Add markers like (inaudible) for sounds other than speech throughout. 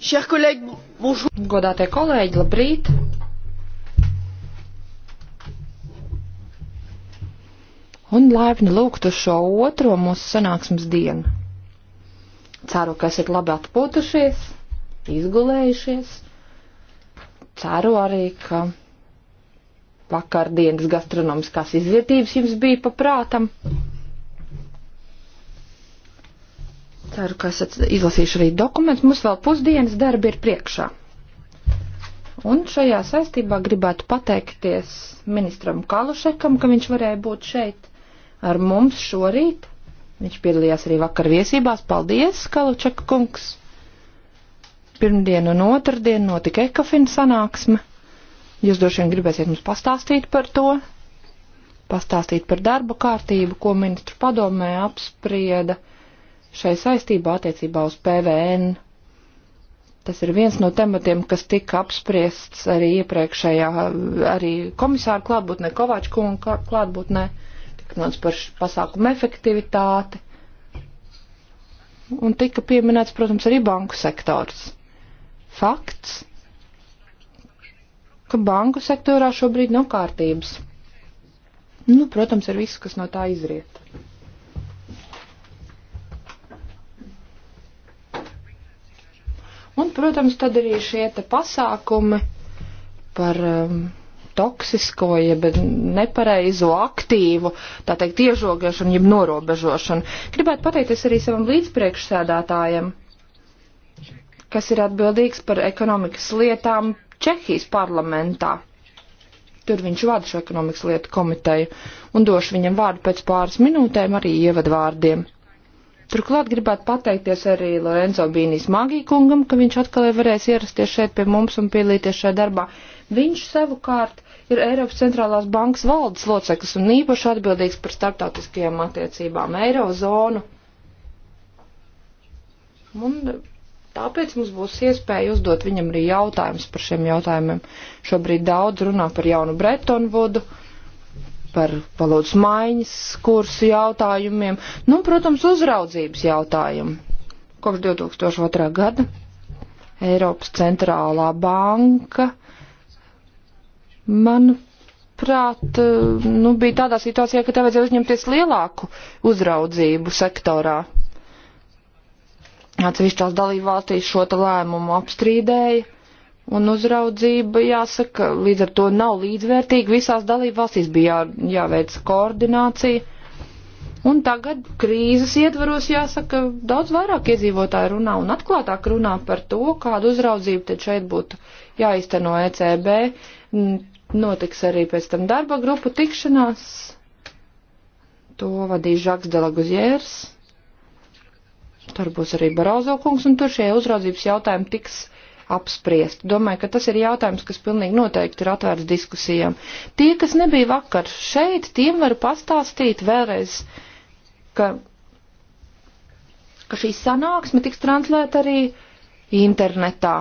Godātie kolēģi, labrīt! Un laipni lūgtu šo otro mūsu sanāksmes dienu. Ceru, ka esat labi atpūtušies, izgulējušies. Ceru arī, ka vakardienas gastronomiskās izvietības jums bija paprātam. prātam. Ceru, ka esat izlasījuši arī dokumentus. Mums vēl pusdienas darbi ir priekšā. Un šajā saistībā gribētu pateikties ministram Kalušekam, ka viņš varēja būt šeit ar mums šorīt. Viņš piedalījās arī vakar viesībās. Paldies, Kalučeka kungs! Pirmdien un otrdien notika ekafina sanāksme. Jūs droši vien gribēsiet mums pastāstīt par to, pastāstīt par darba kārtību, ko ministru padomē apsprieda šai saistībā attiecībā uz PVN. Tas ir viens no tematiem, kas tika apspriests arī iepriekšējā, arī komisāra klātbūtnē, Kovāča kunga klātbūtnē, tika runāts par pasākumu efektivitāti. Un tika pieminēts, protams, arī banku sektors. Fakts, ka banku sektorā šobrīd nav kārtības. Nu, protams, ir viss, kas no tā izriet. Un, protams, tad arī šie te pasākumi par um, toksisko, jeb nepareizo aktīvu, tā teikt, iežogošanu, jeb norobežošanu. Gribētu pateikties arī savam līdzpriekšsēdētājam, kas ir atbildīgs par ekonomikas lietām Čehijas parlamentā. Tur viņš vada šo ekonomikas lietu komiteju un došu viņam vārdu pēc pāris minūtēm arī ievadvārdiem. Turklāt gribētu pateikties arī Lorenzo Bīnijas Magī kungam, ka viņš atkal varēs ierasties šeit pie mums un piedalīties šajā darbā. Viņš savukārt ir Eiropas centrālās bankas valdes loceklis un īpaši atbildīgs par starptautiskajām attiecībām Eirozonu. Un tāpēc mums būs iespēja uzdot viņam arī jautājumus par šiem jautājumiem. Šobrīd daudz runā par jaunu Brettonvudu. Vudu par valodas maiņas kursu jautājumiem, nu, protams, uzraudzības jautājumu. Kopš 2002. gada Eiropas centrālā banka, manuprāt, nu, bija tādā situācijā, ka tā vajadzēja uzņemties lielāku uzraudzību sektorā. Atsevišķās dalībvalstīs šo lēmumu apstrīdēja Un uzraudzība, jāsaka, līdz ar to nav līdzvērtīga. Visās dalībvalstīs bija jā, jāveic koordinācija. Un tagad krīzes ietvaros, jāsaka, daudz vairāk iedzīvotāji runā un atklātāk runā par to, kādu uzraudzību te šeit būtu jāizteno ECB. Notiks arī pēc tam darba grupu tikšanās. To vadīs Žaks Delaguzjērs. Tur būs arī Barozo kungs, un tur šie uzraudzības jautājumi tiks apspriest. Domāju, ka tas ir jautājums, kas pilnīgi noteikti ir atvērts diskusijām. Tie, kas nebija vakar šeit, tiem varu pastāstīt vēlreiz, ka, ka šī sanāksme tiks translēta arī internetā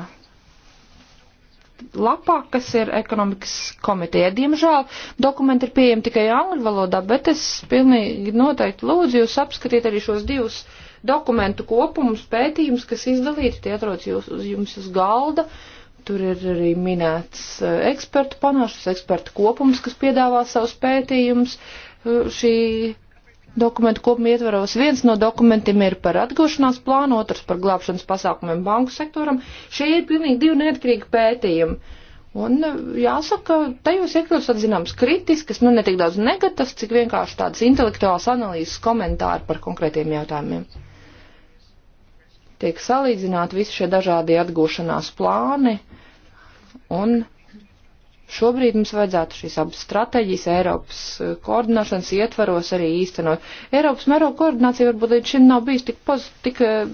lapā, kas ir ekonomikas komiteja. Diemžēl dokumenti ir pieejami tikai angļu valodā, bet es pilnīgi noteikti lūdzu jūs apskatīt arī šos divus dokumentu kopumus, pētījumus, kas izdalīti, tie atrodas jūs, uz jums uz galda. Tur ir arī minēts e, ekspertu panāšas, ekspertu kopums, kas piedāvā savus pētījumus. E, šī dokumentu kopuma ietvaros. Viens no dokumentiem ir par atgūšanās plānu, otrs par glābšanas pasākumiem banku sektoram. Šie ir pilnīgi divi neatkarīgi pētījumi. Un e, jāsaka, tajos iekļūst atzināms kritiskas, nu ne tik daudz negatīvs, cik vienkārši tādas intelektuālas analīzes komentāri par konkrētiem jautājumiem tiek salīdzināti visi šie dažādie atgūšanās plāni, un šobrīd mums vajadzētu šīs abas stratēģijas Eiropas eh, koordināšanas ietvaros arī īstenot. Eiropas mēroga koordinācija varbūt līdz šim nav bijis tik, poz, tik eh,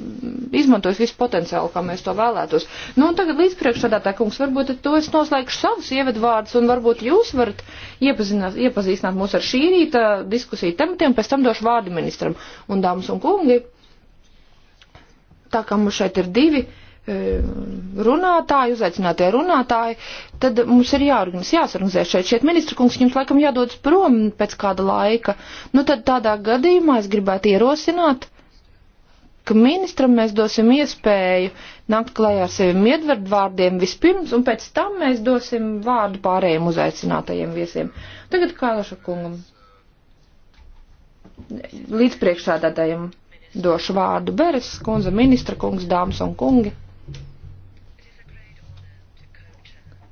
izmantojis visu potenciālu, kā mēs to vēlētos. Nu, un tagad līdzpriekšādātā kungs, varbūt to es noslēgšu savus ievedvārdus, un varbūt jūs varat iepazīstināt mūs ar šī rīta diskusiju tematiem, pēc tam došu vārdu ministram. Un, dāmas un kungi, tā kā mums šeit ir divi e, runātāji, uzaicinātie runātāji, tad mums ir jāorganizē, jāsorganizē šeit. Šeit ministra kungs jums laikam jādodas prom pēc kāda laika. Nu tad tādā gadījumā es gribētu ierosināt, ka ministram mēs dosim iespēju nākt klajā ar saviem iedvardvārdiem vispirms, un pēc tam mēs dosim vārdu pārējiem uzaicinātajiem viesiem. Tagad Kālaša kungam. Līdz priekšsādātājiem. Došu vārdu Beres kundze, ministra kungs, dāmas un kungi.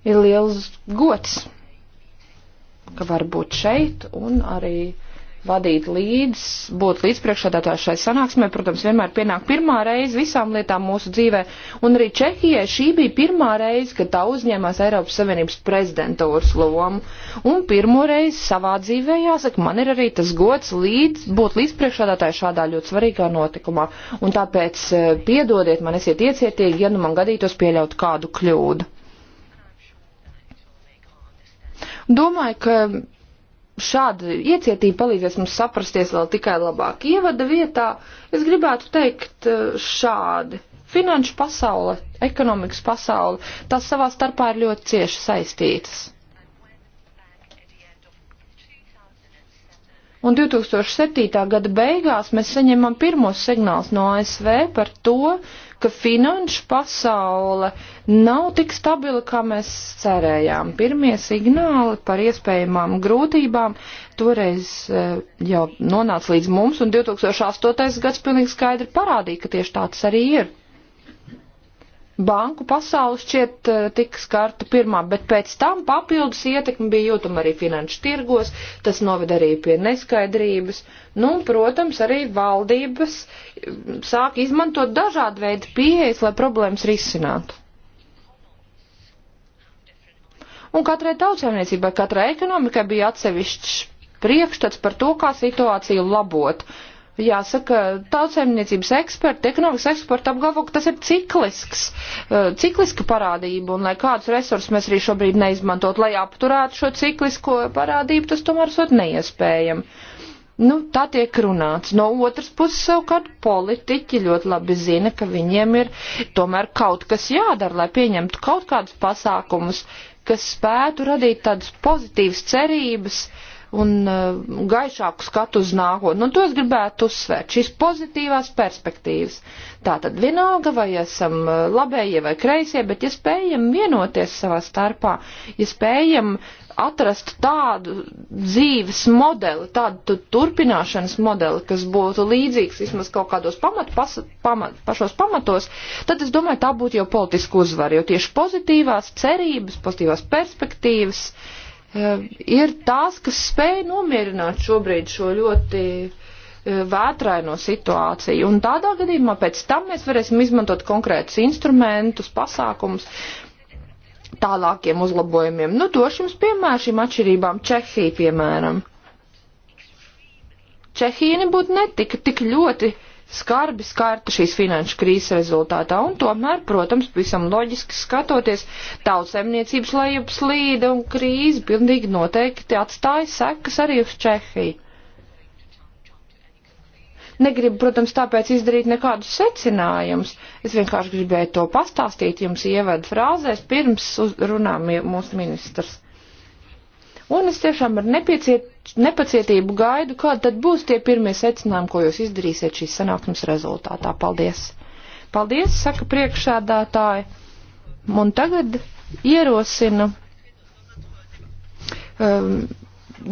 Ir liels gods, ka var būt šeit un arī vadīt līdz, būt līdzpriekšādātājs šai sanāksmē. Protams, vienmēr pienāk pirmā reize visām lietām mūsu dzīvē, un arī Čehijai šī bija pirmā reize, kad tā uzņēmās Eiropas Savienības prezidentūras lomu. Un pirmo reizi savā dzīvē, jāsaka, man ir arī tas gods līdz, būt līdzpriekšādātājs šādā ļoti svarīgā notikumā. Un tāpēc eh, piedodiet man, esiet iecietīgi, ja nu man gadītos pieļaut kādu kļūdu. Domāju, ka šāda iecietība palīdzēs mums saprasties vēl tikai labāk. Ievada vietā es gribētu teikt eh, šādi. Finanšu pasaule, ekonomikas pasaule, tās savā starpā ir ļoti cieši saistītas. Un 2007. gada beigās mēs saņemam pirmos signālus no ASV par to, ka finanšu pasaule nav tik stabila, kā mēs cerējām. Pirmie signāli par iespējamām grūtībām toreiz eh, jau nonāca līdz mums, un 2008. gads pilnīgi skaidri parādīja, ka tieši tāds arī ir banku pasaules šķiet e, tika skarta pirmā, bet pēc tam papildus ietekmi bija jūtama arī finanšu tirgos, tas noved arī pie neskaidrības. Nu, un, protams, arī valdības e, sāk izmantot dažādu veidu pieejas, lai problēmas risinātu. Un katrai tautsēmniecībai, katrai ekonomikai bija atsevišķs priekšstats par to, kā situāciju labot. Uh, Jāsaka, tautsēmniecības eksperti, ekonomikas eksperti apgalvo, ka tas ir ciklisks, eh, cikliska parādība, un lai kādus resursus mēs arī šobrīd neizmantot, lai apturētu šo ciklisko parādību, tas tomēr sot neiespējami. Nu, tā tiek runāts. No otras puses, savukārt, politiķi ļoti labi zina, ka viņiem ir tomēr kaut kas jādara, lai pieņemtu kaut kādus pasākumus, kas spētu radīt tādas pozitīvas cerības uh, un uh, gaišāku skatu uz nākotni. Un nu, to es gribētu uzsvērt, šīs pozitīvās perspektīvas. Tā tad vienalga, vai esam uh, labējie vai kreisie, bet ja spējam vienoties savā starpā, ja spējam atrast tādu dzīves modeli, tādu turpināšanas modeli, kas būtu līdzīgs vismaz kaut kādos pamat, pas, pamat, pašos pamatos, tad es domāju, tā būtu jau politiska uzvara, jo tieši pozitīvās cerības, pozitīvās perspektīvas, uh, Eh, ir tās, kas spēja nomierināt šobrīd šo ļoti eh, vētraino situāciju. Un tādā gadījumā pēc tam mēs varēsim izmantot konkrētus instrumentus, pasākumus tālākiem uzlabojumiem. Nu, došu jums piemēru šīm atšķirībām Čehija, piemēram. Čehija nebūtu netika tik ļoti uh, skarbi skarta šīs finanšu krīzes rezultātā, un tomēr, protams, visam loģiski skatoties, tautsemniecības lejups līde un krīze pilnīgi noteikti atstāja sekas arī uz Čehiju. Negribu, protams, tāpēc izdarīt nekādus secinājumus. Es vienkārši gribēju to pastāstīt jums ievadu frāzēs, pirms runā mūsu ministrs. Un es tiešām ar nepieciet, nepacietību gaidu, kāda tad būs tie pirmie secinājumi, ko jūs izdarīsiet šīs sanāksmes rezultātā. Paldies! Paldies, saka priekšsēdātāji. Un tagad ierosinu um,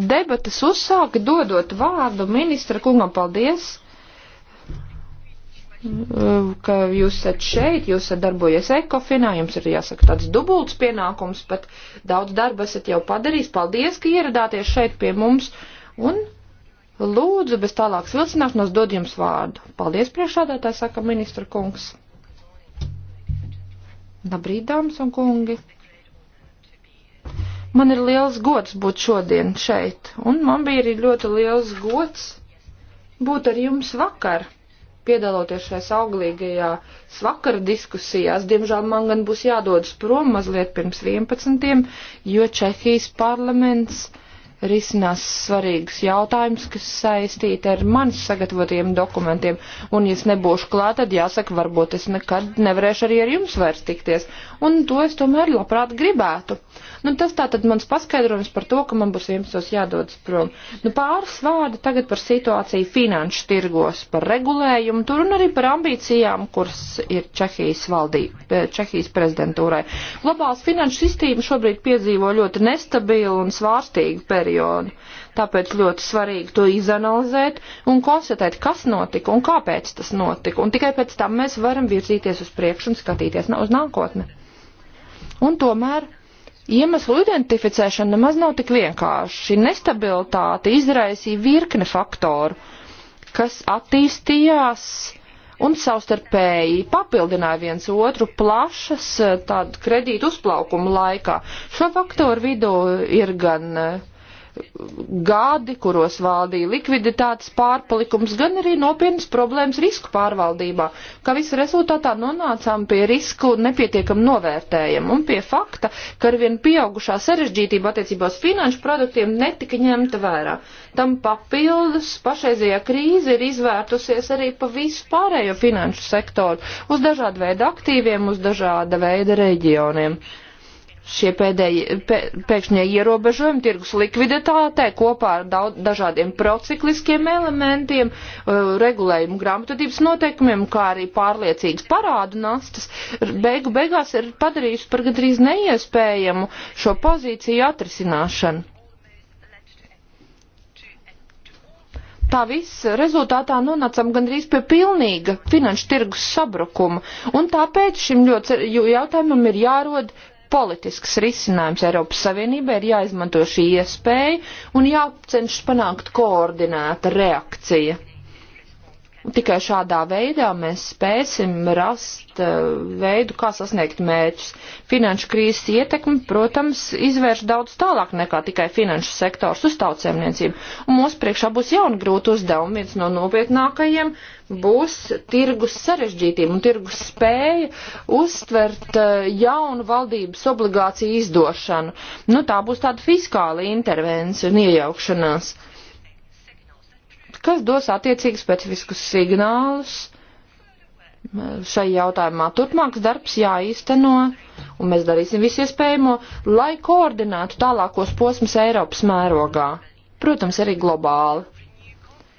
debatas uzsākt, dodot vārdu ministra kungam. Paldies! Mm, ka jūs esat šeit, jūs esat darbojies ekofinā, jums ir jāsaka tāds dubults pienākums, bet daudz darba esat jau padarījis. Paldies, ka ieradāties šeit pie mums un lūdzu bez tālākas vilcināšanos dod jums vārdu. Paldies priekšādātāji, saka ministra kungs. Labrīt, dāmas un kungi. Man ir liels gods būt šodien šeit, un man bija arī ļoti liels gods būt ar jums vakar piedaloties šajās auglīgajā svakara diskusijās. Diemžēl man gan būs jādodas prom mazliet pirms 11, jo Čehijas parlaments risinās svarīgus jautājumus, kas saistīti ar manis sagatavotiem dokumentiem, un ja es nebūšu klāt, tad jāsaka, varbūt es nekad nevarēšu arī ar jums vairs tikties, un to es tomēr labprāt gribētu. Nu, tas tā tad mans paskaidrojums par to, ka man būs 11. jādodas prom. Nu, pāris vārdi tagad par situāciju finanšu tirgos, par regulējumu tur un arī par ambīcijām, kuras ir Čehijas valdība, eh, Čehijas prezidentūrai. Globāls finanšu sistēma šobrīd piedzīvo ļoti nestabilu un svārstīgu periodu. Tāpēc ļoti svarīgi to izanalizēt un konstatēt, kas notika un kāpēc tas notika. Un tikai pēc tam mēs varam virzīties uz priekšu un skatīties uz nākotni. Un tomēr Iemeslu identificēšana nemaz nav tik vienkārši. Šī nestabilitāte izraisīja virkne faktoru, kas attīstījās un savstarpēji papildināja viens otru plašas eh, tādu kredītu uzplaukumu laikā. Šo faktoru vidū ir gan uh, gadi, kuros valdīja likviditātes pārpalikums, gan arī nopietnas problēmas risku pārvaldībā, ka visu rezultātā nonācām pie risku nepietiekam novērtējam un pie fakta, ka arvien pieaugušā sarežģītība attiecībās finanšu produktiem netika ņemta vērā. Tam papildus pašreizajā krīze ir izvērtusies arī pa visu pārējo finanšu sektoru, uz dažādu veidu aktīviem, uz dažāda veida reģioniem šie pēdējie, pē, pēkšņie ierobežojumi tirgus likviditātē kopā ar daudz, dažādiem procikliskiem elementiem, uh, regulējumu grāmatvedības noteikumiem, kā arī pārliecīgas parādu nastas, beigu beigās ir padarījusi par gandrīz neiespējamu šo pozīciju atrisināšanu. Tā viss rezultātā nonācam gandrīz pie pilnīga finanšu tirgus sabrukuma, un tāpēc šim ļoti jautājumam ir jārod politisks risinājums Eiropas Savienībai, ir jāizmanto šī iespēja un jācenšas panākt koordinēta reakcija. Tikai šādā veidā mēs spēsim rast eh, veidu, kā sasniegt mērķus. Finanšu krīzes ietekmi, protams, izvērš daudz tālāk nekā tikai finanšu sektors uz tautsēmniecību. Un mūsu priekšā būs jauni grūti uzdevumi. Viens no nopietnākajiem būs tirgus sarežģītība un tirgus spēja uztvert eh, jaunu valdības obligāciju izdošanu. Nu, tā būs tāda fiskāla intervencija un iejaukšanās kas dos attiecīgi specifiskus signālus šai jautājumā. Turpmāks darbs jāīsteno, un mēs darīsim visu iespējamo, lai koordinētu tālākos posmus Eiropas mērogā. Protams, arī globāli.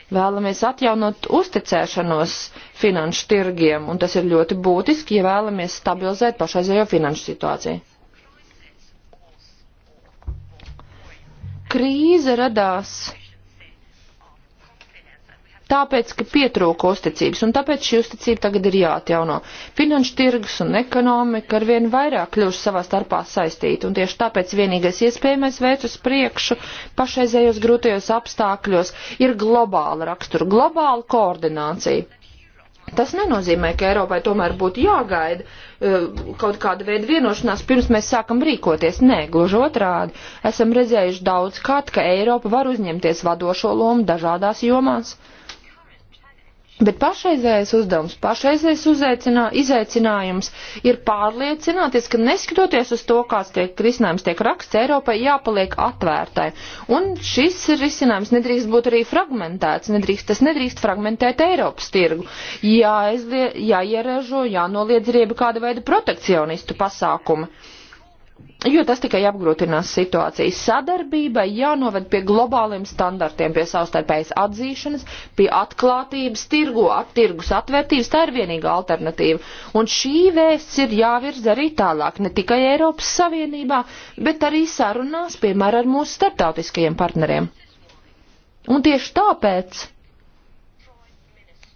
Vēlamies atjaunot uzticēšanos finanšu tirgiem, un tas ir ļoti būtiski, ja vēlamies stabilizēt pašreizējo finanšu situāciju. Krīze radās Tāpēc, ka pietrūka uzticības, un tāpēc šī uzticība tagad ir jāatjauno. Finanšu tirgus un ekonomika ar vien vairāk kļūst savā starpā saistīti, un tieši tāpēc vienīgais iespējamais veids uz priekšu pašreizējos grūtajos apstākļos ir globāla rakstura, globāla koordinācija. Tas nenozīmē, ka Eiropai tomēr būtu jāgaida eh, kaut kāda veida vienošanās, pirms mēs sākam rīkoties. Nē, gluži otrādi. Esam redzējuši daudz kārt, ka Eiropa var uzņemties vadošo lomu dažādās jomās. Uh, Bet pašreizējais uzdevums, pašreizējais uzaicinā, izaicinājums ir pārliecināties, ka neskatoties uz to, kāds tiek risinājums tiek raksts, Eiropai jāpaliek atvērtai. Un šis risinājums nedrīkst būt arī fragmentēts, nedrīkst, tas nedrīkst fragmentēt Eiropas tirgu. Jāieražo, jānoliedz riebi kāda veida protekcionistu pasākumi jo tas tikai apgrūtinās situāciju. Sadarbībai jānoved pie globāliem standartiem, pie savstarpējas atzīšanas, pie atklātības, tirgu, tirgus atvērtības, tā ir vienīga alternatīva. Un šī vēsts ir jāvirz arī tālāk, ne tikai Eiropas Savienībā, bet arī sarunās, piemēram, ar mūsu starptautiskajiem partneriem. Un tieši tāpēc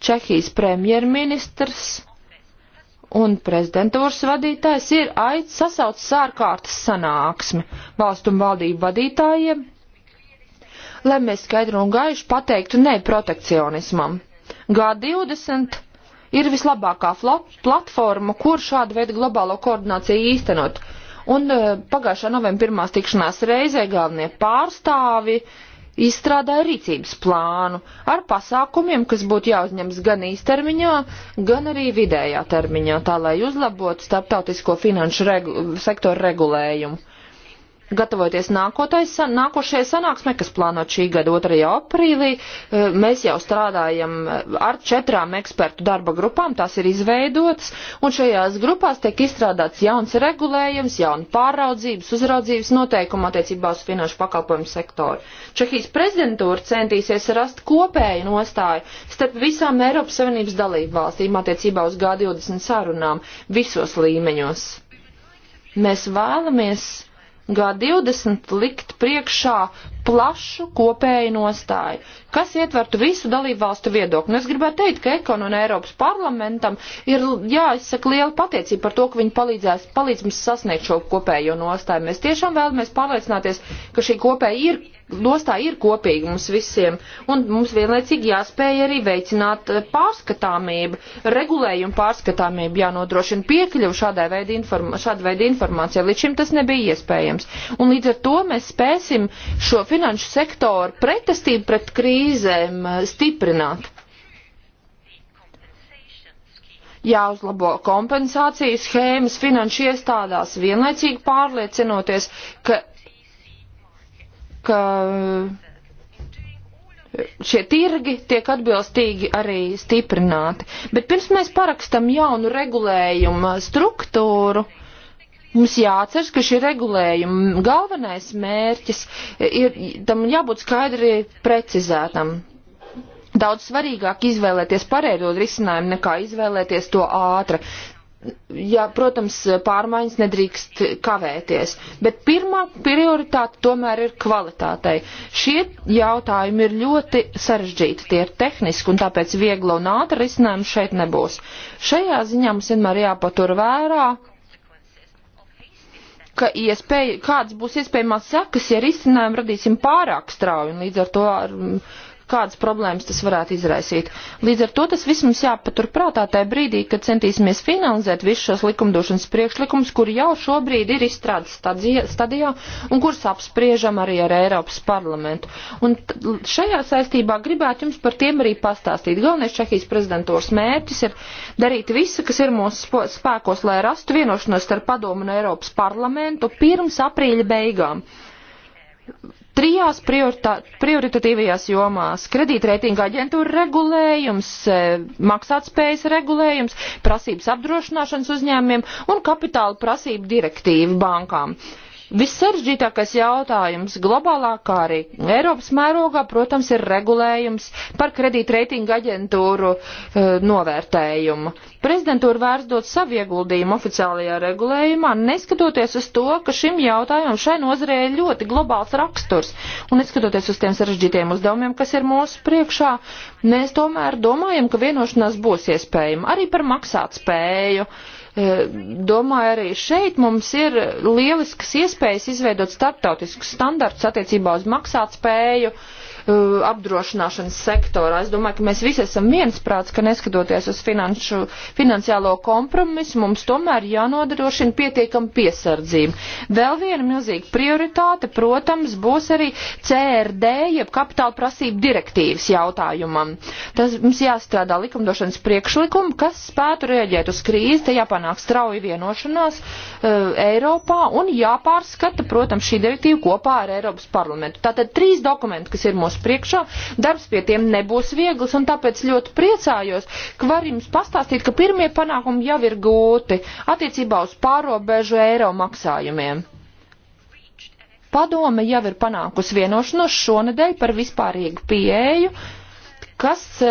Čehijas premjerministrs un prezidentūras vadītājs ir aic sasaucis ārkārtas sanāksmi valstu un valdību vadītājiem, lai mēs skaidru un gaišu pateiktu ne protekcionismam. G20 ir vislabākā platforma, kur šādu veidu globālo koordināciju īstenot. Un eh, pagājušā novembra pirmās tikšanās reizē galvenie pārstāvi uh, izstrādāja rīcības plānu ar pasākumiem, kas būtu jāuzņems gan īstermiņā, gan arī vidējā termiņā, tā lai uzlabotu starptautisko finanšu regu sektoru regulējumu gatavoties nākotais, nākošajai sanāksmē, kas plānot šī gada 2. aprīlī, eh, mēs jau strādājam eh, ar četrām ekspertu darba grupām, tās ir izveidotas, un šajās grupās tiek izstrādāts jauns regulējums, jauna pāraudzības, uzraudzības noteikuma attiecībā uz finanšu pakalpojumu sektoru. Čehijas prezidentūra centīsies rast kopēju nostāju starp visām Eiropas Savienības dalību valstīm attiecībā uz G20 sarunām visos līmeņos. Mēs vēlamies G20 likt priekšā plašu kopēju nostāju, kas ietvertu visu dalību valstu viedokli. Un nu, es gribētu teikt, ka Ekon un Eiropas parlamentam ir jāizsaka liela pateicība par to, ka viņi palīdzēs, palīdz mums sasniegt šo kopējo nostāju. Mēs tiešām vēlamies pārliecināties, ka šī kopēja ir Nostā ir kopīga mums visiem, un mums vienlaicīgi jāspēj arī veicināt eh, pārskatāmību, regulējumu pārskatāmību, jānodrošina piekļuvu šādai veidi, inform šāda veida informācijai. Līdz šim tas nebija iespējams. Un līdz ar to mēs spēsim šo finanšu sektoru pretestību pret krīzēm eh, stiprināt jāuzlabo kompensācijas schēmas finanšu iestādās, vienlaicīgi pārliecinoties, ka ka eh, šie tirgi tiek atbilstīgi arī stiprināti. Bet pirms mēs parakstam jaunu regulējumu struktūru, mums jāatceras, ka šī regulējuma galvenais mērķis ir tam jābūt skaidri precizētam. Daudz svarīgāk izvēlēties pareizo risinājumu nekā izvēlēties to ātri. Jā, protams, pārmaiņas nedrīkst kavēties, bet pirmā prioritāte tomēr ir kvalitātei. Šie jautājumi ir ļoti sarežģīti, tie ir tehniski un tāpēc viegla un ātra risinājuma šeit nebūs. Šajā ziņā mums vienmēr jāpatur vērā, ka iespēja, kādas būs iespējamās sekas, ja risinājumu radīsim pārāk strauji un līdz ar to ar, kādas problēmas tas varētu izraisīt. Līdz ar to tas viss mums jāpaturprātā tajā brīdī, kad centīsimies finalizēt visus šos likumdošanas priekšlikumus, kuri jau šobrīd ir izstrādes stadijā un kurus apspriežam arī ar Eiropas parlamentu. Un šajā saistībā gribētu jums par tiem arī pastāstīt. Galvenais Čehijas prezidentūras mērķis ir darīt visu, kas ir mūsu spēkos, lai rastu vienošanos starp padomu un Eiropas parlamentu pirms aprīļa beigām trijās prioritatīvajās jomās - kredītreitinga aģentūra regulējums, e, maksātspējas regulējums, prasības apdrošināšanas uzņēmumiem un kapitāla prasība direktīva bankām. Uh, Vissaržģītākais jautājums globālā, kā arī Eiropas mērogā, protams, ir regulējums par kredītreitinga aģentūru uh, novērtējumu. Prezidentūra vērts dot savu ieguldījumu oficiālajā regulējumā, neskatoties uz to, ka šim jautājumam šai nozarē ir ļoti globāls raksturs, un neskatoties uz tiem sarežģītiem uzdevumiem, kas ir mūsu priekšā, mēs tomēr domājam, ka vienošanās būs iespējama arī par maksāt spēju. Uh, E, domāju, arī šeit mums ir lielisks iespējas izveidot starptautiskus standartus attiecībā uz maksātspēju. spēju Uh, apdrošināšanas sektorā. Es domāju, ka mēs visi esam viensprāts, ka neskatoties uz finanšu, finansiālo kompromisu, mums tomēr jānodrošina pietiekama piesardzība. Vēl viena milzīga prioritāte, protams, būs arī CRD, jeb kapitāla prasību direktīvas jautājumam. Tas mums jāstrādā likumdošanas priekšlikumu, kas spētu rēģēt uz krīzi, te jāpanāk strauji vienošanās uh, Eiropā un jāpārskata, protams, šī direktīva kopā ar Eiropas parlamentu. Tātad trīs dokumenti, kas ir mūsu stāšanās priekšā. Darbs pie tiem nebūs viegls, un tāpēc ļoti priecājos, ka var jums pastāstīt, ka pirmie panākumi jau ir gūti attiecībā uz pārobežu eiro maksājumiem. Padome jau ir panākusi vienošanos šonadēļ par vispārīgu pieeju kas e,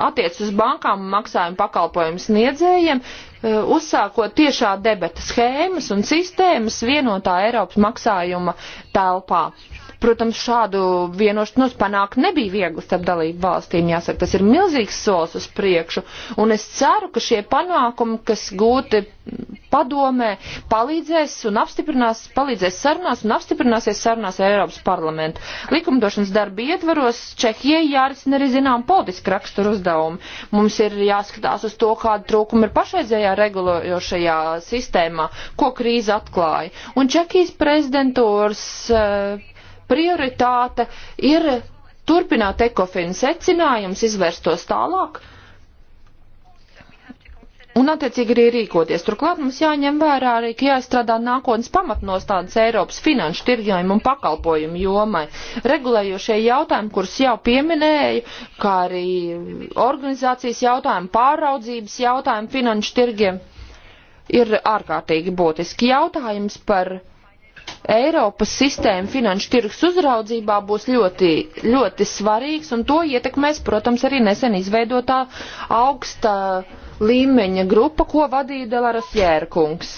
attiec uz bankām un maksājumu pakalpojumu sniedzējiem, e, uzsākot tiešā debeta schēmas un sistēmas vienotā Eiropas maksājuma telpā. Protams, šādu vienošanos panākt nebija viegli starp dalību valstīm, jāsaka, tas ir milzīgs solis uz priekšu, un es ceru, ka šie panākumi, kas gūti padomē, palīdzēs un apstiprinās, palīdzēs sarunās un apstiprināsies sarunās ar Eiropas parlamentu. Likumdošanas darba ietvaros Čehijai jārisina arī zinām politiski raksturu uzdevumi. Mums ir jāskatās uz to, kāda trūkuma ir pašreizējā regulējošajā sistēmā, ko krīze atklāja. Un Čehijas prezidentūras uh, prioritāte ir turpināt ekofinu secinājumus, izvērst tos tālāk un attiecīgi arī rīkoties. Turklāt mums jāņem vērā arī, ka jāizstrādā nākotnes pamatnostādes Eiropas finanšu tirgājumu un pakalpojumu jomai. Regulējošie jautājumi, kurus jau pieminēju, kā arī organizācijas jautājumi, pāraudzības jautājumi finanšu tirgiem, ir ārkārtīgi būtiski jautājums par Eiropas sistēma finanšu tirgus uzraudzībā būs ļoti, ļoti svarīgs, un to ietekmēs, protams, arī nesen izveidotā augsta līmeņa grupa, ko vadīja Delaras Jērkungs.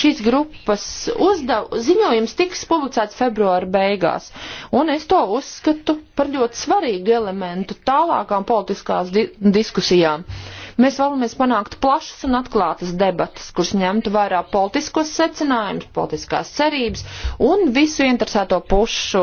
Šīs grupas uzdev, ziņojums tiks publicēts februāra beigās, un es to uzskatu par ļoti svarīgu elementu tālākām politiskās di diskusijām. Uh, Mēs vēlamies panākt plašas un atklātas debatas, kuras ņemtu vērā politiskos secinājumus, politiskās cerības un visu interesēto pušu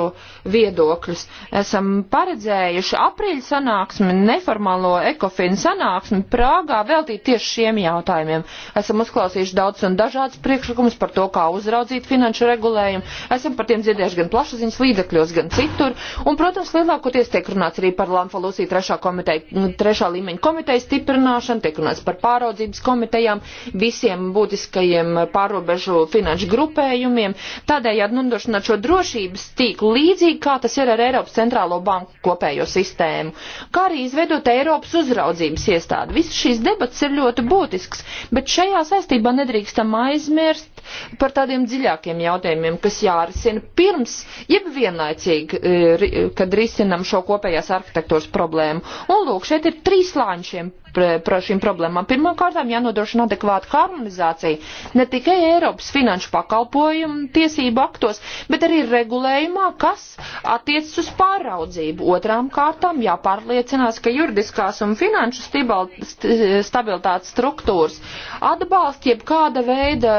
viedokļus. Esam paredzējuši aprīļa sanāksmi, neformālo ekofinu sanāksmi Prāgā veltīt tieši šiem jautājumiem. Esam uzklausījuši daudz un dažādas priekšlikumus par to, kā uzraudzīt finanšu regulējumu. Esam par tiem dzirdējuši gan plašsaziņas līdzekļos, gan citur. Un, protams, lielākoties tiek runāts arī par Lamfalūsī trešā, komiteja, trešā līmeņa komiteju stiprināšanu plānošanu, tiek runāts par pāraudzības komitejām, visiem būtiskajiem pārobežu finanšu grupējumiem. Tādējādi nodrošināt šo drošības tīklu līdzīgi, kā tas ir ar Eiropas centrālo banku kopējo sistēmu, kā arī izveidot Eiropas uzraudzības iestādi. Visas šīs debats ir ļoti būtisks, bet šajā saistībā nedrīkstam aizmirst par tādiem dziļākiem jautājumiem, kas jārisina pirms, jeb vienlaicīgi, eh, kad risinam šo kopējās arhitektūras problēmu. Un lūk, šeit ir trīs slāņi šiem par pr šīm problēmām. Pirmkārt, jānodrošina adekvāta harmonizācija ne tikai Eiropas finanšu pakalpojumu tiesību aktos, bet arī regulējumā, kas attiecas uz pāraudzību. Otrām kārtām jāpārliecinās, ka juridiskās un finanšu stibal, st stabilitātes struktūras atbalsta jebkāda veida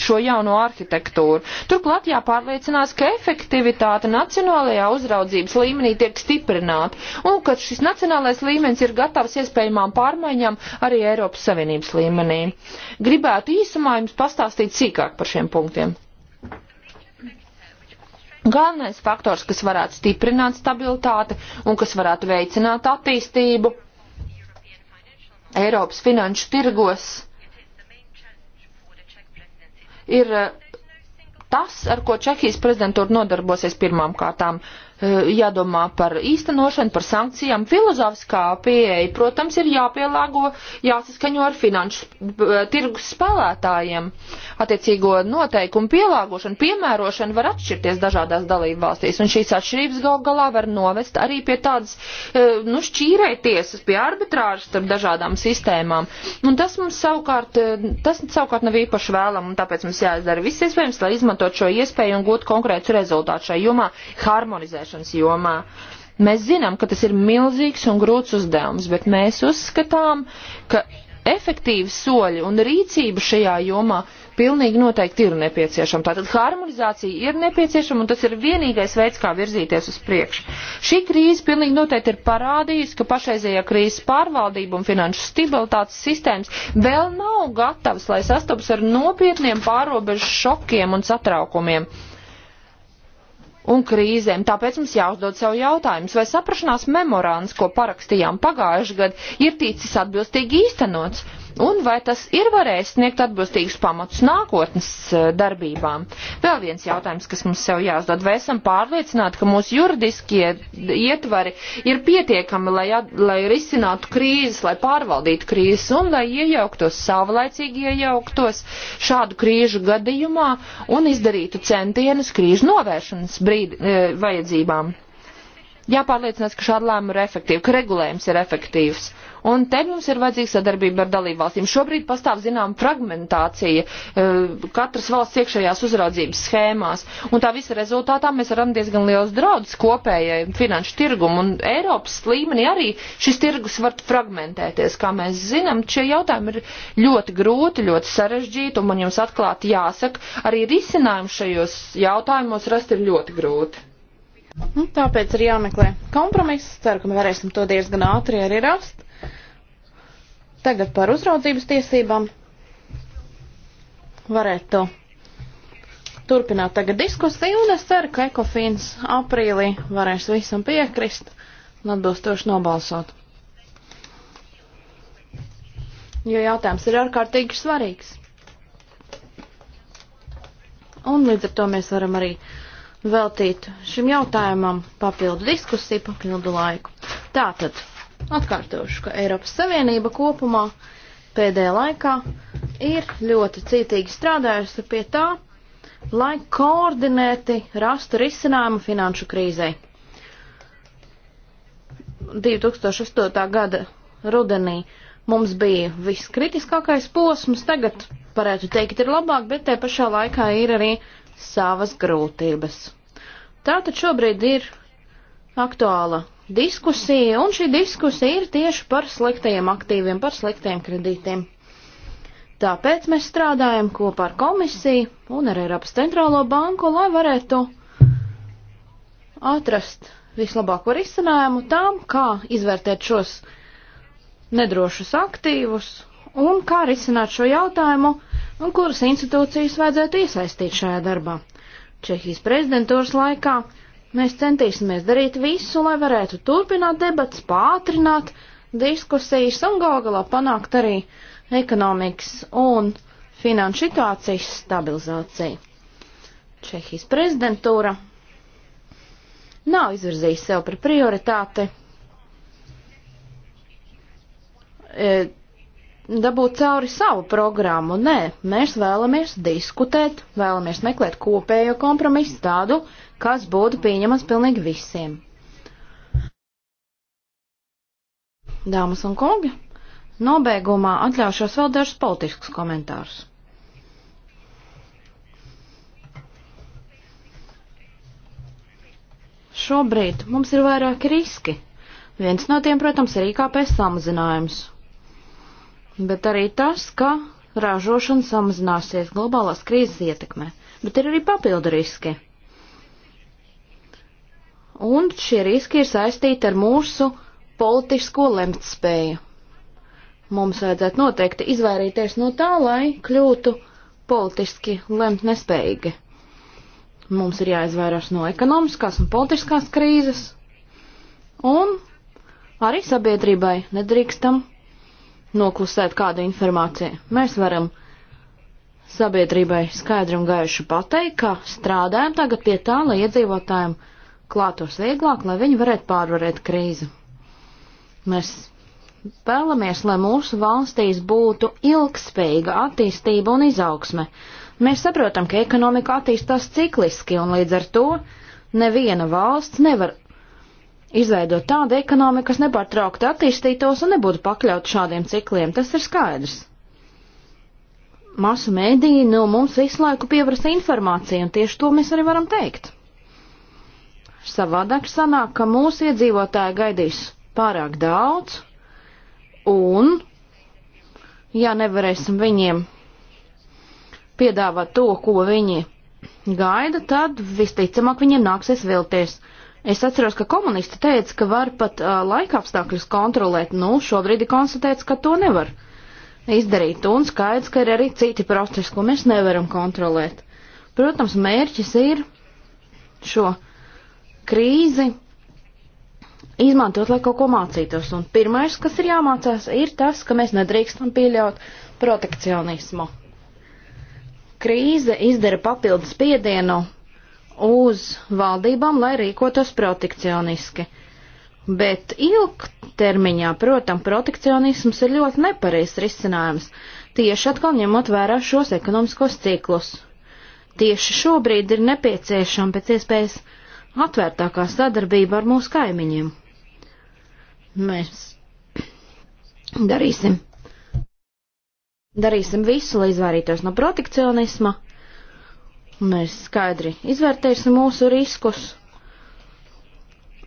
šo jauno arhitektūru. Turklāt jāpārliecinās, ka efektivitāte nacionālajā uzraudzības līmenī tiek stiprināta un ka šis nacionālais līmenis ir gatavs iespējamām pārmaiņām arī Eiropas Savienības līmenī. Gribētu īsumā jums pastāstīt sīkāk par šiem punktiem. Galvenais faktors, kas varētu stiprināt stabilitāti un kas varētu veicināt attīstību Eiropas finanšu tirgos, ir tas, ar ko Čehijas prezidentūra nodarbosies pirmām kārtām Eh, jādomā par īstenošanu, par sankcijām. Filozofiskā pieeja, protams, ir jāpielāgo, jāsaskaņo ar finanšu eh, tirgus spēlētājiem. Attiecīgo noteikumu pielāgošanu, piemērošanu var atšķirties dažādās dalību valstīs, un šīs atšķirības gal galā var novest arī pie tādas, eh, nu, šķīrēties pie arbitrāžas starp dažādām sistēmām. Un tas mums savukārt, tas savukārt nav īpaši vēlam, un tāpēc mums jāizdara viss iespējams, lai izmantot šo iespēju un gūtu konkrētus rezultātus šai jomā harmonizēšanu likumdošanas jomā. Mēs zinām, ka tas ir milzīgs un grūts uzdevums, bet mēs uzskatām, ka efektīvi soļi un rīcība šajā jomā pilnīgi noteikti ir nepieciešama. Tātad harmonizācija ir nepieciešama un tas ir vienīgais veids, kā virzīties uz priekšu. Šī krīze pilnīgi noteikti ir parādījusi, ka pašreizējā krīzes pārvaldība un finanšu stabilitātes sistēmas vēl nav gatavas, lai sastopas ar nopietniem pārobežu šokiem un satraukumiem un krīzēm. Tāpēc mums jāuzdod sev jautājums, vai saprašanās memorāns, ko parakstījām pagājuši gadu, ir ticis atbilstīgi īstenots un vai tas ir varējis sniegt atbilstīgus pamatus nākotnes e, darbībām. Vēl viens jautājums, kas mums sev jāuzdod. Vai esam pārliecināti, ka mūsu juridiskie ietvari ir pietiekami, lai, lai risinātu krīzes, lai pārvaldītu krīzes un lai iejauktos, savlaicīgi iejauktos šādu krīžu gadījumā un izdarītu centienus krīžu novēršanas brīdi, e, vajadzībām? Jāpārliecinās, ka šāda lēmuma ir efektīva, ka regulējums ir efektīvs Un te mums ir vajadzīga sadarbība ar dalībvalstīm. Šobrīd pastāv zinām fragmentācija eh, katras valsts iekšējās uzraudzības schēmās. Un tā visa rezultātā mēs varam diezgan liels draudz kopējai finanšu tirgumu. Un Eiropas līmenī arī šis tirgus var fragmentēties. Kā mēs zinām, šie jautājumi ir ļoti grūti, ļoti sarežģīti. Un man jums atklāti jāsaka, arī risinājums šajos jautājumos rast ir ļoti grūti. Un nu, tāpēc ir jāmeklē kompromiss. Ceru, ka mēs varēsim to diezgan ātri arī rast. Tagad par uzraudzības tiesībām varētu turpināt tagad diskusiju, un es ceru, ka Ekofīns aprīlī varēs visam piekrist un atbilstoši nobalsot. Jo jautājums ir ārkārtīgi svarīgs. Un līdz ar to mēs varam arī veltīt šim jautājumam papildu diskusiju, papildu laiku. Tātad. Atkārtošu, ka Eiropas Savienība kopumā pēdējā laikā ir ļoti cītīgi strādājusi pie tā, lai koordinēti rastu risinājumu finanšu krīzei. 2008. gada rudenī mums bija viskritiskākais posms, tagad varētu teikt ir labāk, bet te pašā laikā ir arī savas grūtības. Tātad šobrīd ir aktuāla diskusija, un šī diskusija ir tieši par sliktajiem aktīviem, par sliktajiem kredītiem. Tāpēc mēs strādājam kopā ar komisiju un ar Eiropas centrālo banku, lai varētu atrast vislabāko risinājumu tām, kā izvērtēt šos nedrošus aktīvus un kā risināt šo jautājumu un kuras institūcijas vajadzētu iesaistīt šajā darbā. Čehijas prezidentūras laikā Mēs centīsimies darīt visu, lai varētu turpināt debats, pātrināt diskusijas un gal galā panākt arī ekonomikas un finanšu situācijas stabilizāciju. Čehijas prezidentūra nav izvirzījusi sev par prioritāti. E, dabūt cauri savu programmu. Nē, mēs vēlamies diskutēt, vēlamies meklēt kopējo kompromisu tādu, kas būtu pieņemams pilnīgi visiem. Dāmas un kungi, nobeigumā atļaušos vēl dažus politiskus komentārus. Šobrīd mums ir vairāki riski. Viens no tiem, protams, ir IKP samazinājums, bet arī tas, ka ražošana samazināsies globālās krīzes ietekmē. Bet ir arī papildu riski. Un šie riski ir saistīti ar mūsu politisko lemtspēju. Mums vajadzētu noteikti izvairīties no tā, lai kļūtu politiski lemt nespējīgi. Mums ir jāizvairās no ekonomiskās un politiskās krīzes, un arī sabiedrībai nedrīkstam noklusēt kādu informāciju. Mēs varam sabiedrībai skaidri un gaiši pateikt, ka strādājam tagad pie tā, lai iedzīvotājiem klātos vieglāk, lai viņi varētu pārvarēt krīzi. Mēs vēlamies, lai mūsu valstīs būtu ilgspējīga attīstība un izaugsme. Mēs saprotam, ka ekonomika attīstās cikliski, un līdz ar to neviena valsts nevar izveidot tādu ekonomiku, kas nepārtraukti attīstītos un nebūtu pakļaut šādiem cikliem. Tas ir skaidrs. Masu mēdīja no nu, mums visu laiku pieprasa informāciju, un tieši to mēs arī varam teikt. Savādāk sanāk, ka mūsu iedzīvotāji gaidīs pārāk daudz, un, ja nevarēsim viņiem piedāvāt to, ko viņi gaida, tad visticamāk viņiem nāksies vilties. Es atceros, ka komunisti teica, ka var pat uh, laika apstākļus kontrolēt. Nu, šobrīd ir konstatēts, ka to nevar izdarīt. Un skaidrs, ka ir arī citi procesi, ko mēs nevaram kontrolēt. Protams, mērķis ir šo krīzi izmantot, lai kaut ko mācītos. Un pirmais, kas ir jāmācās, ir tas, ka mēs nedrīkstam pieļaut protekcionismu. Krīze izdara papildus spiedienu uz valdībām, lai rīkotos protekcioniski. Bet ilgtermiņā, protams, protekcionisms ir ļoti nepareizs risinājums, tieši atkal ņemot vērā šos ekonomiskos ciklus. Tieši šobrīd ir nepieciešama pēc iespējas atvērtākā sadarbība ar mūsu kaimiņiem. Mēs darīsim. Darīsim visu, lai izvairītos no protekcionisma Mēs skaidri izvērtēsim mūsu riskus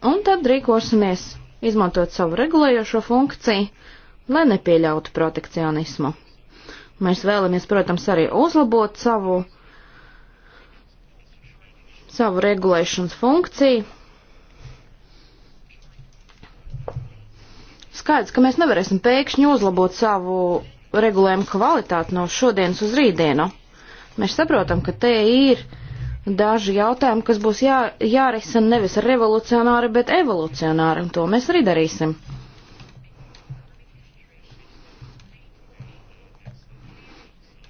un tad rīkosimies, izmantot savu regulējošo funkciju, lai nepieļautu protekcionismu. Mēs vēlamies, protams, arī uzlabot savu, savu regulēšanas funkciju. Skaidrs, ka mēs nevarēsim pēkšņi uzlabot savu regulējumu kvalitāti no šodienas uz rītdienu. Mēs saprotam, ka te ir daži jautājumi, kas būs jā, jārisina nevis revolucionāri, bet evolucionāri, un to mēs arī darīsim.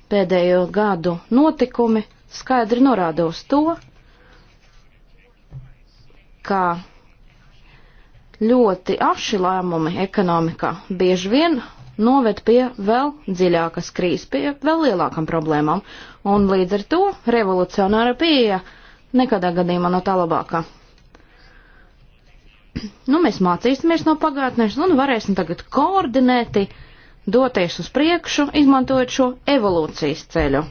Pēdējo gadu notikumi skaidri norāda uz to, ka ļoti apši lēmumi ekonomikā bieži vien noved pie vēl dziļākas krīzes, pie vēl lielākām problēmām. Un līdz ar to revolucionāra pieeja nekadā gadījumā nav no tā labākā. (clears throat) Nu, mēs mācīsimies no pagātnes un varēsim tagad koordinēti doties uz priekšu, izmantojot šo evolūcijas ceļu.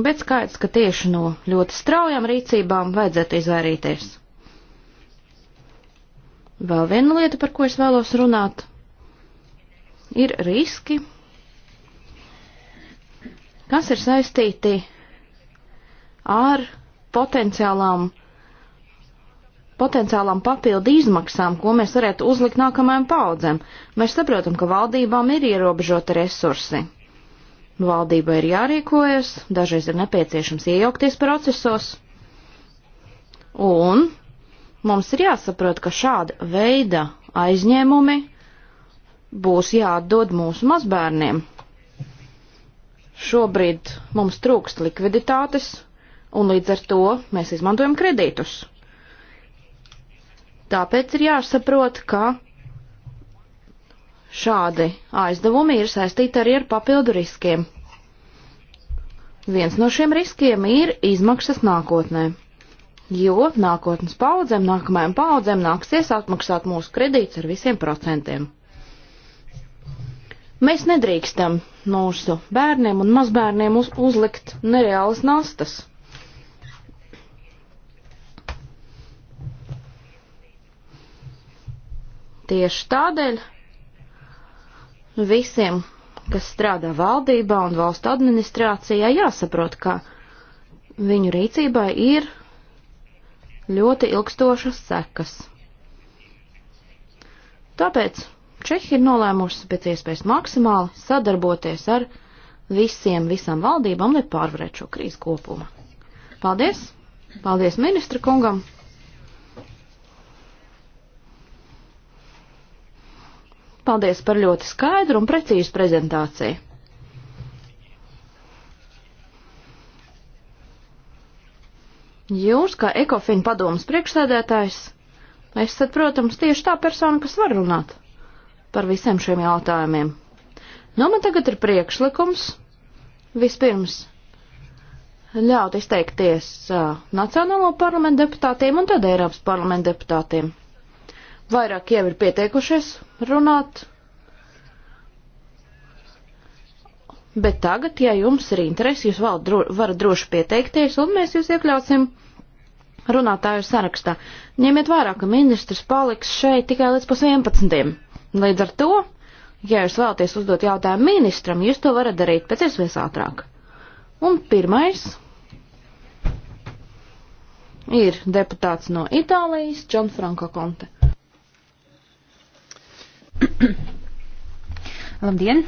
Bet skaidrs, ka tieši no ļoti straujām rīcībām vajadzētu izvairīties. Vēl viena lieta, par ko es vēlos runāt, ir riski, kas ir saistīti ar potenciālām, potenciālām papildu izmaksām, ko mēs varētu uzlikt nākamajām paudzēm. Mēs saprotam, ka valdībām ir ierobežota resursi. Valdība ir jārīkojas, dažreiz ir nepieciešams iejaukties procesos, un mums ir jāsaprot, ka šāda veida aizņēmumi būs jāatdod mūsu mazbērniem. Šobrīd mums trūkst likviditātes, un līdz ar to mēs izmantojam kredītus. Tāpēc ir jāsaprot, ka šādi aizdevumi ir saistīti arī ar papildu riskiem. Viens no šiem riskiem ir izmaksas nākotnē, jo nākotnes paudzēm, nākamajām paudzēm nāksies atmaksāt mūsu kredīts ar visiem procentiem. Mēs nedrīkstam mūsu bērniem un mazbērniem uz, uzlikt nereālas nastas. Tieši tādēļ visiem, kas strādā valdībā un valstu administrācijā, jāsaprot, ka viņu rīcībai ir ļoti ilgstošas sekas. Tāpēc Čehi ir nolēmušas pēc iespējas maksimāli sadarboties ar visiem, visām valdībām, lai pārvarētu šo krīzi kopumā. Paldies! Paldies ministra kungam! Paldies par ļoti skaidru un precīzu prezentāciju. Jūs, kā ekofina padomas priekšsēdētājs, esat, protams, tieši tā persona, kas var runāt par visiem šiem jautājumiem. Nu, man tagad ir priekšlikums vispirms ļaut izteikties uh, Nacionālo parlamentu deputātiem un tad Eiropas parlamentu deputātiem. Vairāk jau ir pieteikušies runāt, bet tagad, ja jums ir interesi, jūs dro varat droši pieteikties un mēs jūs iekļausim runātāju sarakstā. Ņemiet vērā, ka ministrs paliks šeit tikai līdz pus 11. Līdz ar to, ja jūs vēlaties uzdot jautājumu ministram, jūs to varat darīt pēc iespējas ātrāk. Un pirmais ir deputāts no Itālijas, Gianfranco Conte. (coughs) Labdien!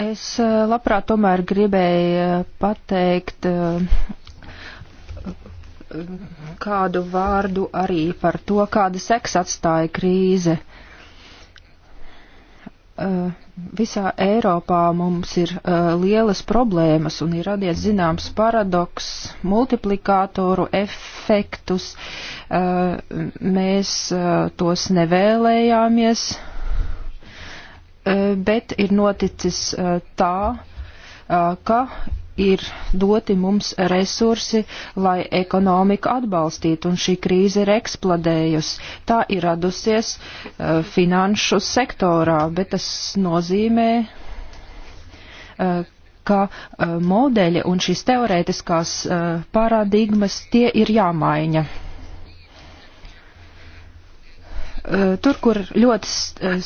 Es eh, labprāt tomēr gribēju eh, pateikt eh, kādu vārdu arī par to, kāda seksa atstāja krīze. Uh, visā Eiropā mums ir uh, lielas problēmas un ir radies zināms paradoks, multiplikātoru efektus. Uh, mēs tos nevēlējāmies, bet ir noticis tā, ka ir doti mums resursi, lai ekonomiku atbalstītu, un šī krīze ir eksplodējusi. Tā ir radusies uh, finanšu sektorā, bet tas nozīmē, uh, ka uh, modeļi un šīs teorētiskās uh, paradigmas tie ir jāmaiņa tur, kur ļoti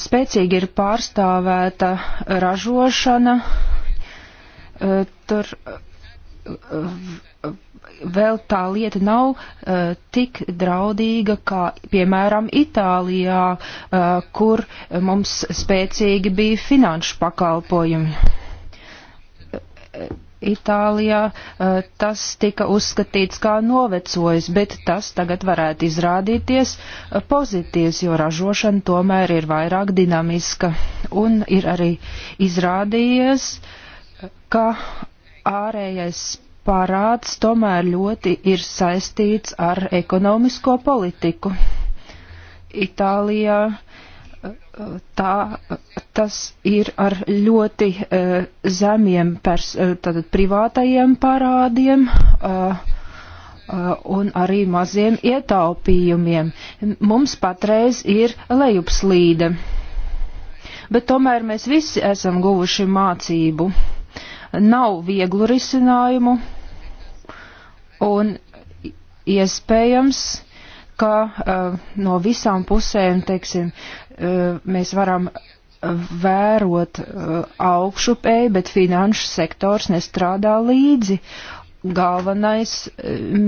spēcīgi ir pārstāvēta ražošana, Eh, tur eh, vēl tā lieta nav uh, tik draudīga kā, piemēram, Itālijā, uh, kur mums spēcīgi bija finanšu pakalpojumi. Itālijā uh, tas tika uzskatīts kā novecojis, bet tas tagad varētu izrādīties uh, pozitīvs, jo ražošana tomēr ir vairāk dinamiska un ir arī izrādījies, uh, ka ārējais parāds tomēr ļoti ir saistīts ar ekonomisko politiku. Itālijā tā, tas ir ar ļoti eh, zemiem pers, tātad, eh, privātajiem parādiem eh, un arī maziem ietaupījumiem. Mums patreiz ir lejupslīde. Bet tomēr mēs visi esam guvuši mācību Nav vieglu risinājumu un iespējams, ka uh, no visām pusēm, teiksim, uh, mēs varam eh, vērot uh, augšupēju, bet finanšu sektors nestrādā līdzi. Galvenais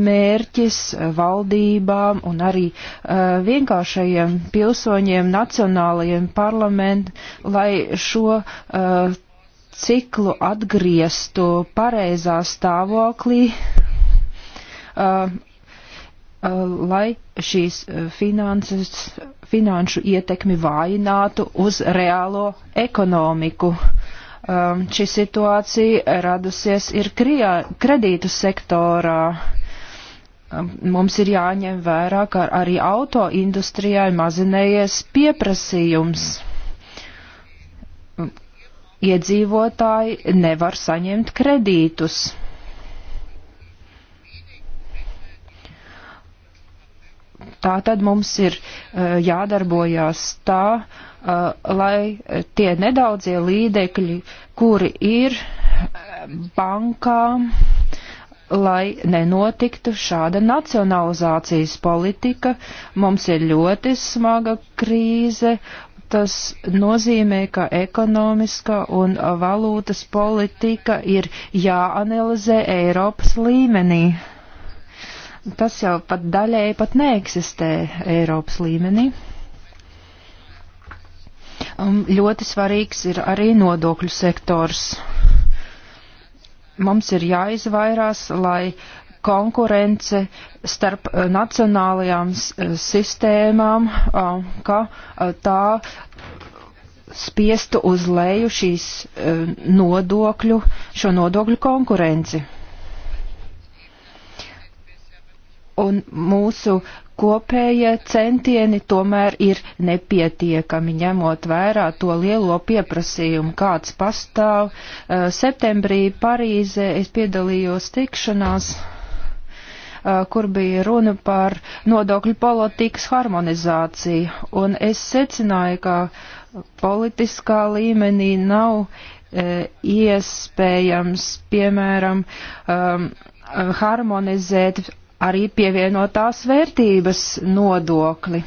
mērķis valdībām un arī uh, vienkāršajiem pilsoņiem, nacionālajiem parlamentiem, lai šo uh, ciklu atgrieztu pareizā stāvoklī, uh, uh, lai šīs uh, finanses, finanšu ietekmi vājinātu uz reālo ekonomiku. Um, šī situācija radusies ir krijā, kredītu sektorā. Um, mums ir jāņem vērā, ka arī auto industrijai mazinējies pieprasījums. Mm iedzīvotāji nevar saņemt kredītus. Tā tad mums ir uh, jādarbojās tā, uh, lai tie nedaudzie līdzekļi, kuri ir e, bankām, lai nenotiktu šāda nacionalizācijas politika. Mums ir ļoti smaga krīze Tas nozīmē, ka ekonomiskā un valūtas politika ir jāanalizē Eiropas līmenī. Tas jau pat daļēji pat neeksistē Eiropas līmenī. Um, ļoti svarīgs ir arī nodokļu sektors. Mums ir jāizvairās, lai konkurence starp eh, nacionālajām eh, sistēmām, eh, ka tā spiestu uz leju šīs nodokļu, šo nodokļu konkurenci. Un mūsu kopējie centieni tomēr ir nepietiekami, ņemot vērā to lielo pieprasījumu, kāds pastāv. Septembrī Parīzē es piedalījos tikšanās. Uh, Eh, kur bija runa par nodokļu politikas harmonizāciju. Un es secināju, ka politiskā līmenī nav e, iespējams, piemēram, um, harmonizēt arī pievienotās vērtības nodokli.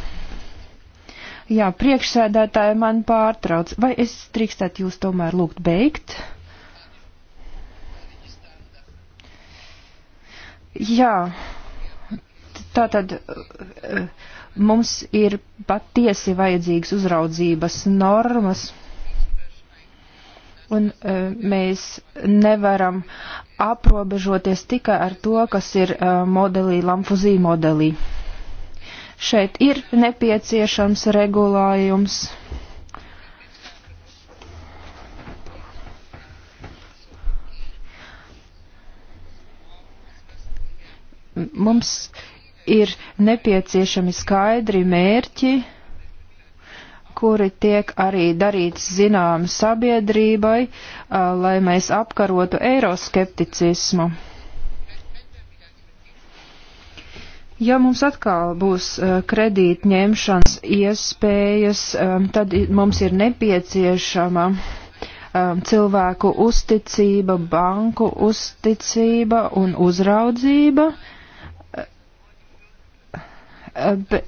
Jā, priekšsēdētāji man pārtrauc. Vai es drīkstētu jūs tomēr lūgt beigt? Jā, tā tad eh, mums ir patiesi vajadzīgs uzraudzības normas, un eh, mēs nevaram aprobežoties tikai ar to, kas ir eh, modelī, lamfuzī modelī. Šeit ir nepieciešams regulājums Mums ir nepieciešami skaidri mērķi, kuri tiek arī darīts zinām sabiedrībai, lai mēs apkarotu eiroskepticismu. Ja mums atkal būs kredītņemšanas iespējas, tad mums ir nepieciešama cilvēku uzticība, banku uzticība un uzraudzība. Be,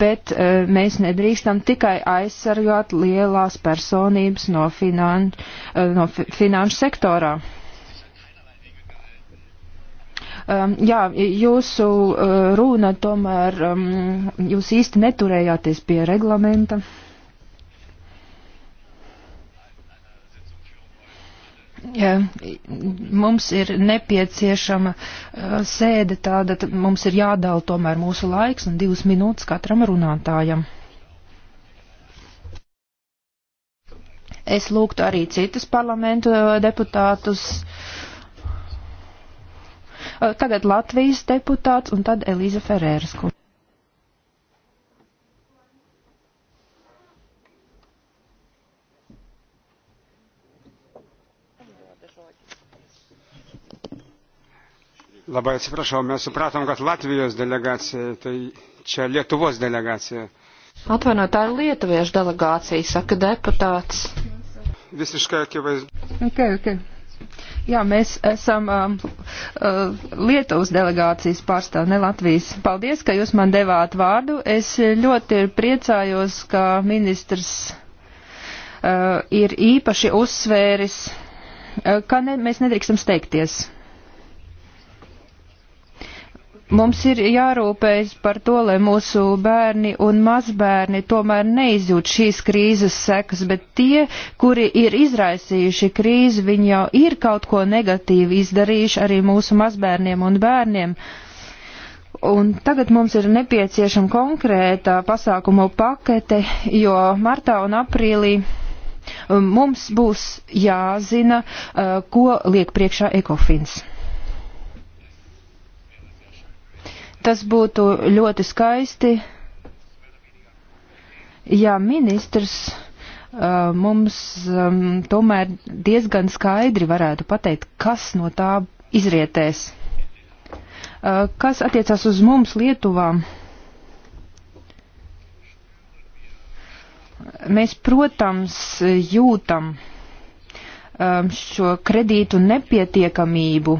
bet e, mēs nedrīkstam tikai aizsargāt lielās personības no, finan, e, no finanšu sektorā. Um, jā, jūsu e, runa tomēr, um, jūs īsti neturējāties pie reglamenta. Ja, mums ir nepieciešama uh, sēde tāda, mums ir jādala tomēr mūsu laiks un divas minūtes katram runātājam. Es lūgtu arī citas parlamentu uh, deputātus. Uh, tagad Latvijas deputāts un tad Elīza Ferēras. Labai atsiprašau, mes supratom, kad Latvijos delegacija, tai čia Lietuvos delegacija. Atvainojiet, tā ir lietuviešu delegācija, saka deputāts. Visiškai akivaizdu. Okay, okay. Jā, mēs esam um, uh, Lietuvas delegācijas pārstāv, ne Latvijas. Paldies, ka jūs man devāt vārdu. Es ļoti priecājos, ka ministrs uh, ir īpaši uzsvēris, uh, ka ne, mēs nedrīkstam steigties. Mums ir jārūpējas par to, lai mūsu bērni un mazbērni tomēr neizjūt šīs krīzes sekas, bet tie, kuri ir izraisījuši krīzi, viņi jau ir kaut ko negatīvi izdarījuši arī mūsu mazbērniem un bērniem. Un tagad mums ir nepieciešama konkrēta pasākumu pakete, jo martā un aprīlī um, mums būs jāzina, uh, ko liek priekšā ekofins. tas būtu ļoti skaisti, ja ministrs uh, mums um, tomēr diezgan skaidri varētu pateikt, kas no tā izrietēs. Uh, kas attiecās uz mums Lietuvā? Mēs, protams, jūtam um, šo kredītu nepietiekamību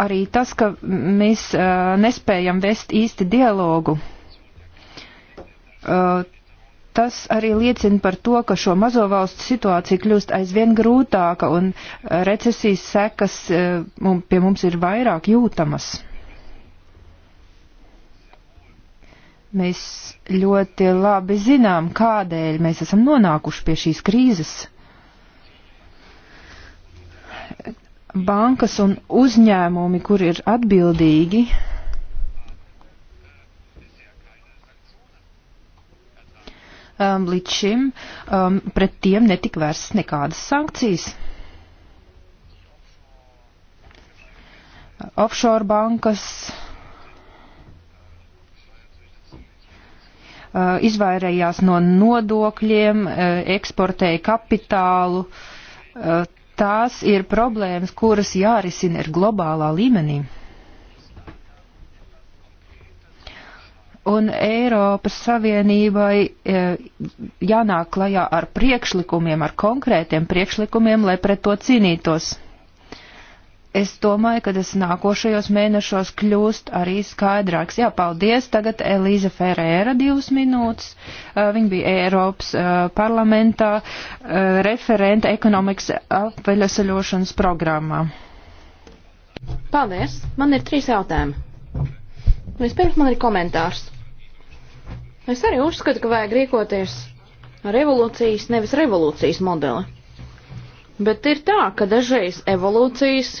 arī tas, ka mēs uh, nespējam vest īsti dialogu. Uh, tas arī liecina par to, ka šo mazo valstu situācija kļūst aizvien grūtāka un recesijas sekas uh, pie mums ir vairāk jūtamas. Mēs ļoti labi zinām, kādēļ mēs esam nonākuši pie šīs krīzes bankas un uzņēmumi, kur ir atbildīgi, um, līdz šim um, pret tiem netika vērsts nekādas sankcijas. Offshore bankas uh, izvairējās no nodokļiem, uh, eksportēja kapitālu, uh, tās ir problēmas, kuras jārisina ir globālā līmenī. Un Eiropas Savienībai e, jānāk klajā ar priekšlikumiem, ar konkrētiem priekšlikumiem, lai pret to cīnītos es domāju, ka tas nākošajos mēnešos kļūst arī skaidrāks. Jā, paldies. Tagad Elīza Ferēra divas minūtes. Uh, viņa bija Eiropas uh, parlamentā uh, referenta ekonomikas apveļasaļošanas programmā. Paldies. Man ir trīs jautājumi. Vispirms man ir komentārs. Es arī uzskatu, ka vajag rīkoties revolūcijas, nevis revolūcijas modeli. Bet ir tā, ka dažreiz evolūcijas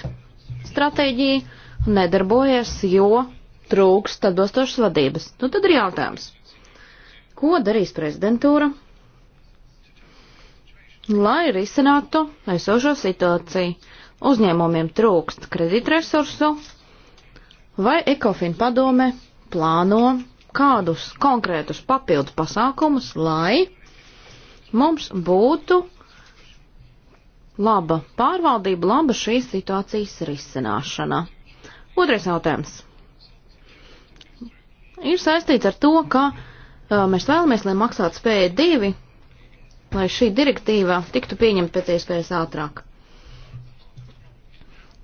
stratēģija nedarbojas, jo trūkst atbilstošas vadības. Nu tad ir jautājums. Ko darīs prezidentūra, lai risinātu esošo situāciju? Uzņēmumiem trūkst kreditresursu, vai Ekofin padome plāno kādus konkrētus papildus pasākumus, lai mums būtu laba pārvaldība, laba šīs situācijas risināšana. Otrais jautājums ir saistīts ar to, ka uh, mēs vēlamies, lai maksātu spēju divi, lai šī direktīva tiktu pieņemta pēc iespējas ātrāk.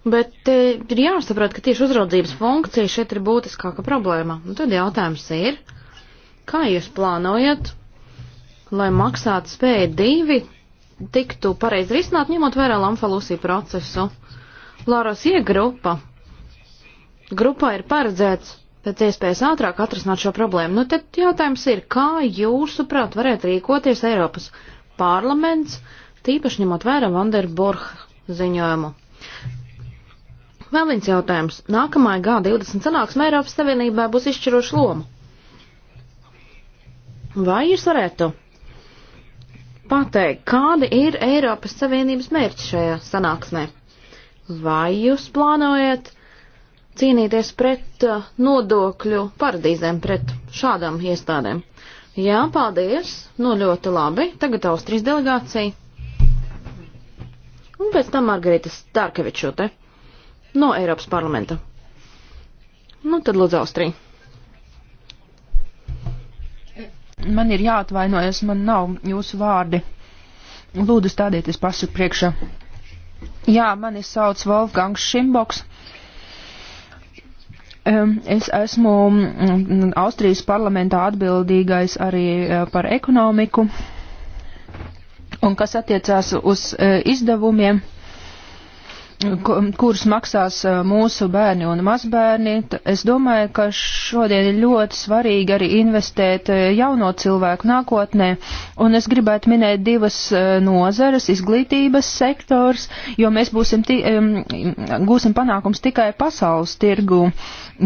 Bet uh, ir jāsaprot, ka tieši uzraudzības funkcija šeit ir būtiskāka problēma. Un tad jautājums ir, kā jūs plānojat, lai maksātu spēju divi tiktu pareizi risināt, ņemot vērā Lamfalusī procesu. Lārosie grupa. Grupā ir paredzēts pēc iespējas ātrāk atrisināt šo problēmu. Nu, tad jautājums ir, kā jūsuprāt varētu rīkoties Eiropas parlaments, tīpaši ņemot vērā Vanderburg ziņojumu. Vēl viens jautājums. Nākamajā G20 sanāksmē Eiropas Savienībā būs izšķiroša loma. Vai jūs varētu pateikt, kādi ir Eiropas Savienības mērķi šajā sanāksmē? Vai jūs plānojat cīnīties pret uh, nodokļu paradīzēm, pret šādām iestādēm? Jā, paldies, nu ļoti labi, tagad Austrijas delegācija. Un pēc tam Margarita Starkevičote no Eiropas parlamenta. Nu tad lūdzu Austriju. Man ir jāatvainojas, man nav jūsu vārdi. Lūdzu, stādieties pasaku priekšā. Jā, mani sauc Wolfgangs Šimboks. Es esmu mm, mm, Austrijas parlamentā atbildīgais arī e, par ekonomiku. Un kas attiecās uz e, izdevumiem, kurus maksās mūsu bērni un mazbērni. Es domāju, ka šodien ir ļoti svarīgi arī investēt jauno cilvēku nākotnē, un es gribētu minēt divas nozeres - izglītības sektors, jo mēs būsim gūsim panākums tikai pasaules tirgu,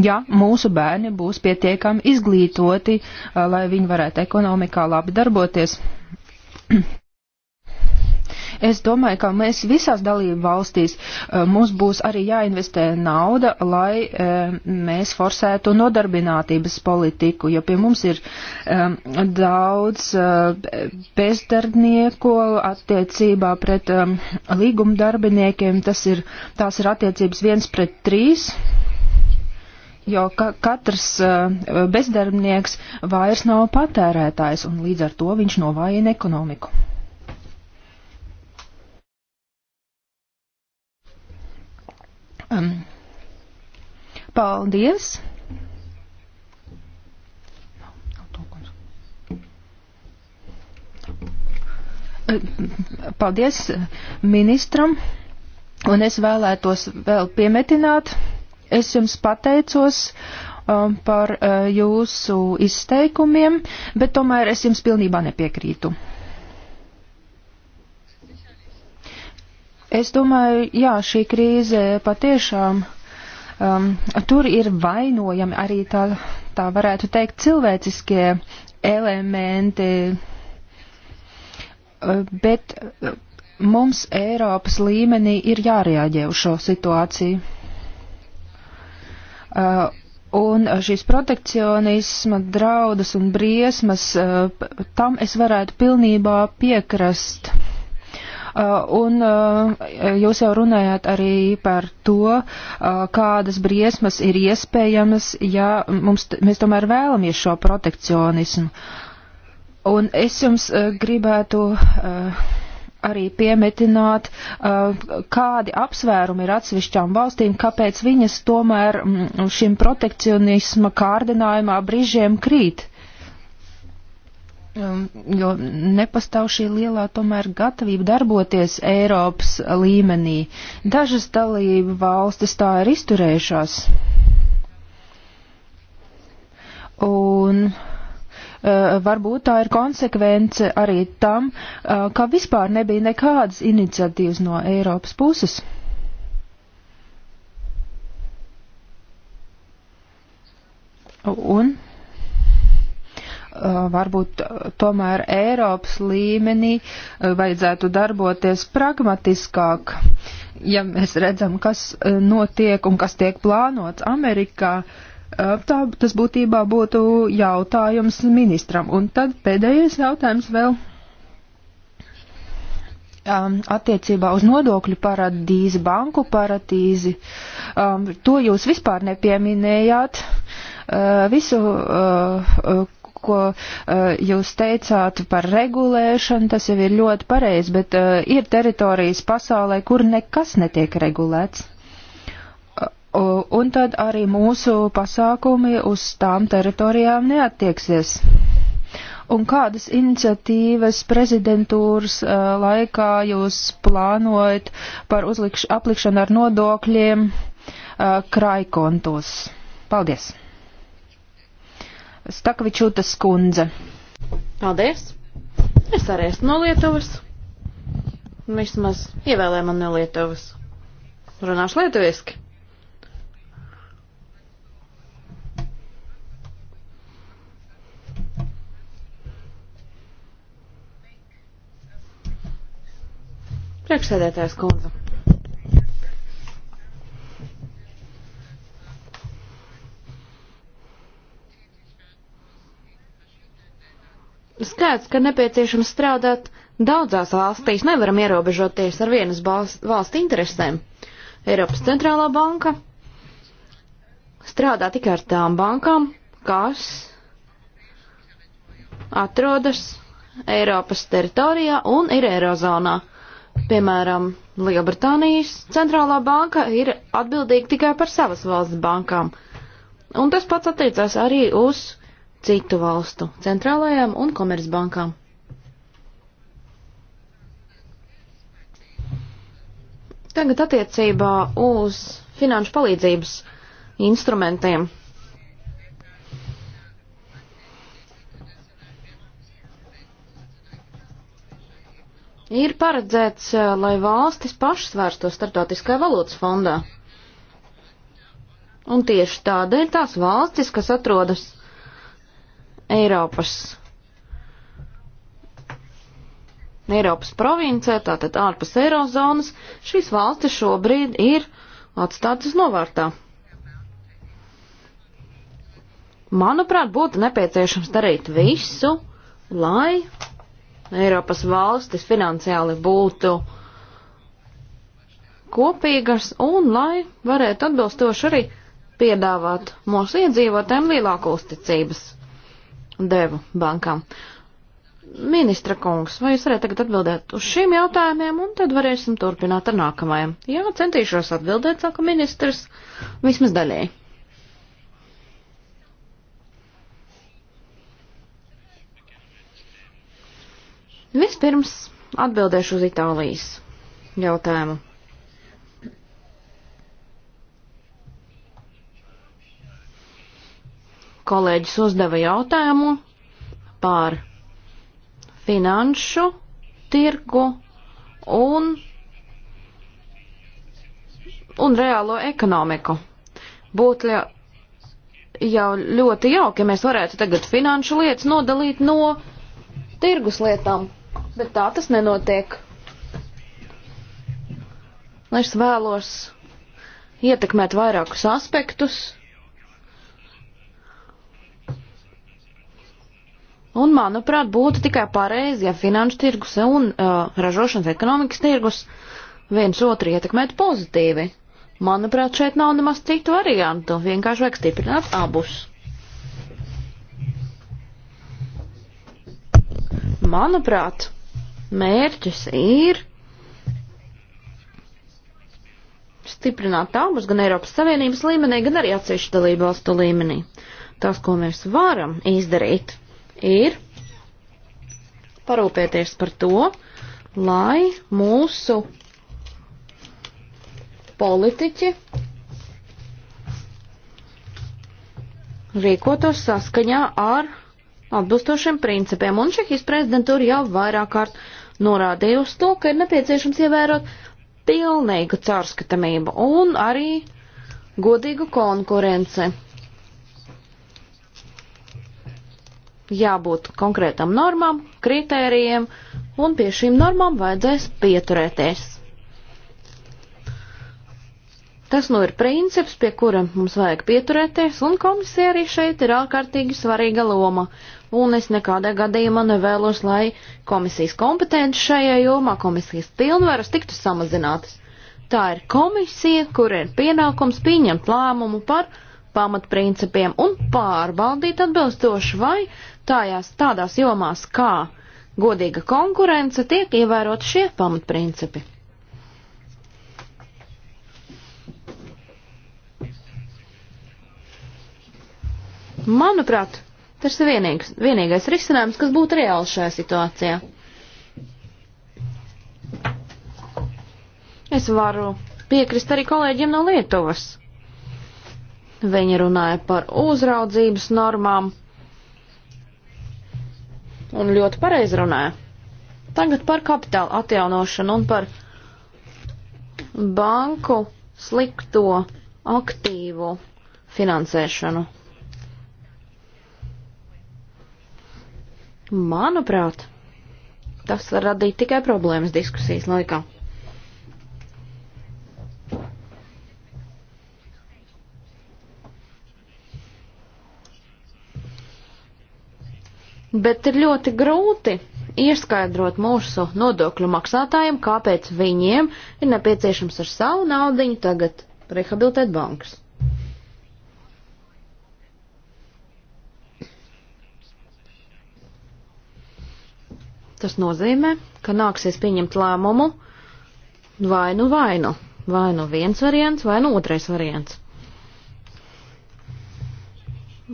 ja mūsu bērni būs pietiekami izglītoti, lai viņi varētu ekonomikā labi darboties. (clears throat) Es domāju, ka mēs visās dalību valstīs eh, mums būs arī jāinvestē nauda, lai eh, mēs forsētu nodarbinātības politiku, jo pie mums ir eh, daudz bezdarbnieku attiecībā pret līgumdarbiniekiem. Tas ir, tās ir attiecības viens pret trīs jo ka katrs bezdarbnieks vairs nav patērētājs, un līdz ar to viņš novājina ekonomiku. Um, paldies! Uh, paldies ministram, un es vēlētos vēl piemetināt, es jums pateicos um, par uh, jūsu izteikumiem, bet tomēr es jums pilnībā nepiekrītu. Es domāju, jā, šī krīze patiešām um, tur ir vainojami arī tā, tā varētu teikt cilvēciskie elementi, uh, bet uh, mums Eiropas līmenī ir jārēģē uz šo situāciju. Uh, un šīs protekcionisma draudas un briesmas, uh, tam es varētu pilnībā piekrast. Uh, un uh, jūs jau runājāt arī par to, uh, kādas briesmas ir iespējamas, ja mums, mēs tomēr vēlamies šo protekcionismu. Un es jums gribētu arī piemetināt, kādi apsvērumi ir atsevišķām valstīm, kāpēc viņas tomēr mm, šim protekcionisma kārdinājumā brīžiem krīt. Um, jo nepastāv šī lielā tomēr gatavība darboties Eiropas līmenī. Dažas dalību valstis tā ir izturējušās. Un uh, varbūt tā ir konsekvence arī tam, uh, ka vispār nebija nekādas iniciatīvas no Eiropas puses. Un varbūt tomēr Eiropas līmenī vajadzētu darboties pragmatiskāk, ja mēs redzam, kas notiek un kas tiek plānots Amerikā. Tā, tas būtībā būtu jautājums ministram. Un tad pēdējais jautājums vēl um, attiecībā uz nodokļu paradīzi, banku paradīzi. Um, to jūs vispār nepieminējāt. Uh, visu uh, ko eh, jūs teicāt par regulēšanu, tas jau ir ļoti pareizi, bet eh, ir teritorijas pasaulē, kur nekas netiek regulēts. Un tad arī mūsu pasākumi uz tām teritorijām neattieksies. Un kādas iniciatīvas prezidentūras eh, laikā jūs plānojat par uzlikš, aplikšanu ar nodokļiem krājkontos? Paldies! Stakavičūtas kundze. Paldies! Es arī esmu no Lietuvas. Vismaz ievēlē man no Lietuvas. Runāšu lietuviski. Priekšsēdētājs kundze. skaidrs, ka nepieciešams strādāt daudzās valstīs. Nevaram ierobežoties ar vienas valsts interesēm. Eiropas centrālā banka strādā tikai ar tām bankām, kas atrodas Eiropas teritorijā un ir Eirozonā. Piemēram, Lielbritānijas centrālā banka ir atbildīga tikai par savas valsts bankām. Un tas pats attiecās arī uz citu valstu centrālajām un komercbankām. Tagad attiecībā uz finanšu palīdzības instrumentiem. Ir paredzēts, eh, lai valstis pašas vērsto startautiskajā valūtas fondā. Un tieši tādēļ tās valstis, kas atrodas Eiropas, Eiropas provincē, tātad ārpus Eirozonas, šīs valstis šobrīd ir atstātas novārtā. Manuprāt, būtu nepieciešams darīt visu, lai Eiropas valstis finansiāli būtu kopīgas un lai varētu atbilstoši arī piedāvāt mūsu iedzīvotājiem lielāku uzticības devu bankām. Ministra kungs, vai jūs varētu tagad atbildēt uz šiem jautājumiem, un tad varēsim turpināt ar nākamajiem? Jā, centīšos atbildēt, saka ministrs, vismaz daļēji. Vispirms atbildēšu uz Itālijas jautājumu. kolēģis uzdeva jautājumu par finanšu tirgu un, un reālo ekonomiku. Būtu jau ļoti jauki, ja mēs varētu tagad finanšu lietas nodalīt no tirgus lietām, bet tā tas nenotiek. Es vēlos ietekmēt vairākus aspektus Un, manuprāt, būtu tikai pareizi, ja finanšu tirgus un uh, ražošanas ekonomikas tirgus viens otru ietekmētu pozitīvi. Manuprāt, šeit nav nemaz citu variantu. Vienkārši vajag stiprināt abus. Manuprāt, mērķis ir stiprināt abus gan Eiropas Savienības līmenī, gan arī atsevišķu dalību valstu līmenī. Tas, ko mēs varam izdarīt ir parūpēties par to, lai mūsu politiķi rīkotos saskaņā ar atbilstošiem principiem. Un Čehijas prezidentūra jau vairāk kārt norādīja uz to, ka ir nepieciešams ievērot pilnīgu caurskatamību un arī godīgu konkurenci. jābūt konkrētam normām, kritērijiem, un pie šīm normām vajadzēs pieturēties. Tas nu ir princips, pie kura mums vajag pieturēties, un komisija arī šeit ir ārkārtīgi svarīga loma. Un es nekādā gadījumā nevēlos, lai komisijas kompetenci šajā jomā, komisijas pilnvaras tiktu samazinātas. Tā ir komisija, kur ir pienākums pieņemt lēmumu par pamatprincipiem un pārbaudīt atbilstoši, vai tājās, tādās jomās kā godīga konkurence tiek ievērot šie pamatprincipi. Manuprāt, tas ir vienīgs, vienīgais risinājums, kas būtu reāls šajā situācijā. Es varu piekrist arī kolēģiem no Lietuvas. Viņi runāja par uzraudzības normām, un ļoti pareizi runāja. Tagad par kapitāla atjaunošanu un par banku slikto aktīvu finansēšanu. Manuprāt, tas var radīt tikai problēmas diskusijas laikā. bet ir ļoti grūti ieskaidrot mūsu nodokļu maksātājiem, kāpēc viņiem ir nepieciešams ar savu naudiņu tagad rehabilitēt bankas. Tas nozīmē, ka nāksies pieņemt lēmumu vai nu vai nu, vai nu viens variants, vai nu otrais variants.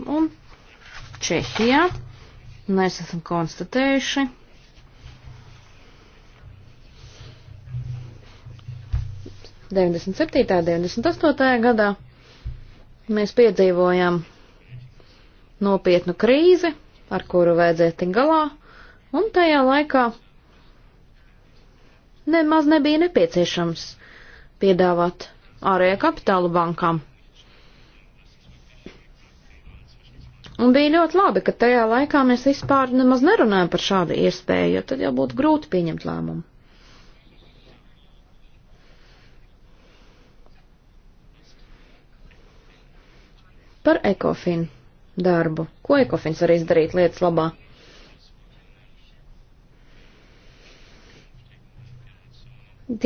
Un Čehijā Mēs esam konstatējuši. Deviņdesmit septītā, deviņdesmit astotajā gadā mēs piedzīvojām nopietnu krīzi, ar kuru vajadzēja tikt galā, un tajā laikā nemaz nebija nepieciešams piedāvāt ārējā kapitāla bankām. Un bija ļoti labi, ka tajā laikā mēs vispār nemaz nerunājam par šādu iespēju, jo tad jau būtu grūti pieņemt lēmumu. Par ekofinu darbu. Ko ekofins var izdarīt lietas labā?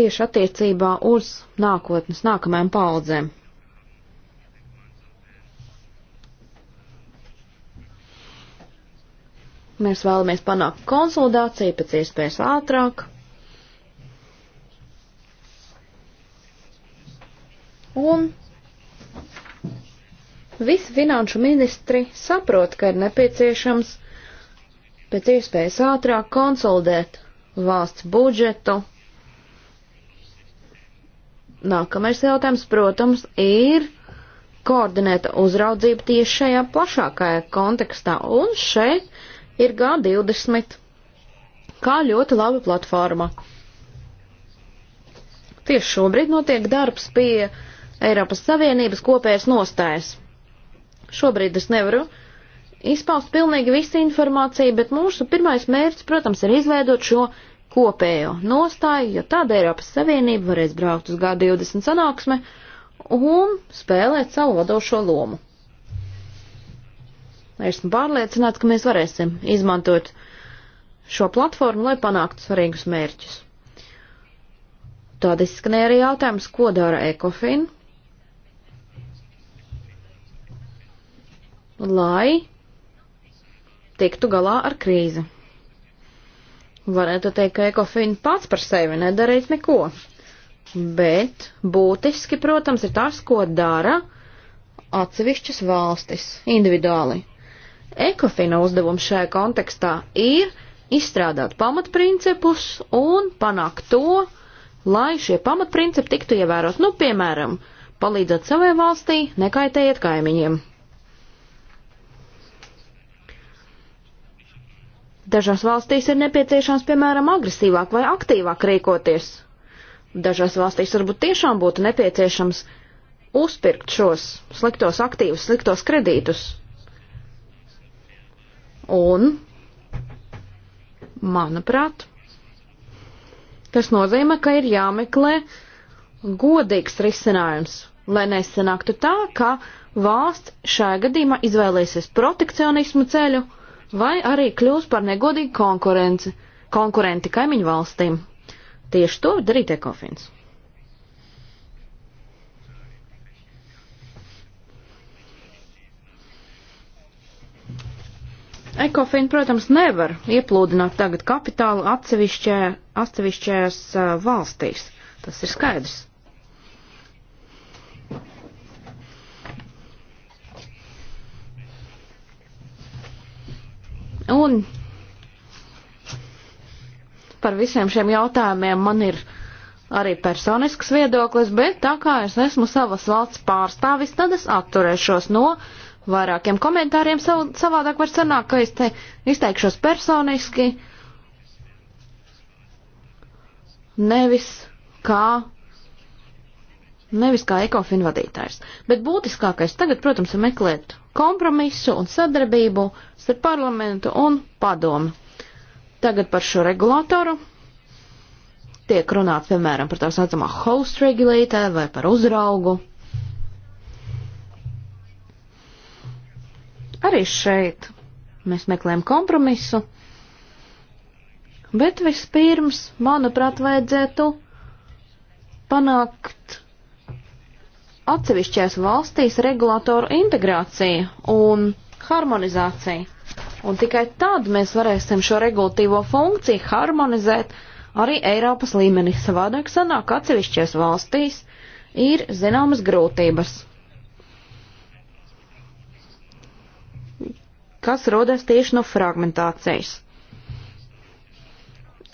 Tieši attiecībā uz nākotnes, nākamajām paudzēm. Mēs vēlamies panākt konsolidāciju pēc iespējas ātrāk. Un visi finanšu ministri saprot, ka ir nepieciešams pēc iespējas ātrāk konsolidēt valsts budžetu. Nākamais jautājums, protams, ir koordinēta uzraudzība tieši šajā plašākajā kontekstā, un šeit ir G20, kā ļoti laba platforma. Tieši šobrīd notiek darbs pie Eiropas Savienības kopējas nostājas. Šobrīd es nevaru izpaust pilnīgi visu informāciju, bet mūsu pirmais mērķis, protams, ir izveidot šo kopējo nostāju, jo tāda Eiropas Savienība varēs braukt uz G20 sanāksme un spēlēt savu vadošo lomu. Esmu pārliecināts, ka mēs varēsim izmantot šo platformu, lai panāktu svarīgus mērķus. Tad izskanēja arī jautājums, ko dara ECOFIN, lai tiktu galā ar krīzi. Varētu teikt, ka ECOFIN pats par sevi nedarīs neko, bet būtiski, protams, ir tas, ko dara atsevišķas valstis individuāli. Ekofina uzdevums šajā kontekstā ir izstrādāt pamatprincipus un panākt to, lai šie pamatprincipi tiktu ievērot, nu, piemēram, palīdzot savai valstī, nekaitējiet kaimiņiem. Dažās valstīs ir nepieciešams, piemēram, agresīvāk vai aktīvāk rīkoties. Dažās valstīs varbūt tiešām būtu nepieciešams uzpirkt šos sliktos aktīvus, sliktos kredītus. Un, manuprāt, tas nozīmē, ka ir jāmeklē godīgs risinājums, lai nesanāktu tā, ka valsts šajā gadījumā izvēlēsies protekcionismu ceļu vai arī kļūs par negodīgu konkurenci, konkurenti kaimiņu valstīm. Tieši to darīt ekofins. Ekofin, protams, nevar ieplūdināt tagad kapitālu atsevišķē, atsevišķējās uh, valstīs. Tas ir skaidrs. Un par visiem šiem jautājumiem man ir arī personisks viedoklis, bet tā kā es esmu savas valsts pārstāvis, tad es atturēšos no uh, vairākiem komentāriem. Sav, savādāk var sanākt, ka es te izteikšos personiski, nevis kā, nevis kā ekofin vadītājs. Bet būtiskākais tagad, protams, ir meklēt kompromisu un sadarbību starp parlamentu un padomu. Tagad par šo regulātoru tiek runāts, piemēram, par tā saucamā host regulator vai par uzraugu. Arī šeit mēs meklējam kompromisu, bet vispirms, manuprāt, vajadzētu panākt atsevišķās valstīs regulātoru integrāciju un harmonizāciju. Un tikai tad mēs varēsim šo regulatīvo funkciju harmonizēt arī Eiropas līmenī. Savādāk sanāk atsevišķās valstīs ir zināmas grūtības. kas rodas tieši no fragmentācijas.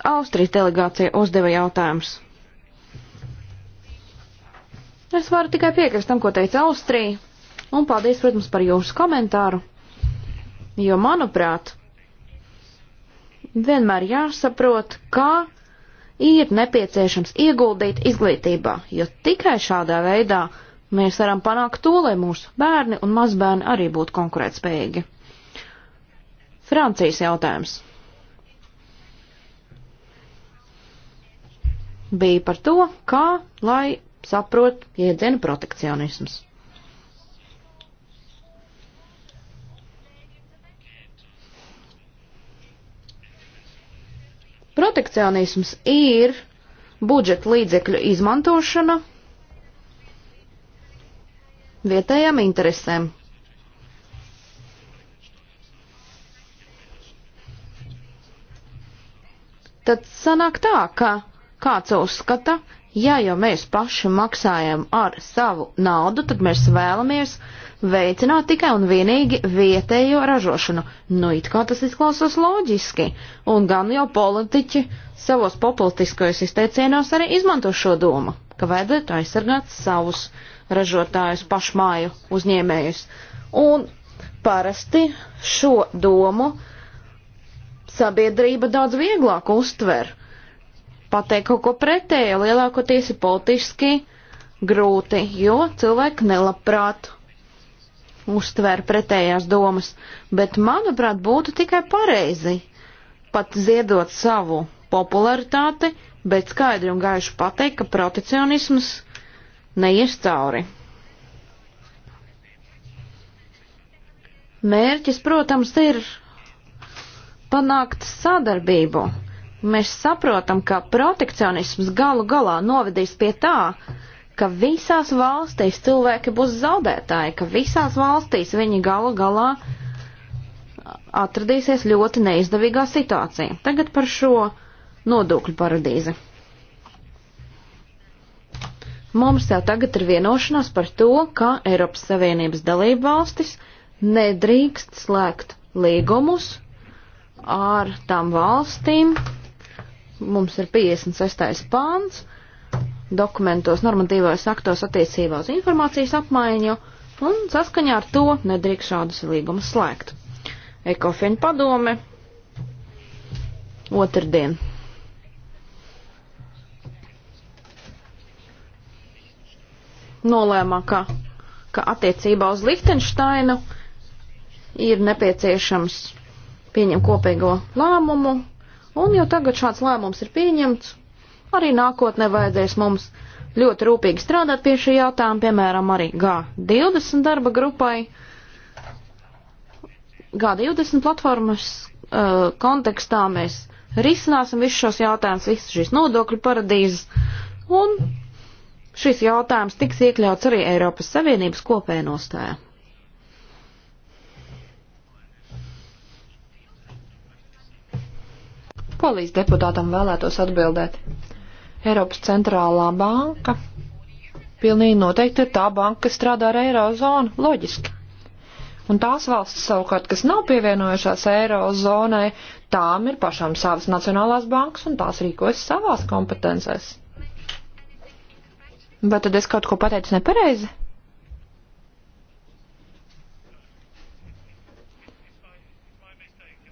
Austrijas delegācija uzdeva jautājumus. Es varu tikai piekrist tam, ko teica Austrija, un paldies, protams, par jūsu komentāru, jo, manuprāt, vienmēr jāsaprot, kā ir nepieciešams ieguldīt izglītībā, jo tikai šādā veidā mēs varam panākt to, lai mūsu bērni un mazbērni arī būtu konkurētspējīgi. Francijas jautājums. Bija par to, kā, lai saprot iedzienu protekcionisms. Protekcionisms ir budžeta līdzekļu izmantošana vietējām interesēm, tad sanāk tā, ka kāds uzskata, ja jau mēs paši maksājam ar savu naudu, tad mēs vēlamies veicināt tikai un vienīgi vietējo ražošanu. Nu, it kā tas izklausās loģiski, un gan jau politiķi savos populistiskajos izteicienos arī izmanto šo domu, ka vajadzētu aizsargāt savus ražotājus, pašmāju uzņēmējus. Un parasti šo domu sabiedrība daudz vieglāk uztver. Pateikt kaut ko pretēju lielākoties ir politiski grūti, jo cilvēki nelabprāt uztver pretējās domas, bet, manuprāt, būtu tikai pareizi pat ziedot savu popularitāti, bet skaidri un gaiši pateikt, ka protekcionisms neies cauri. Mērķis, protams, ir panākt sadarbību. Mēs saprotam, ka protekcionisms galu galā novedīs pie tā, ka visās valstīs cilvēki būs zaudētāji, ka visās valstīs viņi galu galā atradīsies ļoti neizdevīgā situācija. Tagad par šo nodokļu paradīzi. Mums jau tagad ir vienošanās par to, ka Eiropas Savienības dalību valstis nedrīkst slēgt līgumus ar tām valstīm. Mums ir 56. pāns dokumentos, normatīvos aktos attiecībā uz informācijas apmaiņu, un saskaņā ar to nedrīkst šādas līgumas slēgt. Ekofin padome otrdien. Nolēmā, ka, ka attiecībā uz Lihtenšteinu ir nepieciešams pieņem kopīgo lēmumu, un jau tagad šāds lēmums ir pieņemts. Arī nākotnē vajadzēs mums ļoti rūpīgi strādāt pie šī jautājuma, piemēram, arī G20 darba grupai. G20 platformas uh, kontekstā mēs risināsim visus šos jautājumus, visas šīs nodokļu paradīzes, un šis jautājums tiks iekļauts arī Eiropas Savienības kopējā nostājā. Polijas deputātam vēlētos atbildēt. Eiropas centrālā banka pilnīgi noteikti ir tā banka, kas strādā ar eirozonu, loģiski. Un tās valstis savukārt, kas nav pievienojušās eirozonai, tām ir pašām savas nacionālās bankas un tās rīkojas savās kompetencēs. Vai tad es kaut ko pateicu nepareizi?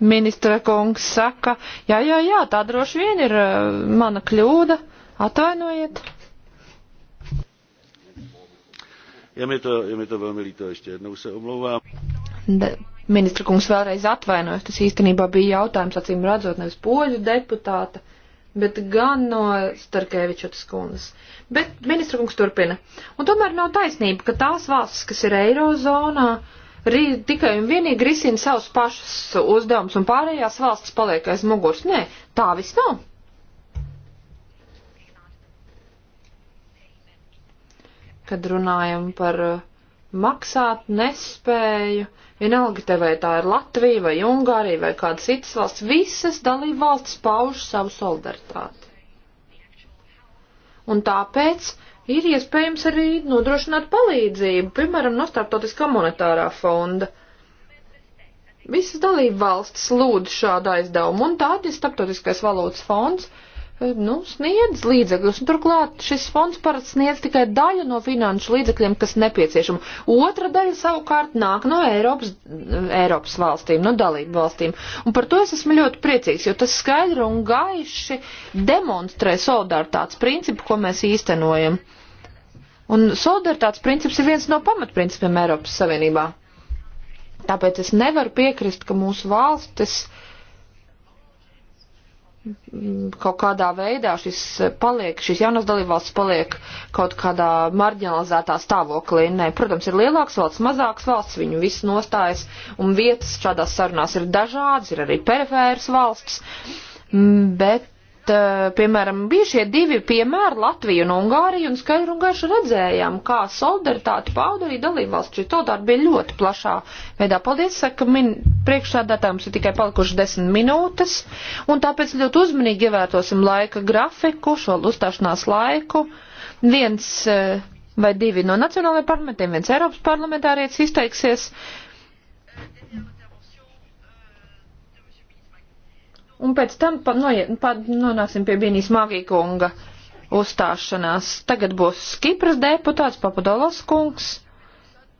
Ministra kungs saka, jā, jā, jā, tā droši vien ir uh, mana kļūda, atvainojiet. Je mi to, je mi to velmi líto, ještě jednou se omlouvám. De, ministra kungs vēlreiz atvainojas, tas īstenībā bija jautājums, acīm redzot, nevis poļu deputāta, bet gan no Starkevičotas kundas. Bet ministra kungs turpina. Un tomēr nav taisnība, ka tās valstis, kas ir Eirozonā, uh, tikai un vienīgi risina savus pašus uzdevumus un pārējās valsts paliek aiz muguras. Nē, tā viss nav. Kad runājam par uh, maksāt nespēju, vienalga te vai tā ir Latvija vai Ungārija vai kāda citas valsts, visas dalība valsts pauž savu solidaritāti. Un tāpēc ir iespējams arī nodrošināt palīdzību, piemēram, no starptautiskā monetārā fonda. Visas dalība valstis lūdz šādu aizdevumu, un tādi starptautiskais valūtas fonds, eh, nu, sniedz līdzekļus, un turklāt šis fonds parasti sniedz tikai daļu no finanšu līdzekļiem, kas nepieciešama. Otra daļa savukārt nāk no Eiropas, Eiropas valstīm, no dalību valstīm, un par to es esmu ļoti priecīgs, jo tas skaidri un gaiši demonstrē solidaritātes principu, ko mēs īstenojam. Un solidaritātes princips ir viens no pamatprincipiem Eiropas Savienībā. Tāpēc es nevaru piekrist, ka mūsu valstis mm, kaut kādā veidā šis paliek, šīs jaunās dalībvalsts paliek kaut kādā marginalizētā stāvoklī. Nē, protams, ir lielāks valsts, mazāks valsts, viņu viss nostājas un vietas šādās sarunās ir dažādas, ir arī perifēras valsts, mm, bet Eh, piemēram, bija šie divi piemēri Latvija un Ungārija, un skaidri un garši redzējām, kā solidaritāti pauda arī dalībvalsts. Šī solidaritāte bija ļoti plašā veidā. Paldies, saka, min, priekšsādātājums ir tikai palikuši desmit minūtes, un tāpēc ļoti uzmanīgi ievērtosim laika grafiku, šo uzstāšanās laiku. Viens eh, vai divi no nacionālajiem parlamentiem, viens Eiropas parlamentārietis izteiksies. un pēc tam pa, noiet, pa, nonāksim pie Bienijas Magīkunga uzstāšanās. Tagad būs Kipras deputāts Papadolas kungs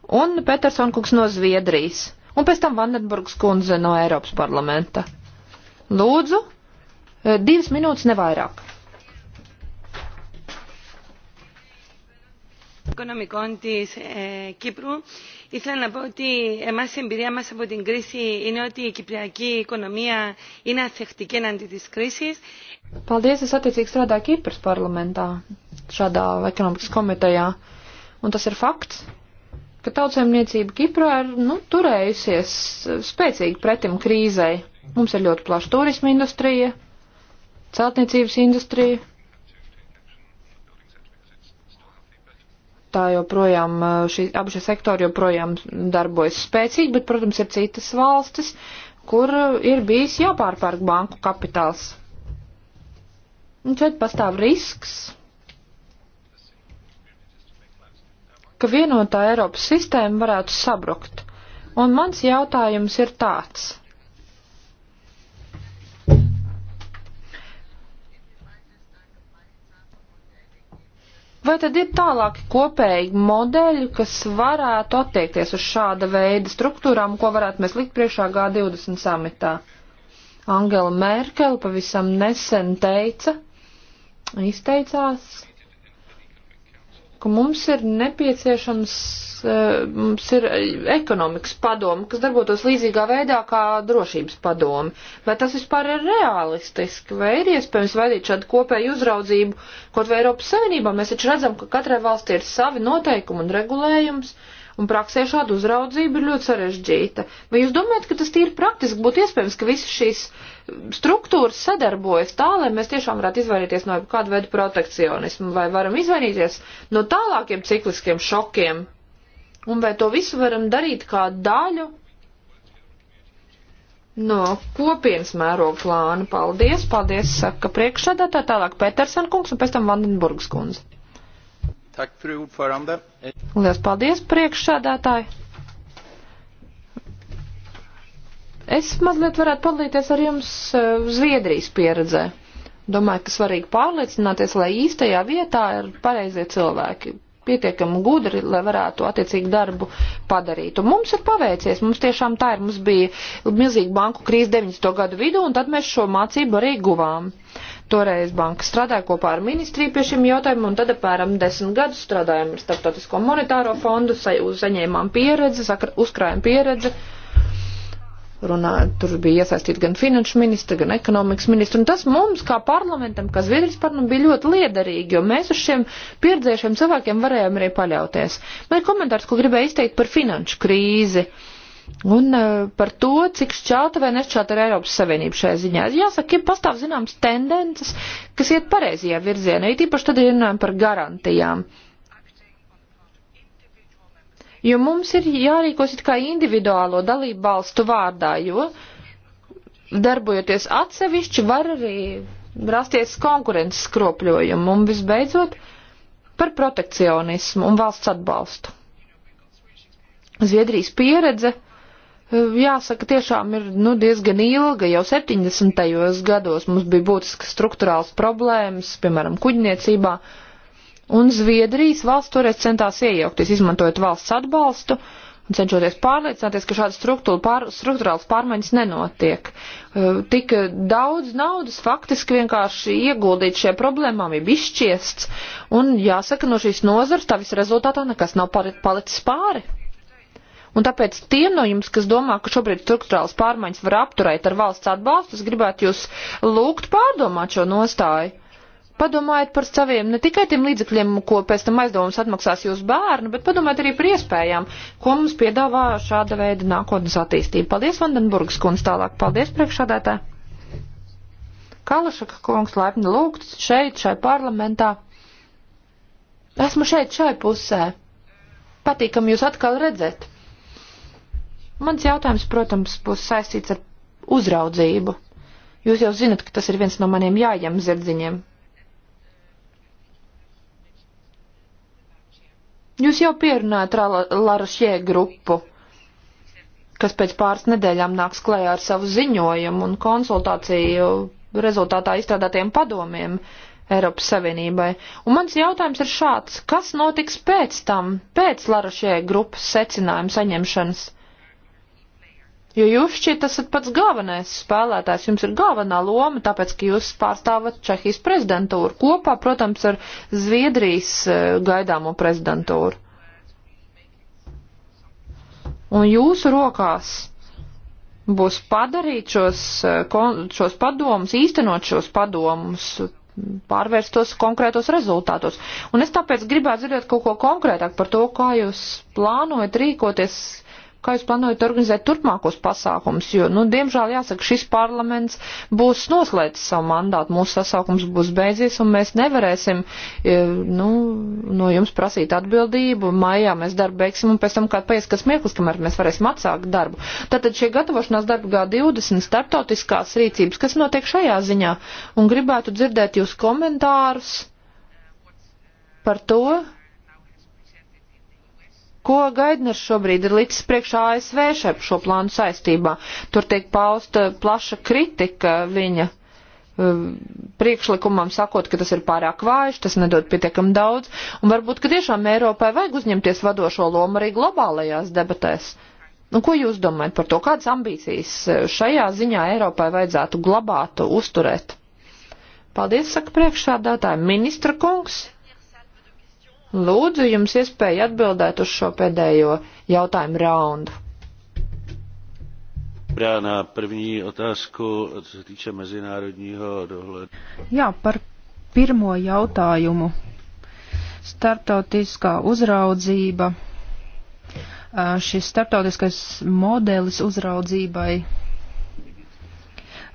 un Peterson kungs no Zviedrijas. Un pēc tam Vandenburgs kundze no Eiropas parlamenta. Lūdzu, eh, divas minūtes nevairāk. Ekonomikon tis eh, Kipru. Eh, ήθελα να πω ότι εμάς η εμπειρία μας από την κρίση είναι ότι η κυπριακή οικονομία είναι αθεκτική εναντί της κρίσης. Paldies, es attiecīgi strādāju Kipras parlamentā, šādā ekonomikas komitejā. Un tas ir fakts, ka tautsēmniecība Kiprā ir, nu, turējusies spēcīgi pretim krīzei. Mums ir ļoti plaša turisma industrija, celtniecības industrija, tā joprojām, šī, abi šie sektori joprojām darbojas spēcīgi, bet, protams, ir citas valstis, kur ir bijis jāpārpērk banku kapitāls. Un šeit pastāv risks, ka vienotā Eiropas sistēma varētu sabrukt. Un mans jautājums ir tāds. Vai tad ir tālāki kopēji modeļi, kas varētu attiekties uz šāda veida struktūrām, ko varētu mēs likt priekšā G20 samitā? Angela Merkel pavisam nesen teica, izteicās, ka mums ir nepieciešams, e, mums ir ekonomikas padoma, kas darbotos līdzīgā veidā kā drošības padoma. Vai tas vispār ir realistiski, vai ir iespējams veidīt šādu kopēju uzraudzību, kaut vai Eiropas Savienībā mēs taču redzam, ka katrai valstī ir savi noteikumi un regulējums, uh, un praksē šāda uzraudzība ir ļoti sarežģīta. Vai jūs domājat, ka tas tīri praktiski būtu iespējams, ka visas šīs struktūras sadarbojas tā, lai mēs tiešām varētu izvairīties no kāda veida protekcionismu, vai varam izvairīties no tālākiem cikliskiem šokiem? Un vai to visu varam darīt kā daļu no kopienas mēroga plāna? Paldies, paldies, saka priekšsēdētāji, tālāk Petersen kungs un pēc tam Vandenburgas kundze. Lielas paldies, priekšsēdētāji! Es mazliet varētu padalīties ar jums eh, Zviedrijas pieredzē. Domāju, ka svarīgi pārliecināties, lai īstajā vietā ir pareizie cilvēki, pietiekami gudri, lai varētu attiecīgi darbu padarīt. Un mums ir paveicies, mums tiešām tā ir, mums bija milzīga banku krīze 90. gadu vidū, un tad mēs šo mācību arī guvām. Uh, Toreiz banka strādāja kopā ar ministriju pie šiem jautājumiem, un tad apmēram desmit gadus strādājām ar Startautisko monetāro fondu, sa saņēmām pieredzi, uzkrājām pieredzi. Runā, tur bija iesaistīti gan finanšu ministri, gan ekonomikas ministri, un tas mums, kā parlamentam, kā Zviedrijas parlamentam, bija ļoti liederīgi, jo mēs uz šiem pieredzējušiem cilvēkiem varējām arī paļauties. Man ir komentārs, ko gribēju izteikt par finanšu krīzi. Uh, Un eh, par to, cik šķelta vai nešķelta ir Eiropas Savienība šajā ziņā. Jāsaka, ir pastāv zināmas tendences, kas iet pareizajā virzienā, it īpaši tad runājam par garantijām. Jo mums ir jārīkos it kā individuālo dalību valstu vārdā, jo darbojoties atsevišķi var arī rasties konkurences skropļojumu un visbeidzot par protekcionismu un valsts atbalstu. Zviedrijas pieredze jāsaka, tiešām ir nu, diezgan ilga. Jau 70. gados mums bija būtiskas struktūrāls problēmas, piemēram, kuģniecībā. Un Zviedrijas valsts toreiz centās iejaukties, izmantojot valsts atbalstu un cenšoties pārliecināties, ka šādas pār, struktūrāls pārmaiņas nenotiek. E, Tik daudz naudas faktiski vienkārši ieguldīt šajā problēmām, ir izšķiests, un jāsaka, no šīs nozars tā visa rezultātā nekas nav palicis pāri. Un tāpēc tiem no jums, kas domā, ka šobrīd struktūrāls pārmaiņas var apturēt ar valsts atbalstu, es gribētu jūs lūgt pārdomāt šo nostāju. Padomājiet par saviem ne tikai tiem līdzekļiem, ko pēc tam aizdevums atmaksās jūsu bērnu, bet padomājiet arī par iespējām, ko mums piedāvā šāda veida nākotnes attīstība. Paldies, Vandenburgas kundze, tālāk. Paldies, priekšādētā. Kalašaka kungs laipni lūgts šeit, šai parlamentā. Esmu šeit, šai pusē. Patīkam jūs atkal redzēt. Mans jautājums, protams, būs saistīts ar uzraudzību. Jūs jau zinat, ka tas ir viens no maniem jājam zirdziņiem. Jūs jau pierunājat Larošie grupu, kas pēc pāris nedēļām nāks klējā ar savu ziņojumu un konsultāciju rezultātā izstrādātiem padomiem Eiropas Savienībai. Un mans jautājums ir šāds, kas notiks pēc tam, pēc Larošie grupas secinājuma saņemšanas? jo jūs šķiet esat pats galvenais spēlētājs, jums ir galvenā loma, tāpēc, ka jūs pārstāvat Čehijas prezidentūru kopā, protams, ar Zviedrijas e, gaidāmo prezidentūru. Un jūsu rokās būs padarīt šos, e, šos padomus, īstenot šos padomus, pārvērst tos konkrētos rezultātos. Un es tāpēc gribētu dzirdēt kaut ko konkrētāk par to, kā jūs plānojat rīkoties kā jūs plānojat organizēt turpmākos pasākums, jo, nu, diemžēl jāsaka, šis parlaments būs noslēdzis savu mandātu, mūsu sasaukums būs beidzies, un mēs nevarēsim, e, nu, no jums prasīt atbildību, maijā mēs darbu beigsim, un pēc tam kāds paies, kas mieklis, kamēr mēs varēsim atsākt darbu. Tātad šie gatavošanās darbi G20 starptautiskās rīcības, kas notiek šajā ziņā, un gribētu dzirdēt jūs komentārus par to, ko Gaidners šobrīd ir licis priekšā ASV šai, šo plānu saistībā. Tur tiek pausta plaša kritika viņa um, priekšlikumam sakot, ka tas ir pārāk vājš, tas nedod pietiekam daudz, un varbūt, ka tiešām Eiropai vajag uzņemties vadošo lomu arī globālajās debatēs. Nu, ko jūs domājat par to? Kādas ambīcijas eh, šajā ziņā Eiropai vajadzētu glabāt, uzturēt? Paldies, saka priekšsādātāji, ministra kungs. Lūdzu, jums iespēja atbildēt uz šo pēdējo jautājumu raundu. Na první otázku, co se týče mezinárodního dohledu. Jā, par pirmo jautājumu. Startautiskā uzraudzība, šis startautiskais modelis uzraudzībai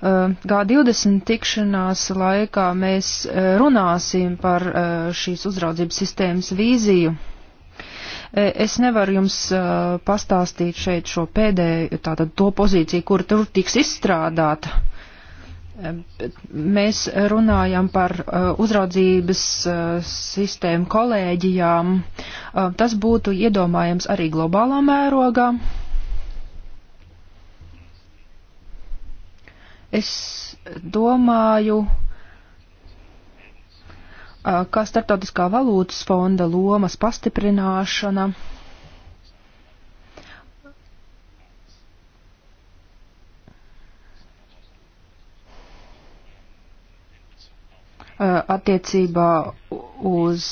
Eh, G20 tikšanās laikā mēs eh, runāsim par eh, šīs uzraudzības sistēmas vīziju. Es nevaru jums pastāstīt šeit šo pēdējo, tātad to pozīciju, kur tur tiks izstrādāta. Mēs runājam par uzraudzības sistēmu kolēģijām. Tas būtu iedomājams arī globālā mērogā Es domāju, kā starptautiskā valūtas fonda lomas pastiprināšana. attiecībā uz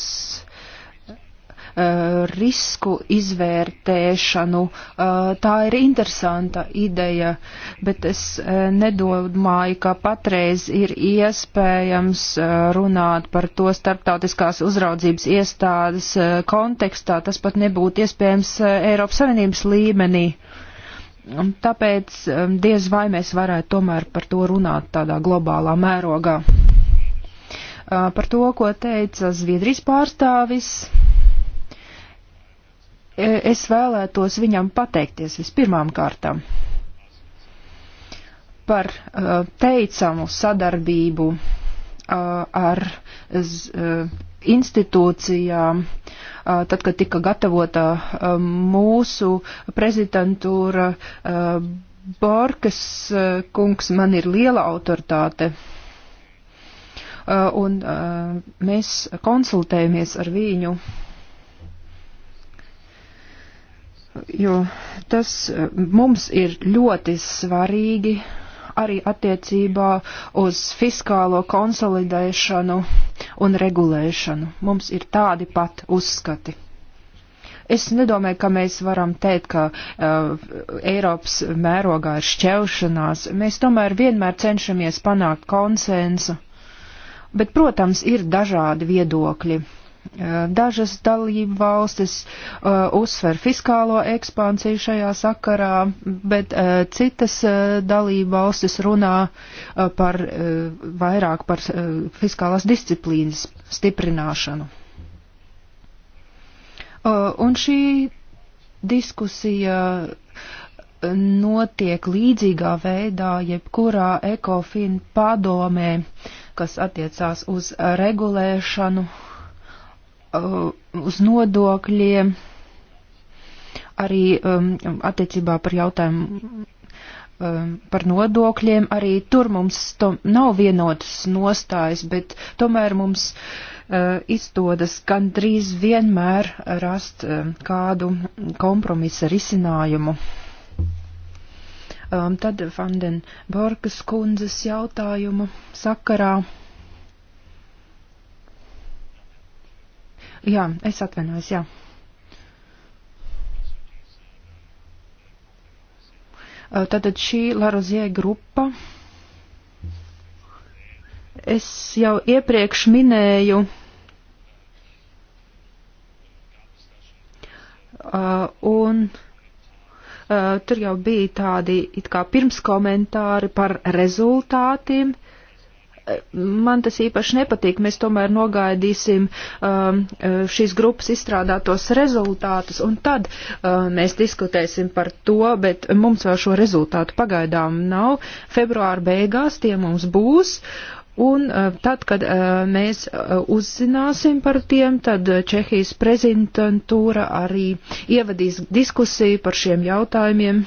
Eh, risku izvērtēšanu. Eh, tā ir interesanta ideja, bet es eh, nedomāju, ka patreiz ir iespējams runāt par to starptautiskās uzraudzības iestādes kontekstā. Tas pat nebūtu iespējams Eiropas Savienības līmenī. Tāpēc diez vai mēs varētu tomēr par to runāt tādā globālā mērogā. Par to, ko teica Zviedrijas pārstāvis, E, es vēlētos viņam pateikties vispirmām kārtām par uh, teicamu sadarbību uh, ar z, uh, institūcijām, tad, kad tika gatavota mūsu prezidentūra, Borkas kungs man ir liela autoritāte. Un mēs konsultējamies ar viņu jo tas eh, mums ir ļoti svarīgi arī attiecībā uz fiskālo konsolidēšanu un regulēšanu. Mums ir tādi pat uzskati. Es nedomāju, ka mēs varam teikt, ka uh, Eiropas mērogā ir šķelšanās. Mēs tomēr vienmēr cenšamies panākt konsensu. Bet, protams, ir dažādi viedokļi Dažas dalību valstis uh, uzsver fiskālo ekspansiju šajā sakarā, bet uh, citas uh, dalību valstis runā uh, par, uh, vairāk par uh, fiskālās disciplīnas stiprināšanu. Uh, un šī diskusija notiek līdzīgā veidā jebkurā ekofin padomē, kas attiecās uz regulēšanu. Uh, Uh, uz nodokļiem, arī um, attiecībā par jautājumu um, par nodokļiem. Arī tur mums to nav vienotas nostājas, bet tomēr mums uh, izdodas gandrīz vienmēr rast uh, kādu kompromisa risinājumu. Um, tad Fanden Borkas kundzes jautājumu sakarā. Jā, es atvainojos, jā. Tātad šī Larozie grupa. Es jau iepriekš minēju uh, un uh, tur jau bija tādi it kā pirmskomentāri par rezultātiem. Uh, man tas īpaši nepatīk. Mēs tomēr nogaidīsim um, šīs grupas izstrādātos rezultātus, un tad uh, mēs diskutēsim par to, bet mums vēl šo rezultātu pagaidām nav. Februāra beigās tie mums būs. Un uh, tad, kad uh, mēs uh, uzzināsim par tiem, tad Čehijas prezidentūra arī ievadīs diskusiju par šiem jautājumiem.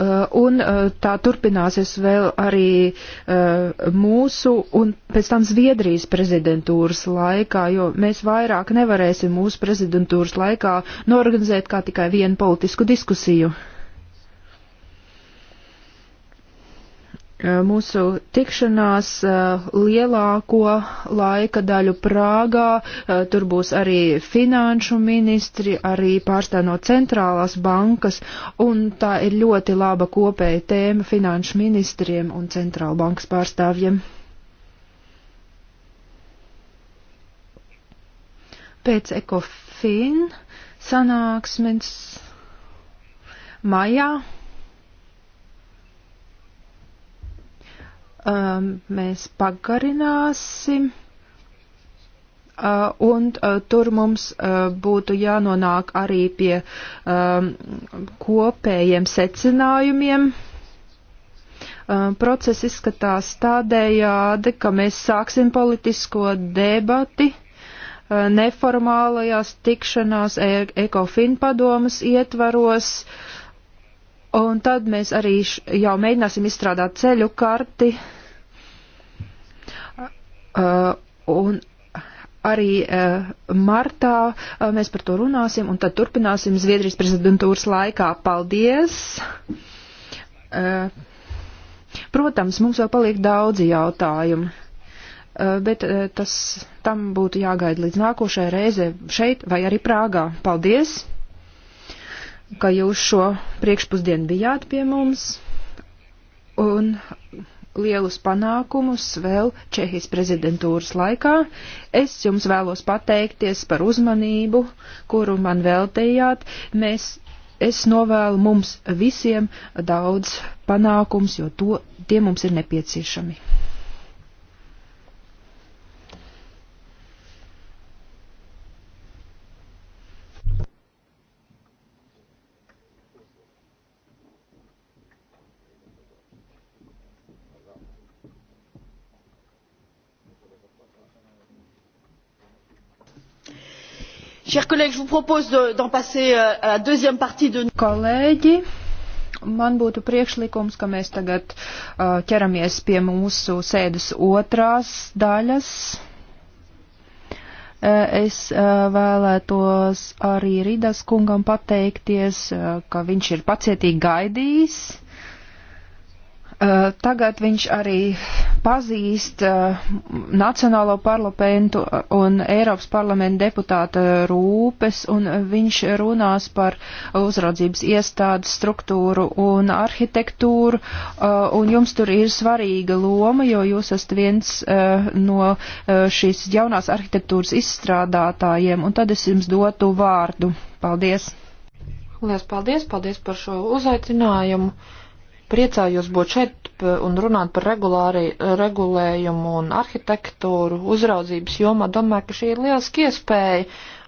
Eh, un eh, tā turpināsies vēl arī eh, mūsu un pēc tam Zviedrijas prezidentūras laikā, jo mēs vairāk nevarēsim mūsu prezidentūras laikā norganizēt kā tikai vienu politisku diskusiju. Eh, mūsu tikšanās eh, lielāko laika daļu Prāgā. Eh, tur būs arī finanšu ministri, arī pārstāv no centrālās bankas, un tā ir ļoti laba kopēja tēma finanšu ministriem un centrāla bankas pārstāvjiem. Pēc ekofin sanāksmes maijā um, mēs pagarināsim. Uh, un uh, tur mums uh, būtu jānonāk arī pie um, kopējiem secinājumiem. Uh, process izskatās tādējādi, ka mēs sāksim politisko debati uh, neformālajās tikšanās e Ekofin padomas ietvaros. Uh, Un tad mēs arī jau mēģināsim izstrādāt ceļu karti. Uh, un arī uh, martā uh, mēs par to runāsim un tad turpināsim Zviedrijas prezidentūras laikā. Paldies! Uh, protams, mums vēl paliek daudzi jautājumi, uh, bet uh, tas tam būtu jāgaida līdz nākošai reize šeit vai arī Prāgā. Paldies! ka jūs šo priekšpusdienu bijāt pie mums un lielus panākumus vēl Čehijas prezidentūras laikā. Es jums vēlos pateikties par uzmanību, kuru man veltījāt. Mēs, es novēlu mums visiem daudz panākums, jo to, tie mums ir nepieciešami. Chers collègues, je vous propose d'en passer euh, à la deuxième partie de. Kolēģi, man būtu priekšlikums, ka mēs tagad uh, ķeramies pie mūsu sēdes otrās daļas. Uh, es uh, vēlētos arī Ridas kungam pateikties, uh, ka viņš ir pacietīgi gaidījis Eh, tagad viņš arī pazīst eh, Nacionālo parlamentu un Eiropas parlamentu deputāta rūpes, un viņš runās par uzraudzības iestādes struktūru un arhitektūru, eh, un jums tur ir svarīga loma, jo jūs esat viens no šīs jaunās arhitektūras izstrādātājiem, un tad es jums dotu vārdu. Paldies! Lielas paldies, paldies par šo uzaicinājumu! Priecājos būt šeit un runāt par regulāri, regulējumu un arhitektūru uzraudzības jomā. Domāju, ka šī ir lieliski iespēja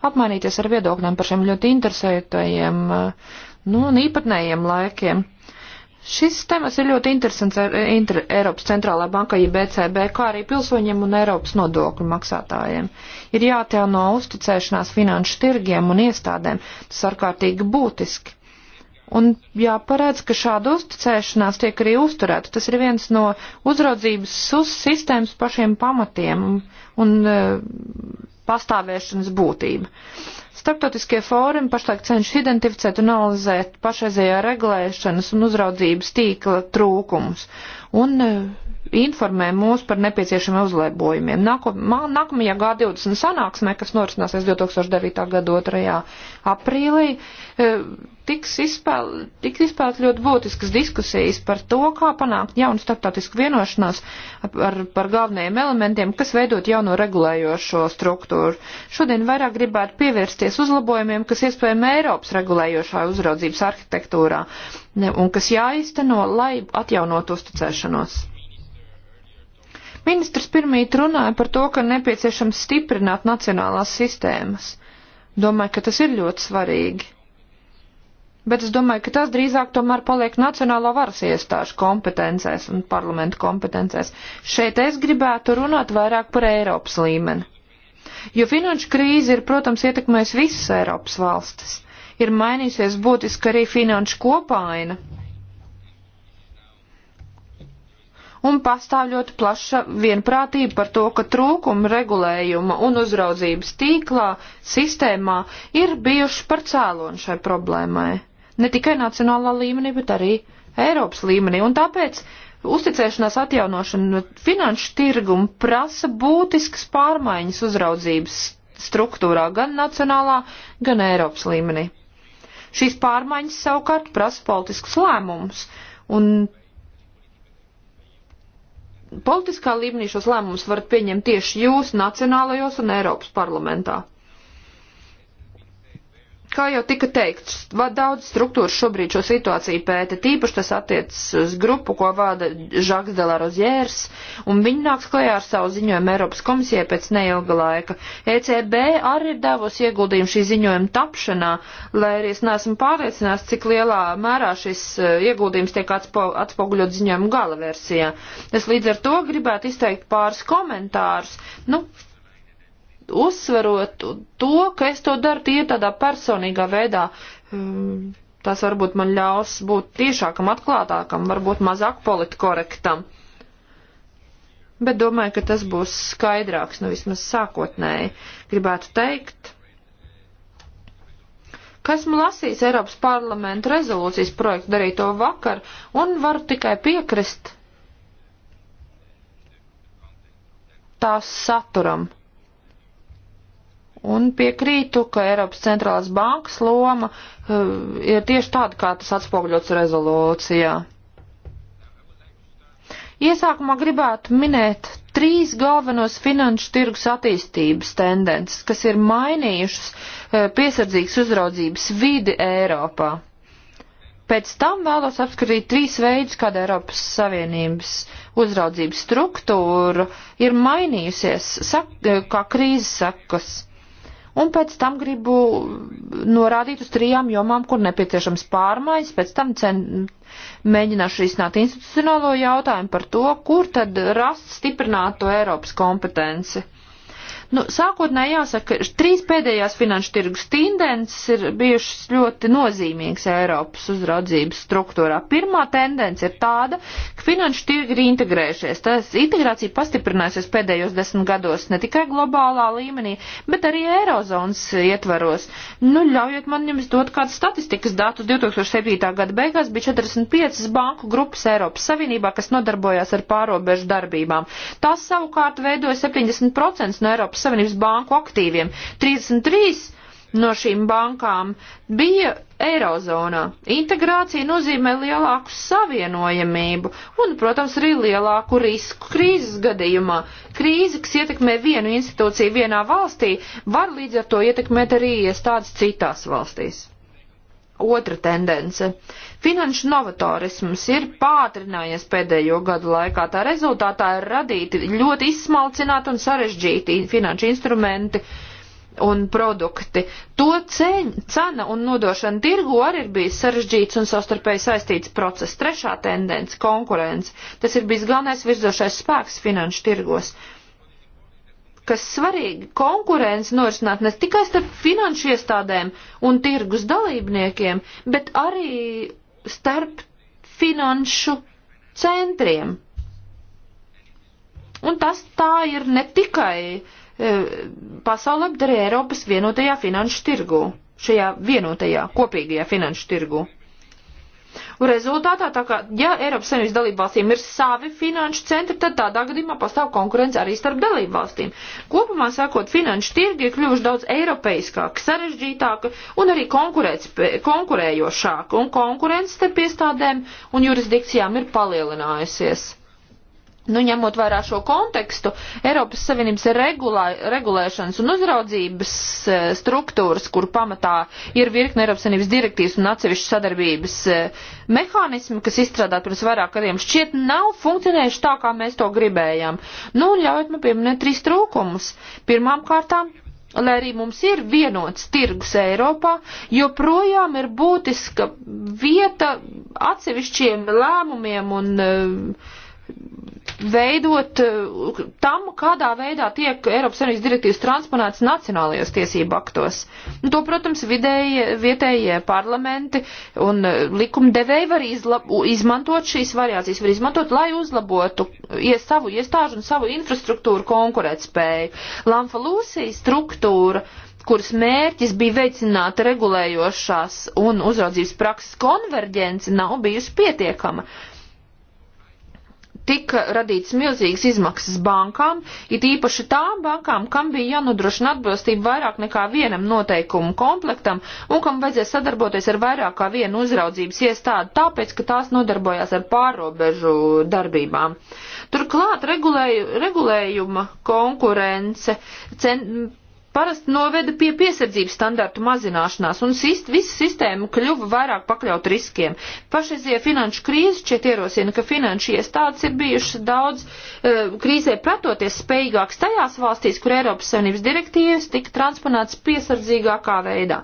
apmainīties ar viedokļiem par šiem ļoti interesētajiem nu, un īpatnējiem laikiem. Šis temats ir ļoti interesants inter, Eiropas centrālā banka IBCB, kā arī pilsoņiem un Eiropas nodokļu maksātājiem. Ir jāatjauno uzticēšanās finanšu tirgiem un iestādēm. Tas ārkārtīgi būtiski. Un jāparāds, ka šāda uzticēšanās tiek arī uzturēta. Tas ir viens no uzraudzības uz sistēmas pašiem pamatiem un, un e, pastāvēšanas būtība. Starptautiskie fórumi pašlaik cenšas identificēt un analizēt pašreizējā regulēšanas un uzraudzības tīkla trūkumus un e, informē mūs par nepieciešamiem uzlabojumiem. Nākamajā G20 sanāksmē, kas norisināsies 2009. gada 2. aprīlī, e, tiks izspēlēt izspēl ļoti būtiskas diskusijas par to, kā panākt jaunu starptautisku vienošanos par, par galvenajiem elementiem, kas veidot jauno regulējošo struktūru. Šodien vairāk gribētu pievērsties uzlabojumiem, kas iespējami Eiropas regulējošā uzraudzības arhitektūrā un kas jāizteno, lai atjaunot uzticēšanos. Ministrs pirmīt runāja par to, ka nepieciešams stiprināt nacionālās sistēmas. Domāju, ka tas ir ļoti svarīgi bet es domāju, ka tas drīzāk tomēr paliek nacionālo varas iestāžu kompetencēs un parlamentu kompetencēs. Šeit es gribētu runāt vairāk par Eiropas līmeni. Jo finanšu krīze ir, protams, ietekmējusi visas Eiropas valstis. Ir mainīsies būtiski arī finanšu kopaina. Un pastāv ļoti plaša vienprātība par to, ka trūkumi regulējuma un uzraudzības tīklā, sistēmā ir bijuši par cēloni šai problēmai ne tikai nacionālā līmenī, bet arī Eiropas līmenī. Un tāpēc uzticēšanās atjaunošana finanšu tirgumu prasa būtiskas pārmaiņas uzraudzības struktūrā gan nacionālā, gan Eiropas līmenī. Šīs pārmaiņas savukārt prasa politiskus lēmumus, un politiskā līmenī šos lēmumus varat pieņemt tieši jūs nacionālajos un Eiropas parlamentā. Kā jau tika teikts, daudz struktūras šobrīd šo situāciju pēta, tīpaši tas attiecas uz grupu, ko vada Žaks Delarozjērs, un viņi nāks klajā ar savu ziņojumu Eiropas komisijai pēc neilga laika. ECB arī ir devusi ieguldījumu šī ziņojuma tapšanā, lai arī es neesmu pārliecināts, cik lielā mērā šis e, ieguldījums tiek atspo, atspoguļot ziņojuma gala versijā. Es līdz ar to gribētu izteikt pāris komentārus. Nu, uzsverot to, ka es to daru tie tādā personīgā veidā. Um, tas varbūt man ļaus būt tiešākam, atklātākam, varbūt mazāk politkorektam. Bet domāju, ka tas būs skaidrāks, nu vismaz sākotnēji gribētu teikt. Kas man lasīs Eiropas parlamenta rezolūcijas projektu darīja to vakar un varu tikai piekrist tās saturam. Un piekrītu, ka Eiropas centrālās bankas loma uh, ir tieši tāda, kā tas atspoguļots rezolūcijā. Iesākumā gribētu minēt trīs galvenos finanšu tirgus attīstības tendences, kas ir mainījušas uh, piesardzīgas uzraudzības vidi Eiropā. Pēc tam vēlos apskatīt trīs veidus, kāda Eiropas Savienības uzraudzības struktūra ir mainījusies, sak, eh, kā krīzes sakas un pēc tam gribu norādīt uz trijām jomām, kur nepieciešams pārmaiņas, pēc tam cen, mēģināšu risināt institucionālo jautājumu par to, kur tad rast stiprināto Eiropas kompetenci. Nu, sākotnēji jāsaka, ka trīs pēdējās finanšu tirgus tendences ir bijušas ļoti nozīmīgas Eiropas uzraudzības struktūrā. Pirmā tendence ir tāda, ka finanšu tirgi ir integrējušies. Tās integrācija pastiprinājusies pēdējos desmit gados ne tikai globālā līmenī, bet arī Eirozonas ietvaros. Nu, ļaujiet man jums dot kādu statistikas datu. 2007. gada beigās bija 45 banku grupas Eiropas Savienībā, kas nodarbojās ar pārobežu darbībām. Tās savukārt veidoja 70% no Eiropas Eiropas Savienības banku aktīviem. 33 no šīm bankām bija Eirozonā. Integrācija nozīmē lielāku savienojamību un, protams, arī lielāku risku krīzes gadījumā. Krīze, kas ietekmē vienu institūciju vienā valstī, var līdz ar to ietekmēt arī iestādes citās valstīs otra tendence. Finanšu novatorisms ir pātrinājies pēdējo gadu laikā. Tā rezultātā ir radīti ļoti izsmalcināti un sarežģīti finanšu instrumenti un produkti. To ceņ, cena un nodošana tirgu arī ir bijis sarežģīts un savstarpēji saistīts process. Trešā tendence - konkurence. Tas ir bijis galvenais virzošais spēks finanšu tirgos kas svarīgi konkurence norisināt ne tikai starp finanšu iestādēm un tirgus dalībniekiem, bet arī starp finanšu centriem. Un tas tā ir ne tikai e, pasaulē, bet arī Eiropas vienotajā finanšu tirgū, šajā vienotajā kopīgajā finanšu tirgū. Un rezultātā, tā kā, ja Eiropas Savienības dalībvalstīm ir savi finanšu centri, tad tādā gadījumā pastāv konkurence arī starp dalībvalstīm. Kopumā sakot, finanšu tirgi ir kļuvuši daudz eiropeiskāki, sarežģītāki un arī konkurējošāki, un konkurence starp iestādēm un jurisdikcijām ir palielinājusies. Nu, ņemot vērā šo kontekstu, Eiropas Savienības regulā, regulēšanas un uzraudzības e, struktūras, kur pamatā ir virkne Eiropas Savienības direktīvas un atsevišķas sadarbības e, mehānismi, kas izstrādāti pirms vairāk gadiem, šķiet nav funkcionējuši tā, kā mēs to gribējām. Nu, un ļaujiet man pieminēt trīs trūkumus. Pirmām kārtām. Lai arī mums ir vienots tirgus Eiropā, joprojām ir būtiska vieta atsevišķiem lēmumiem un uh, e, veidot eh, tam, kādā veidā tiek Eiropas Savienības direktīvas transponētas nacionālajos tiesību aktos. Un nu, to, protams, vidēji, vietējie parlamenti un eh, likumdevēji var izlab, izmantot šīs variācijas, var izmantot, lai uzlabotu ies savu iestāžu un savu infrastruktūru konkurētspēju. Lamfalūsija struktūra kuras mērķis bija veicināt regulējošās un uzraudzības prakses konverģenci, nav bijusi pietiekama. Uh, tika radīts milzīgas izmaksas bankām, it īpaši tām bankām, kam bija jānodrošina atbilstība vairāk nekā vienam noteikumu komplektam un kam vajadzēja sadarboties ar vairāk kā vienu uzraudzības iestādi, tāpēc, ka tās nodarbojās ar pārobežu darbībām. Turklāt regulēju, regulējuma konkurence cen, parasti noveda pie piesardzības standartu mazināšanās, un sist, visa sistēma kļuva vairāk pakļaut riskiem. Pašreizie finanšu krīzes šķiet ierosina, ka finanšu iestādes ir bijušas daudz e, krīzē pretoties spējīgākas tajās valstīs, kur Eiropas Savienības direktīvas tika transponētas piesardzīgākā veidā.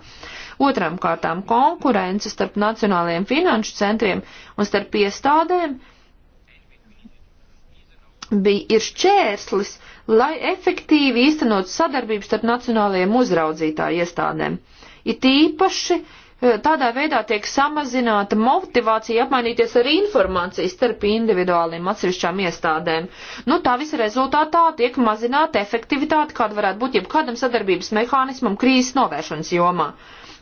Otram kārtām konkurence starp nacionālajiem finanšu centriem un starp iestādēm bija ir šķērslis, lai efektīvi īstenot sadarbību starp nacionālajiem uzraudzītāju iestādēm. It īpaši eh, tādā veidā tiek samazināta motivācija apmainīties ar informāciju starp individuāliem atsevišķām iestādēm. Nu, tā visa rezultātā tiek mazināta efektivitāte, kāda varētu būt jebkādam sadarbības mehānismam krīzes novēršanas jomā.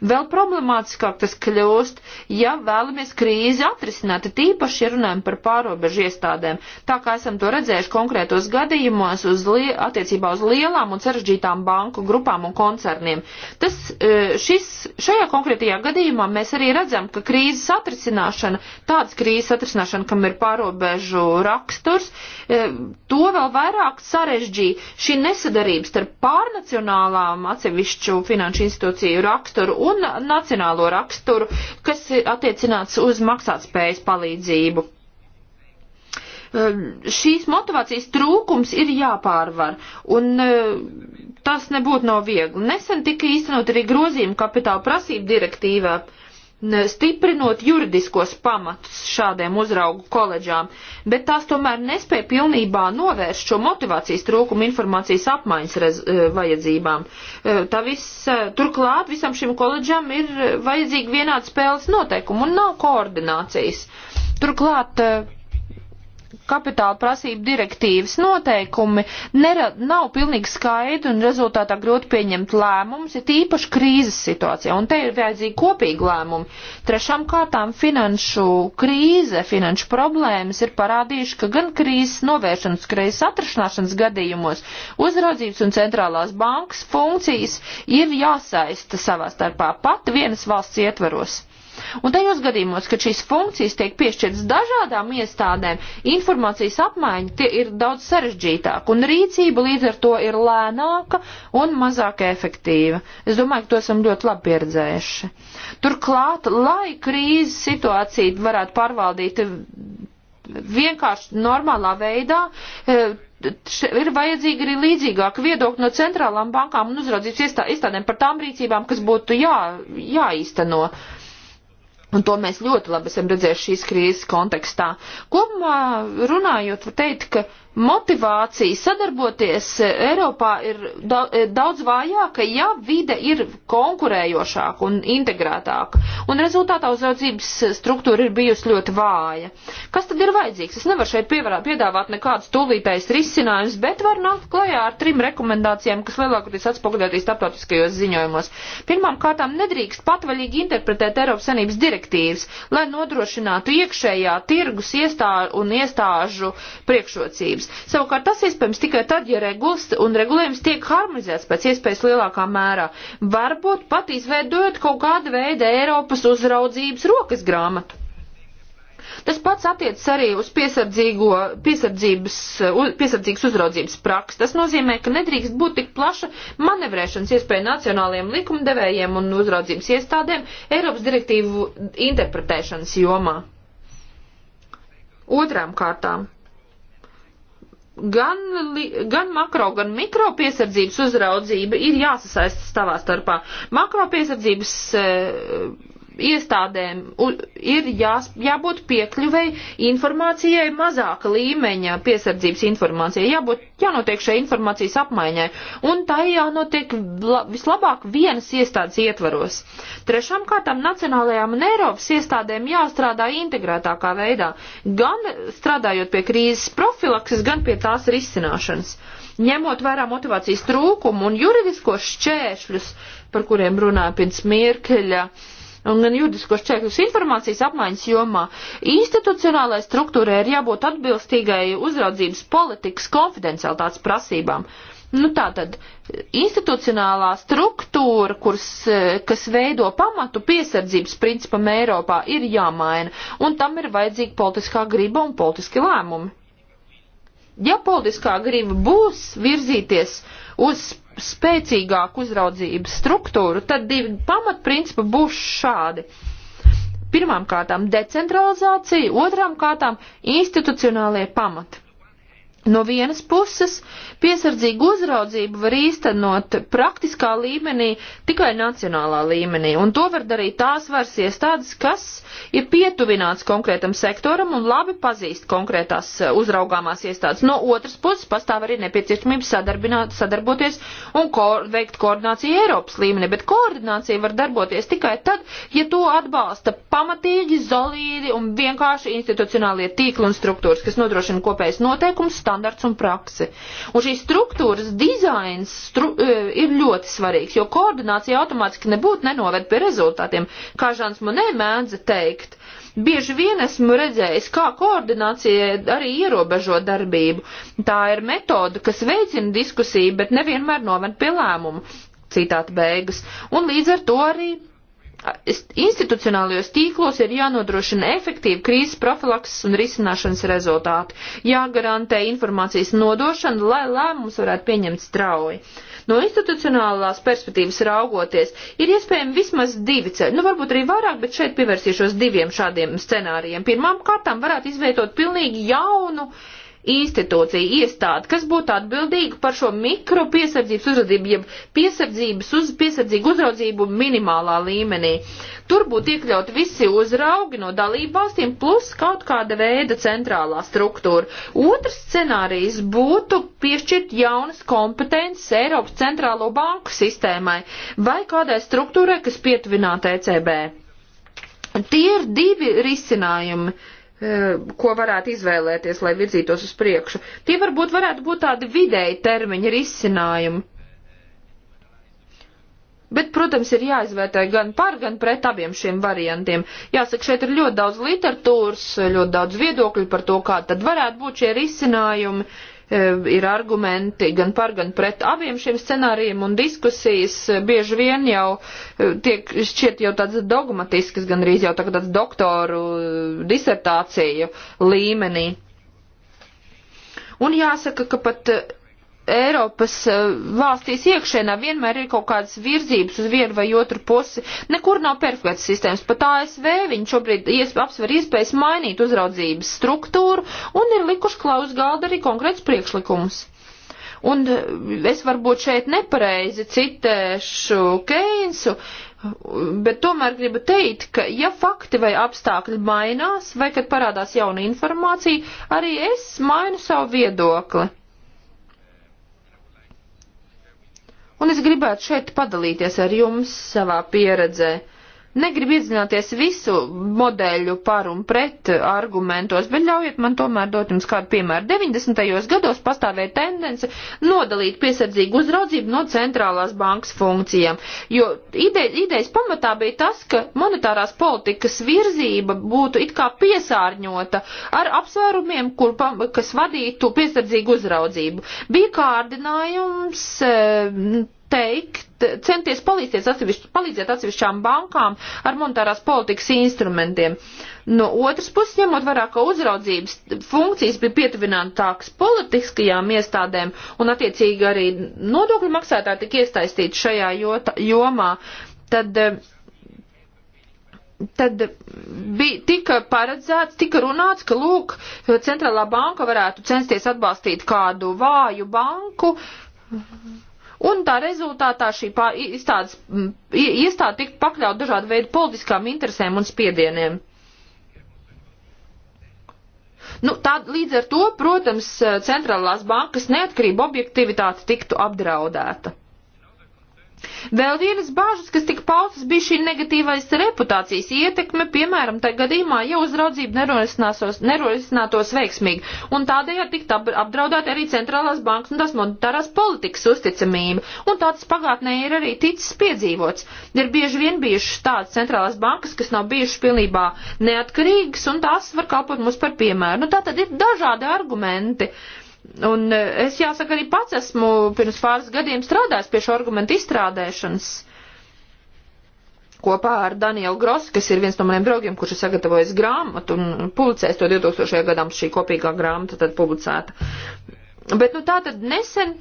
Vēl problemātiskāk tas kļūst, ja vēlamies krīzi atrisināt, tīpaši, ja runājam par pārobežu iestādēm. Tā kā esam to redzējuši konkrētos gadījumos uz li attiecībā uz lielām un sarežģītām banku grupām un koncerniem. Tas, e, šis, šajā konkrētajā gadījumā mēs arī redzam, ka krīzes atrisināšana, tāds krīzes atrisināšana, kam ir pārobežu raksturs, e, to vēl vairāk sarežģīja šī nesadarības starp pārnacionālām atsevišķu finanšu institūciju raksturu un nacionālo raksturu, kas attiecināts uz maksātspējas palīdzību ehm, šīs motivācijas trūkums ir jāpārvar, un ehm, tas nebūtu nav viegli. Nesen tika īstenot arī grozījuma kapitāla prasību direktīvā, stiprinot juridiskos pamatus šādiem uzraugu koledžām, bet tās tomēr nespēja pilnībā novērst šo motivācijas trūkumu informācijas apmaiņas rez, e, vajadzībām. E, tā viss, e, turklāt visam šim koledžam ir vajadzīgi vienāds spēles noteikumi un nav koordinācijas. Turklāt kapitāla prasību direktīvas noteikumi nera, nav pilnīgi skaidri un rezultātā grūti pieņemt lēmumus, ir ja īpaši krīzes situācijā, un te ir vajadzīgi kopīgi lēmumi. Trešām kārtām finanšu krīze, finanšu problēmas ir parādījuši, ka gan krīzes novēršanas, krīzes atrašanāšanas gadījumos uzraudzības un centrālās bankas funkcijas ir jāsaista savā starpā pat vienas valsts ietvaros. Un tajos gadījumos, kad šīs funkcijas tiek piešķirtas dažādām iestādēm, informācijas apmaiņa ir daudz sarežģītāka un rīcība līdz ar to ir lēnāka un mazāk efektīva. Es domāju, ka to esam ļoti labi pieredzējuši. Turklāt, lai krīzes situāciju varētu pārvaldīt vienkārši normālā veidā, e, ir vajadzīga arī līdzīgāka viedokļa no centrālām bankām un uzraudzības iestādēm par tām rīcībām, kas būtu jā, jāīsteno. Uh, Un to mēs ļoti labi esam redzējuši šīs krīzes kontekstā. Kopumā runājot, var teikt, ka motivācija sadarboties e, Eiropā ir e, daudz vājāka, ja vide ir konkurējošāka un integrētāka, un rezultātā uzraudzības struktūra ir bijusi ļoti vāja. Kas tad ir vajadzīgs? Es nevaru šeit pievarā, piedāvāt nekādus tūlītējus risinājumus, bet var nākt klajā ar trim rekomendācijām, kas lielākoties atspoguļoties starptautiskajos ziņojumos. Pirmām kārtām nedrīkst patvaļīgi interpretēt Eiropas Sanības direktīvas, lai nodrošinātu iekšējā tirgus iestā un iestāžu priekšrocības tiesības. Savukārt tas iespējams tikai tad, ja regulas un regulējums tiek harmonizēts pēc iespējas lielākā mērā. Varbūt pat izveidojot kaut kādu veidu Eiropas uzraudzības rokas grāmatu. Tas pats attiecas arī uz piesardzības, piesardzīgas uzraudzības praksi. Tas nozīmē, ka nedrīkst būt tik plaša manevrēšanas iespēja nacionālajiem likumdevējiem un uzraudzības iestādēm Eiropas direktīvu interpretēšanas jomā. Otrām kārtām gan, gan makro, gan mikro piesardzības uzraudzība ir jāsasaistas savā starpā. Makro piesardzības eh, iestādēm ir jā, jābūt piekļuvei informācijai mazāka līmeņa piesardzības informācijai, jābūt, jānotiek šai informācijas apmaiņai, un tā jānotiek la, vislabāk vienas iestādes ietvaros. Trešām kārtām nacionālajām un Eiropas iestādēm jāstrādā integrētākā veidā, gan strādājot pie krīzes profilakses, gan pie tās risināšanas. Ņemot vērā motivācijas trūkumu un juridiskos šķēršļus, par kuriem runāja pirms Mirkeļa, uh, un gan juridiskos čekus informācijas apmaiņas jomā. Institucionālai struktūrai ir jābūt atbilstīgai uzraudzības politikas konfidencialitātes prasībām. Nu tā tad institucionālā struktūra, kurs, kas veido pamatu piesardzības principam Eiropā, ir jāmaina, un tam ir vajadzīga politiskā griba un politiski lēmumi. Ja politiskā griba būs virzīties uz spēcīgāku uzraudzības struktūru, tad divi pamatprincipi būs šādi. Pirmām kārtām decentralizācija, otrām kārtām institucionālie pamati. No vienas puses, piesardzīgu uzraudzību var īstenot praktiskā līmenī, tikai nacionālā līmenī, un to var darīt tās varas iestādes, kas ir pietuvināts konkrētam sektoram un labi pazīst konkrētās eh, uzraugāmās iestādes. No otras puses, pastāv arī nepieciešamība sadarboties un ko veikt koordināciju Eiropas līmenī, bet koordinācija var darboties tikai tad, ja to atbalsta pamatīgi, zolīdi un vienkārši institucionālie tīkli un struktūras, kas nodrošina kopējas noteikums standarts un praksi. Un šīs struktūras dizains stru, e, ir ļoti svarīgs, jo koordinācija automātiski nebūtu nenoved pie rezultātiem, kā Žans Monē mēdza teikt. Bieži vien esmu redzējis, kā koordinācija arī ierobežo darbību. Tā ir metoda, kas veicina diskusiju, bet nevienmēr noved pie lēmumu. Citāta beigas. Un līdz ar to arī Institucionālajos tīklos ir jānodrošina efektīva krīzes profilakses un risināšanas rezultāti, jāgarantē informācijas nodošana, lai lēmums varētu pieņemt strauji. No institucionālās perspektīvas raugoties, ir iespējami vismaz divi ceļi, nu varbūt arī vairāk, bet šeit pievērsīšos diviem šādiem scenārijiem. Pirmām kārtām varētu izveidot pilnīgi jaunu uh, institūcija, iestāde, kas būtu atbildīga par šo mikro piesardzības uzraudzību, jeb piesardzības uz, piesardzīgu uzraudzību minimālā līmenī. Tur būtu iekļauti visi uzraugi no dalību valstīm plus kaut kāda veida centrālā struktūra. Otrs scenārijs būtu piešķirt jaunas kompetences Eiropas centrālo banku sistēmai vai kādai struktūrai, kas pietuvināta ECB. Tie ir divi risinājumi. Uh, E, ko varētu izvēlēties, lai virzītos uz priekšu. Tie varbūt varētu būt tādi vidēji termiņa risinājumi. Bet, protams, ir jāizvērtē gan par, gan pret abiem šiem variantiem. Jāsaka, šeit ir ļoti daudz literatūras, ļoti daudz viedokļu par to, kā tad varētu būt šie risinājumi, E, ir argumenti gan par, gan pret abiem šiem scenārijiem, un diskusijas e, bieži vien jau e, tiek šķiet jau tāds dogmatisks, gan arī jau tāds doktoru disertāciju līmenī. Un jāsaka, ka pat Eiropas eh, valstīs iekšēnā vienmēr ir kaut kādas virzības uz vienu vai otru pusi. Nekur nav perfektas sistēmas. Pat ASV viņi šobrīd iesp apsver iespējas mainīt uzraudzības struktūru un ir likuši klaus galda arī konkrēts priekšlikums. Un eh, es varbūt šeit nepareizi citēšu Keinsu, bet tomēr gribu teikt, ka ja fakti vai apstākļi mainās, vai kad parādās jauna informācija, arī es mainu savu viedokli Un es gribētu šeit padalīties ar jums savā pieredzē. Negribu iedzināties visu modeļu par un pret argumentos, bet ļaujiet man tomēr dot jums kādu piemēru. 90. gados pastāvēja tendence nodalīt piesardzīgu uzraudzību no centrālās bankas funkcijām, jo ide, idejas pamatā bija tas, ka monetārās politikas virzība būtu it kā piesārņota ar apsvērumiem, kur, kas vadītu piesardzīgu uzraudzību. Bija kārdinājums. E, teikt, centies palīdzēt, atsevišķ, palīdzēt atsevišķām bankām ar monetārās politikas instrumentiem. No otras puses, ņemot vērā, ka uzraudzības funkcijas bija pietuvinātākas politiskajām iestādēm un attiecīgi arī nodokļu maksātāji tika iesaistīti šajā jota, jomā, tad eh, tad bija, tika paredzēts, tika runāts, ka, lūk, centrālā banka varētu censties atbalstīt kādu vāju banku, Un tā rezultātā šī izstādes, iestāde tika pakļaut dažādu veidu politiskām interesēm un spiedieniem. Nu, tā, līdz ar to, protams, centrālās bankas neatkarība objektivitāte tiktu apdraudēta. Vēl vienas bāžas, kas tika paustas, bija šī negatīvais reputācijas ietekme, piemēram, tā gadījumā, ja uzraudzība nerorisinātos veiksmīgi, un tādējādi tiktu apdraudēta arī centrālās bankas un tās monetārās politikas uzticamība, un tāds pagātnē ir arī ticis piedzīvots. Ir bieži vien bijušas tādas centrālās bankas, kas nav bijušas pilnībā neatkarīgas, un tās var kalpot mums par piemēru. Nu, tā tad ir dažādi argumenti. Uh, Un e, es jāsaka, arī pats esmu pirms pāris gadiem strādājis pie šo argumentu izstrādēšanas kopā ar Danielu Grosu, kas ir viens no maniem draugiem, kurš ir sagatavojis grāmatu un publicēs to 2000. gadā mums šī kopīgā grāmata tad publicēta. Bet nu tā tad nesen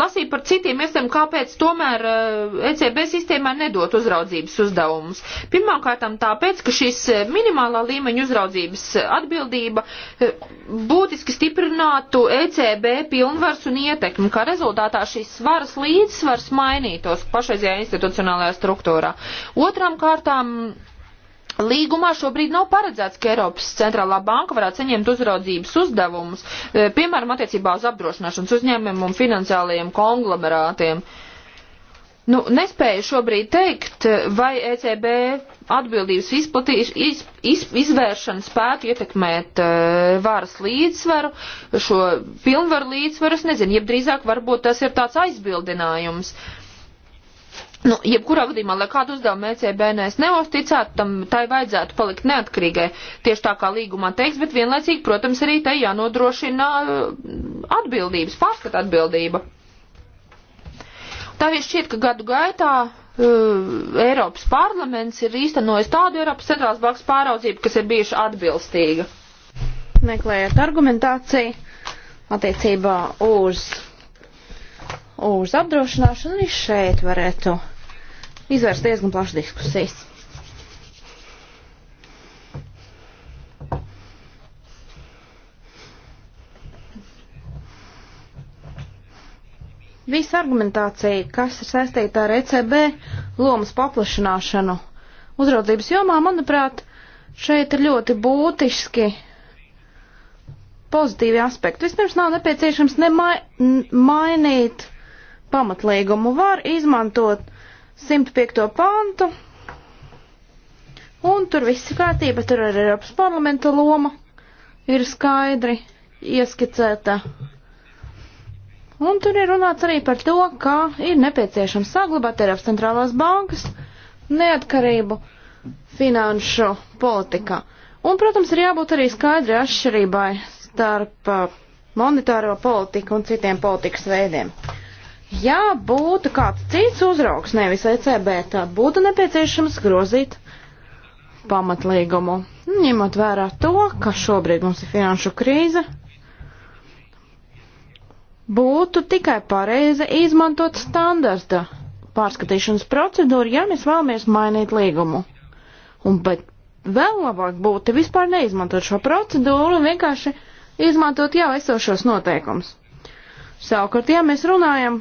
lasīju par citiem iesliem, kāpēc tomēr ECB eh, e sistēmā nedot uzraudzības uzdevumus. Pirmkārt, tāpēc, ka šis eh, minimālā līmeņa uzraudzības atbildība eh, būtiski stiprinātu ECB pilnvars un ietekmi, kā rezultātā šīs svaras līdzsvars mainītos pašreizajā institucionālajā struktūrā. Otram kārtām Līgumā šobrīd nav paredzēts, ka Eiropas centrālā banka varētu saņemt uzraudzības uzdevumus, e, piemēram, attiecībā uz apdrošināšanas uzņēmumiem un finansiālajiem konglomerātiem. Nu, nespēju šobrīd teikt, e, vai ECB atbildības izplatīš, iz, iz, izvēršana spētu ietekmēt uh, varas līdzsvaru, šo pilnvaru līdzsvaru, es nezinu, jeb drīzāk varbūt tas ir tāds aizbildinājums. Uh, Nu, jebkurā gadījumā, lai kādu uzdevumu ECB nes neusticētu, tam tai vajadzētu palikt neatkarīgai, tieši tā kā līgumā teiks, bet vienlaicīgi, protams, arī tai jānodrošina mm, atbildības, pārskata atbildība. Tā arī šķiet, ka gadu gaitā Uh, Eiropas parlaments ir īstenojis tādu Eiropas centrālās bankas pāraudzību, kas ir bijuši atbilstīga. Meklējot argumentāciju attiecībā uz uz apdrošināšanu, arī šeit varētu izvērst diezgan plašas diskusijas. Visa argumentācija, kas ir saistīta ar ECB lomas paplašināšanu uzraudzības jomā, manuprāt, šeit ir ļoti būtiski pozitīvi aspekti. Vispirms nav nepieciešams nemai, mainīt pamatlīgumu var izmantot 105. pantu, un tur viss ir kārtība, tur arī Eiropas parlamenta loma ir skaidri ieskicēta. Un tur ir runāts arī par to, ka ir nepieciešams saglabāt Eiropas centrālās bankas neatkarību finanšu politikā. Un, protams, ir jābūt arī skaidri atšķirībai starp uh, monetāro politiku un citiem politikas veidiem. Ja būtu kāds cits uzraugs, nevis ECB, tad būtu nepieciešams grozīt pamatlīgumu. Ņemot vērā to, ka šobrīd mums ir finanšu krīze, būtu tikai pareizi izmantot standarta pārskatīšanas procedūru, ja mēs vēlamies mainīt līgumu. Un, bet vēl labāk būtu vispār neizmantot šo procedūru un vienkārši izmantot jau esošos noteikumus. Savukārt, ja mēs runājam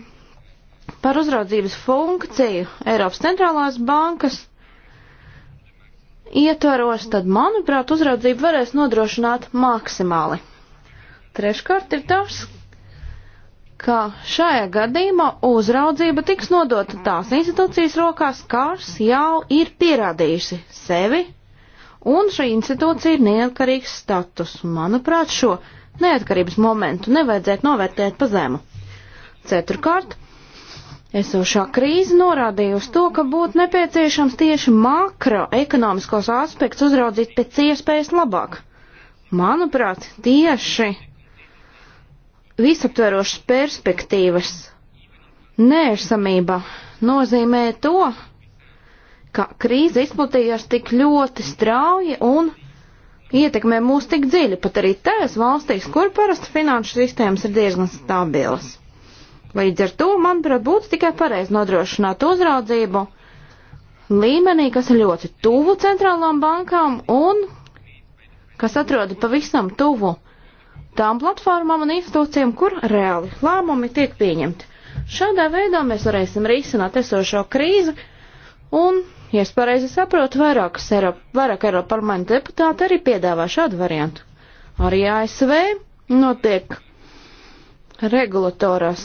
par uzraudzības funkciju Eiropas centrālās bankas ietvaros, tad, manuprāt, uzraudzību varēs nodrošināt maksimāli. Treškārt ir tas, ka šajā gadījumā uzraudzība tiks nodota tās institūcijas rokās, kas jau ir pierādījusi sevi, un šī institūcija ir neatkarīgs status. Manuprāt, šo neatkarības momentu nevajadzētu novērtēt pa zemu. Ceturkārt, Esošā krīze norādīja uz to, ka būtu nepieciešams tieši makroekonomiskos aspektus uzraudzīt pēc iespējas labāk. Manuprāt, tieši visaptverošas perspektīvas nērsamība nozīmē to, ka krīze izplatījās tik ļoti strauji un ietekmē mūs tik dziļi, pat arī tajās valstīs, kur parasti finanšu sistēmas ir diezgan stabilas. Līdz ar to, manuprāt, būtu tikai pareizi nodrošināt uzraudzību līmenī, kas ir ļoti tuvu centrālām bankām un kas atrodas pavisam tuvu tām platformām un institūcijām, kur reāli lēmumi tiek pieņemti. Šādā veidā mēs varēsim risināt esošo krīzi un, ja es pareizi saprotu, vairākas Eiropa, vairāk Eiropa parlamenta deputāti arī piedāvā šādu variantu. Arī ASV notiek regulatorās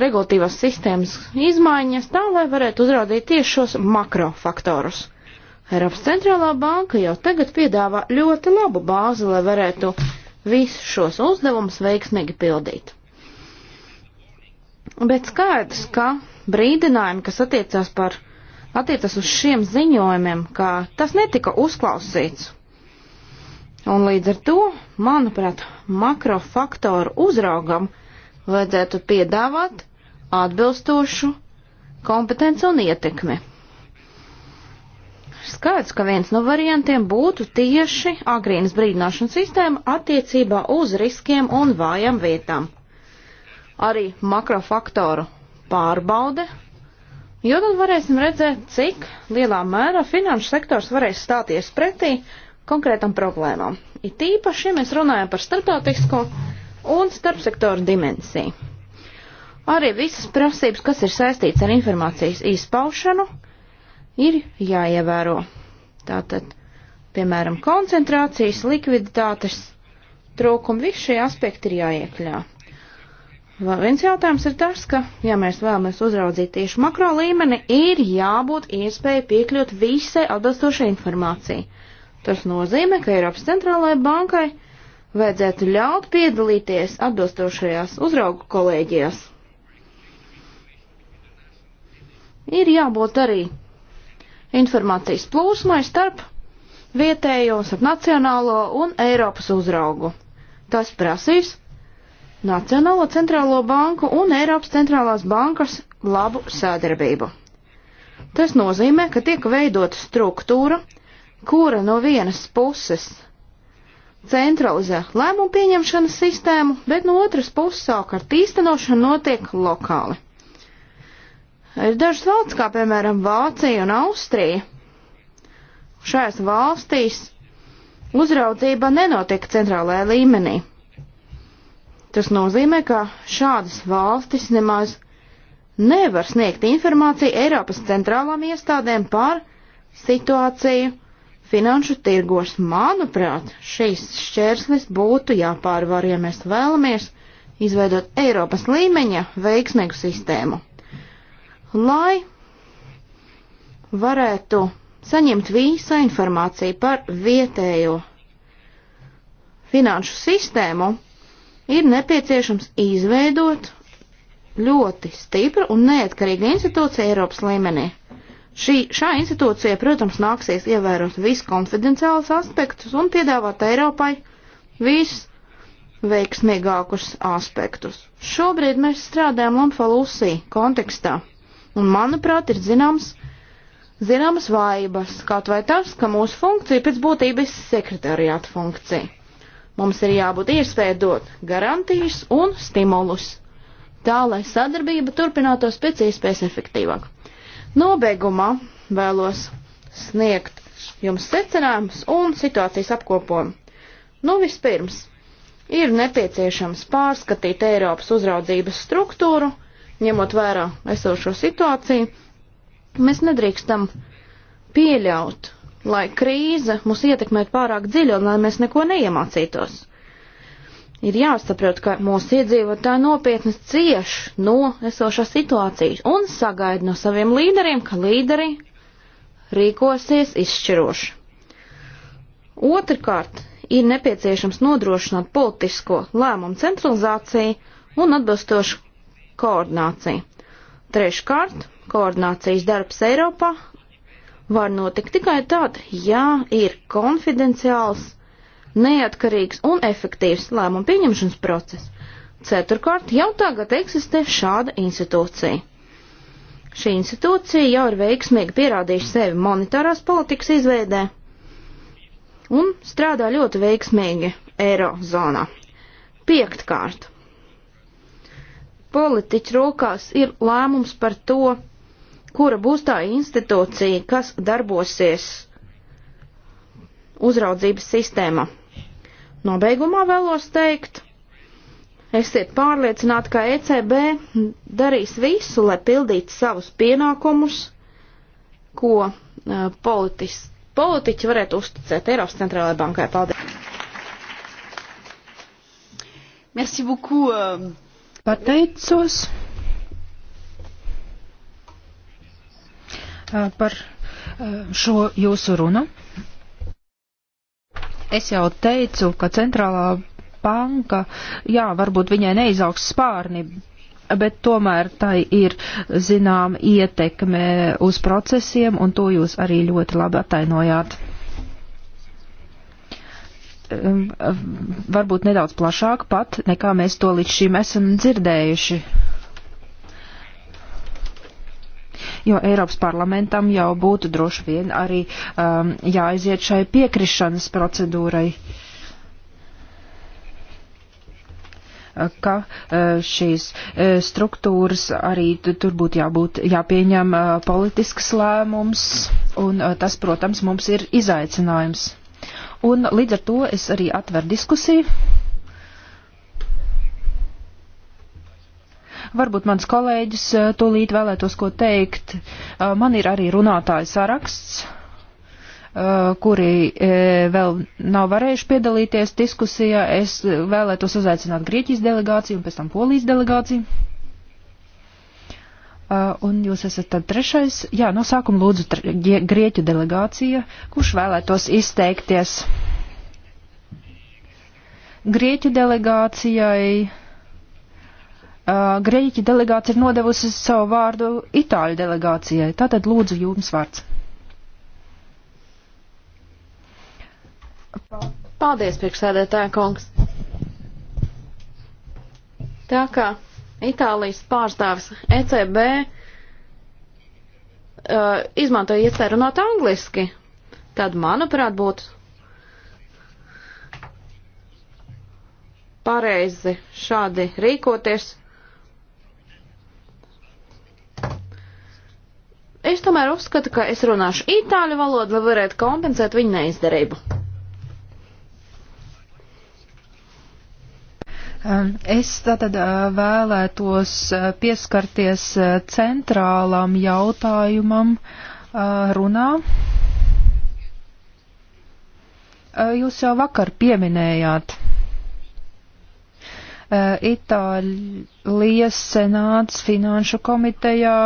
regulatīvās sistēmas izmaiņas tā, lai varētu uzrādīt tieši šos makrofaktorus. Eiropas centrālā banka jau tagad piedāvā ļoti labu bāzi, lai varētu visus šos uzdevumus veiksmīgi pildīt. Bet skaidrs, ka brīdinājumi, kas attiecās par, attiecas uz šiem ziņojumiem, ka tas netika uzklausīts. Un līdz ar to, manuprāt, makrofaktoru uzraugam uh, vajadzētu piedāvāt atbilstošu kompetenci un ietekmi. Skaidrs, ka viens no variantiem būtu tieši agrīnas brīdināšanas sistēma attiecībā uz riskiem un vājām vietām. Arī makrofaktoru pārbaude, jo tad varēsim redzēt, cik lielā mērā finanšu sektors varēs stāties pretī konkrētam problēmām. It īpaši, ja mēs runājam par starptautisko un starpsektoru dimensiju. Arī visas prasības, kas ir saistīts ar informācijas izpaušanu, ir jāievēro. Tātad, piemēram, koncentrācijas, likviditātes trūkumi, visi šie aspekti ir jāiekļā. Vēl viens jautājums ir tas, ka, ja mēs vēlamies uzraudzīt tieši makro līmeni, ir jābūt iespēja piekļūt visai atbilstošai informācijai. Tas nozīmē, ka Eiropas centrālajai bankai vajadzētu ļaut piedalīties atbilstošajās uzraugu kolēģijās. Ir jābūt arī informācijas plūsmai starp vietējo, starp nacionālo un Eiropas uzraugu. Tas prasīs Nacionālo centrālo banku un Eiropas centrālās bankas labu sadarbību. Tas nozīmē, ka tiek veidota struktūra, kura no vienas puses centralizē lēmumu pieņemšanas sistēmu, bet no otras puses savukārt īstenošana notiek lokāli. Ir dažas valsts, kā piemēram Vācija un Austrija. Šajās valstīs uzraudzība nenotiek centrālajā līmenī. Tas nozīmē, ka šādas valstis nemaz nevar sniegt informāciju Eiropas centrālām iestādēm par situāciju finanšu tirgos. Manuprāt, šīs šķērslis būtu jāpārvar, ja mēs vēlamies izveidot Eiropas līmeņa veiksmīgu sistēmu, lai varētu saņemt visu informāciju par vietējo finanšu sistēmu, ir nepieciešams izveidot ļoti stipru un neatkarīgu institūciju Eiropas līmenī. Šī, šā institūcija, protams, nāksies ievērot visus konfidenciālus aspektus un piedāvāt Eiropai visus veiksmīgākus aspektus. Šobrīd mēs strādājam Lamfalusī kontekstā, un, manuprāt, ir zināms, zināmas vaibas, kaut vai tas, ka mūsu funkcija pēc būtības ir sekretariāta funkcija. Mums ir jābūt iespēja dot garantijas un stimulus, tā lai sadarbība turpinātos pēc iespējas efektīvāk. Nobeigumā vēlos sniegt jums secinājumus un situācijas apkopojumu. Nu, vispirms, ir nepieciešams pārskatīt Eiropas uzraudzības struktūru, ņemot vērā esošo situāciju. Mēs nedrīkstam pieļaut, lai krīze mūs ietekmētu pārāk dziļi un lai mēs neko neiemācītos ir jāsaprot, ka mūsu iedzīvotāji nopietni cieš no esošās situācijas un sagaida no saviem līderiem, ka līderi rīkosies izšķiroši. Otrkārt, ir nepieciešams nodrošināt politisko lēmumu centralizāciju un atbilstošu koordināciju. Treškārt, koordinācijas darbs Eiropā var notikt tikai tad, ja ir konfidenciāls neatkarīgs un efektīvs lēmumu pieņemšanas process. Ceturkārt, jau tagad eksistē šāda institūcija. Šī institūcija jau ir veiksmīgi pierādījusi sevi monetārās politikas izveidē un strādā ļoti veiksmīgi Eirozonā. Piektkārt, politiķu rokās ir lēmums par to, kura būs tā institūcija, kas darbosies uzraudzības sistēma. Nobeigumā vēlos teikt, esiet pārliecināti, ka ECB darīs visu, lai pildītu savus pienākumus, ko eh, politis, politiķi varētu uzticēt Eiropas centrālajai bankai. Paldies! Merci beaucoup. Euh. Pateicos eh, par eh, šo jūsu runu. Es jau teicu, ka centrālā banka, jā, varbūt viņai neizaugs spārni, bet tomēr tai ir zinām ietekme uz procesiem, un to jūs arī ļoti labi attainojāt. Ehm, varbūt nedaudz plašāk pat, nekā mēs to līdz šim esam dzirdējuši. Jo Eiropas parlamentam jau būtu droši vien arī um, jāaiziet šai piekrišanas procedūrai, ka uh, šīs uh, struktūras arī tur būtu jābūt, jāpieņem uh, politisks lēmums, un uh, tas, protams, mums ir izaicinājums. Un līdz ar to es arī atveru diskusiju. Varbūt mans kolēģis eh, tūlīt vēlētos ko teikt. Eh, man ir arī runātāju saraksts, eh, kuri vēl nav varējuši piedalīties diskusijā. Es vēlētos uzaicināt Grieķijas delegāciju un pēc tam Polijas delegāciju. Un jūs esat tad trešais. Jā, no sākuma lūdzu Grieķu delegācija, kurš vēlētos izteikties. Grieķu delegācijai Grieķi delegācija ir nodevusi savu vārdu Itāļu delegācijai. Tātad lūdzu jums vārds. Paldies, priekšsēdētāja kungs. Tā kā Itālijas pārstāvis ECB uh, izmantoja iespēju runāt angliski, tad, manuprāt, būtu pareizi šādi rīkoties, Es tomēr uzskatu, ka es runāšu itāļu valodu, lai varētu kompensēt viņu neizdarību. Um, es tātad uh, vēlētos uh, pieskarties uh, centrālam jautājumam runā. Jūs jau vakar pieminējāt. Itālijas senāts finanšu komitejā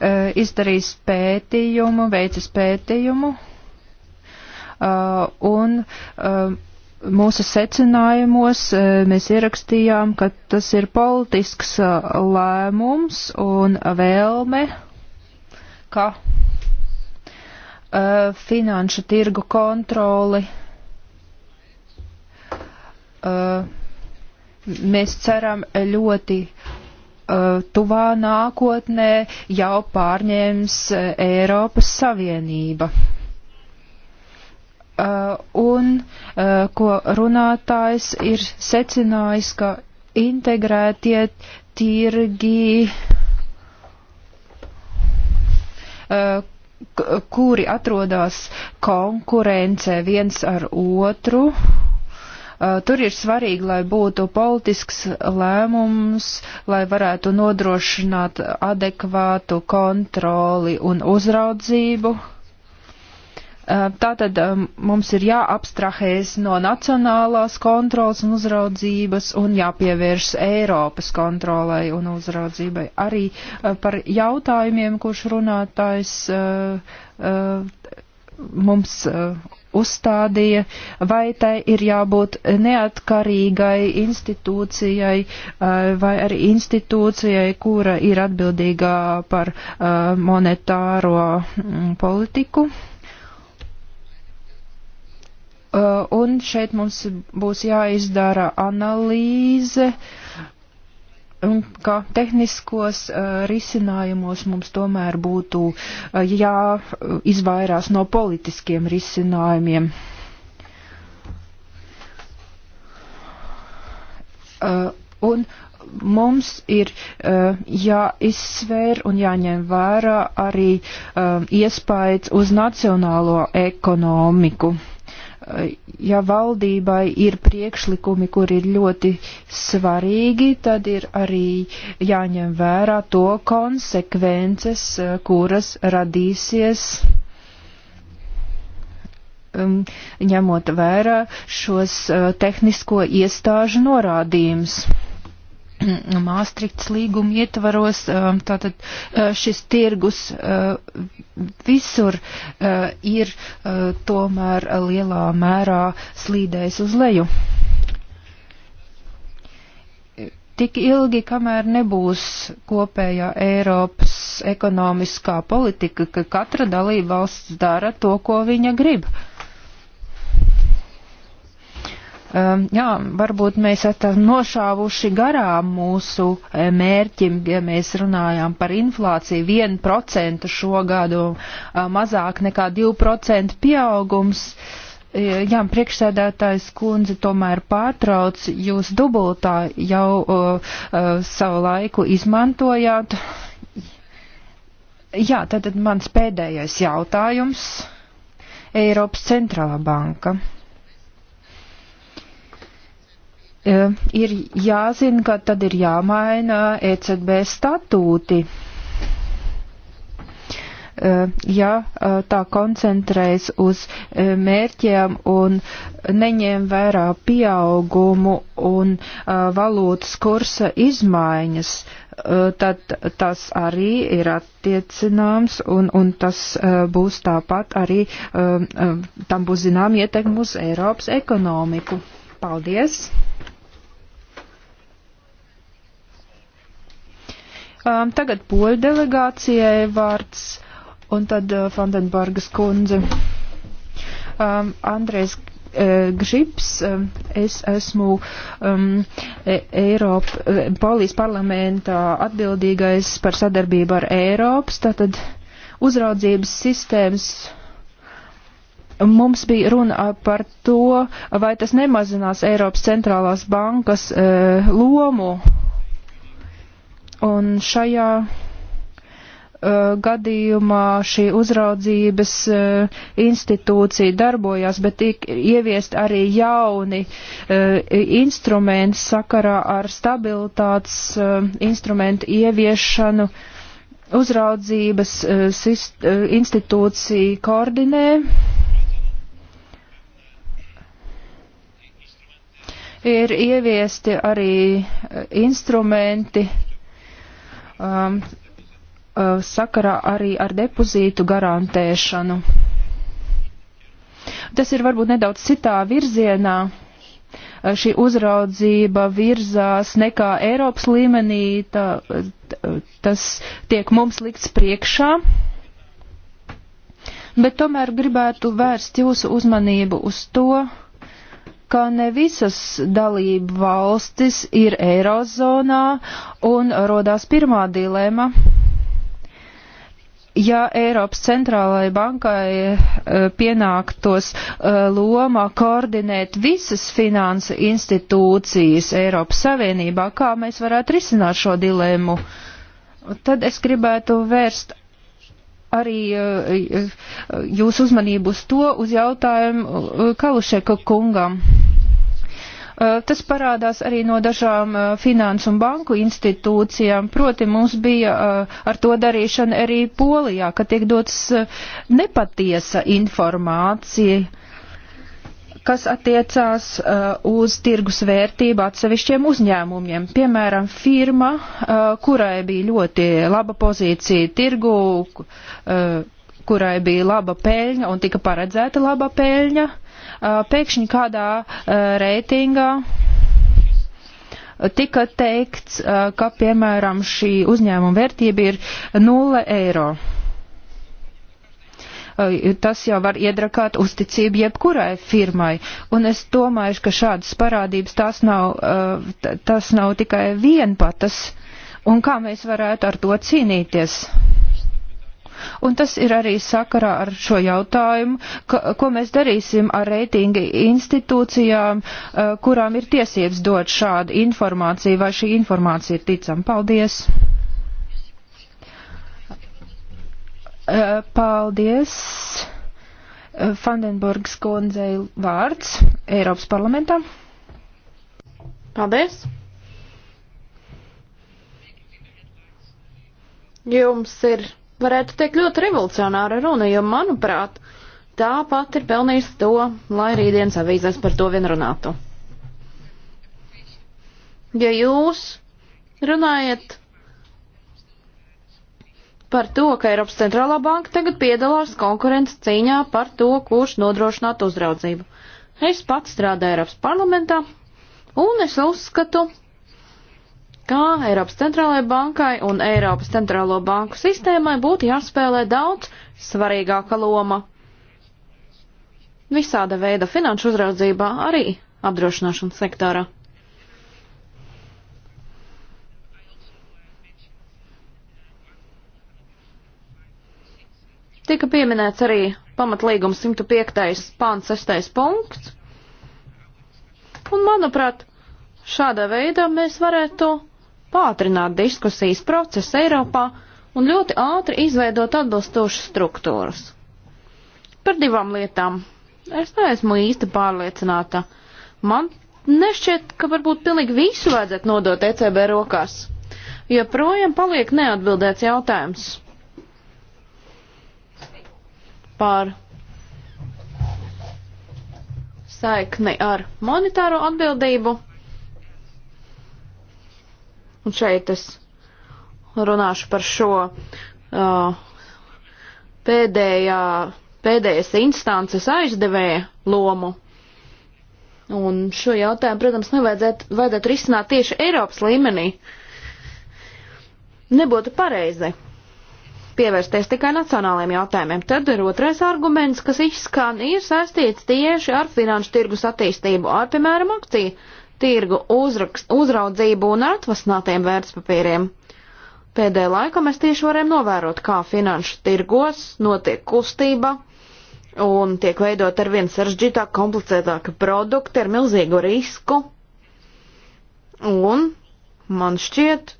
Eh, izdarījis pētījumu, veicis pētījumu, eh, un eh, mūsu secinājumos mēs ierakstījām, ka tas ir politisks lēmums un vēlme, ka finanšu tirgu kontroli mēs ceram ļoti Uh, tuvā nākotnē jau pārņēms uh, Eiropas Savienība. Uh, un ko runātājs ir secinājis, ka integrētie tirgi, kuri atrodas konkurencē viens ar otru, Eh, tur ir svarīgi, lai būtu politisks lēmums, lai varētu nodrošināt adekvātu kontroli un uzraudzību. Eh, tātad eh, mums ir jāapstrahēs no nacionālās kontrolas un uzraudzības un jāpievērš Eiropas kontrolai un uzraudzībai. Arī par jautājumiem, kurš runātājs mums uzstādīja, vai tai ir jābūt neatkarīgai institūcijai eh, vai arī institūcijai, kura ir atbildīgā par eh, monetāro mm, politiku. Eh, un šeit mums būs jāizdara analīze uh, un ka tehniskos uh, risinājumos mums tomēr būtu uh, eh, jāizvairās no politiskiem risinājumiem. Uh, un mums ir uh, jāizsver un jāņem vērā arī uh, iespējas uz nacionālo ekonomiku. Uh, ja valdībai ir priekšlikumi, kur ir ļoti svarīgi, tad ir arī jāņem vērā to konsekvences, eh, kuras radīsies um, ņemot vērā šos uh, tehnisko iestāžu norādījumus. (clears throat) Māstrikts līguma ietvaros, um, tātad uh, šis tirgus uh, visur uh, ir tomēr lielā mērā slīdējis uz leju. Tik ilgi, kamēr nebūs kopējā Eiropas ekonomiskā politika, ka katra dalība valsts dara to, ko viņa grib. Um, jā, varbūt mēs esam nošāvuši garām mūsu eh, mērķim, ja mēs runājām par inflāciju 1% šogad un mazāk nekā 2% pieaugums. E, jā, priekšsēdētājs kundze tomēr pārtrauc, jūs dubultā jau uh, savu laiku izmantojāt. Jā, tad mans pēdējais jautājums. Eiropas centrālā banka. E, ir jāzina, ka tad ir jāmaina ECB statūti. E, ja e, tā koncentrējas uz mērķiem un neņem vērā pieaugumu un valūtas kursa izmaiņas, tad tas arī ir attiecināms un, un tas būs tāpat arī, tam būs zinām ietekmi uz Eiropas ekonomiku. Paldies! Um, tagad poļu delegācijai vārds un tad uh, Fandenbergas kundze. Um, Andrēs uh, Gžibs, um, es esmu um, e, Eiropa, uh, Polijas parlamentā atbildīgais par sadarbību ar Eiropas, tātad uzraudzības sistēmas. Mums bija runa par to, vai tas nemazinās Eiropas centrālās bankas e, uh, lomu Un šajā uh, gadījumā šī uzraudzības uh, institūcija darbojās, bet tika ieviest arī jauni uh, instrumenti sakarā ar stabilitātes instrumentu ieviešanu. Uzraudzības institūcija koordinē. Ir ieviesti arī instrumenti um, uh, sakarā arī ar depozītu garantēšanu. Tas ir varbūt nedaudz citā virzienā. Uh, šī uzraudzība virzās nekā Eiropas līmenī, tā, tas tiek mums likts priekšā. Bet tomēr gribētu vērst jūsu uzmanību uz to, uh, ka ne visas dalību valstis ir eirozonā un rodās pirmā dilema. Ja Eiropas centrālajai bankai e, pienāktos e, loma koordinēt visas finansu institūcijas Eiropas Savienībā, kā mēs varētu risināt šo dilemmu? Tad es gribētu vērst arī eh, jūsu uzmanību uz to, uz jautājumu eh, Kalušeka kungam. Eh, tas parādās arī no dažām finansu un banku institūcijām. Proti mums bija ar to darīšana arī Polijā, ka tiek dots nepatiesa informācija kas attiecās uh, uz tirgus vērtību atsevišķiem uzņēmumiem. Piemēram, firma, uh, kurai bija ļoti laba pozīcija tirgu, uh, kurai bija laba peļņa un tika paredzēta laba peļņa, uh, pēkšņi kādā uh, reitingā tika teikts, uh, ka, piemēram, šī uzņēmuma vērtība ir 0 eiro tas jau var iedrakāt uzticību jebkurai firmai. Un es domāju, ka šādas parādības tās nav, tas nav tikai vienpatas. Un kā mēs varētu ar to cīnīties? Un tas ir arī sakarā ar šo jautājumu, ka, ko mēs darīsim ar reitingi institūcijām, kurām ir tiesības dot šādu informāciju, vai šī informācija ir ticama. Paldies! Eh, paldies. Eh, Fandenburgas kundzei vārds Eiropas parlamentā. Paldies. Jums ir, varētu teikt, ļoti revolucionāra runa, jo, manuprāt, tāpat ir pelnījis to, lai rītdienas avīzēs par to vien runātu. Ja jūs runājat par to, ka Eiropas centrālā banka tagad piedalās konkurences cīņā par to, kurš nodrošināt uzraudzību. Es pats strādāju Eiropas parlamentā, un es uzskatu, ka Eiropas centrālajai bankai un Eiropas centrālo banku sistēmai būtu jāspēlē daudz svarīgāka loma. Visāda veida finanšu uzraudzībā arī apdrošināšanas sektorā. Tika pieminēts arī pamatlīguma 105. pāns 6. punkts. Un, manuprāt, šādā veidā mēs varētu pātrināt diskusijas procesu Eiropā un ļoti ātri izveidot atbilstošas struktūras. Par divām lietām. Es neesmu īsti pārliecināta. Man nešķiet, ka varbūt pilnīgi visu vajadzētu nodot ECB rokās. Joprojām paliek neatbildēts jautājums par saikni ar monetāro atbildību. Un šeit es runāšu par šo uh, pēdējā, pēdējas instances aizdevēja lomu. Un šo jautājumu, protams, nevajadzētu vajadzētu risināt tieši Eiropas līmenī. Nebūtu pareizi pievērsties tikai nacionālajiem jautājumiem. Tad ir otrais arguments, kas izskan, ir saistīts tieši ar finanšu tirgus attīstību, ar, piemēram, akciju tirgu uzrakst, uzraudzību un atvasinātiem vērtspapīriem. Pēdējā laikā mēs tieši varējām novērot, kā finanšu tirgos notiek kustība un tiek veidot ar vien sarežģītāk, komplicētāka produkta ar milzīgu risku. Un man šķiet,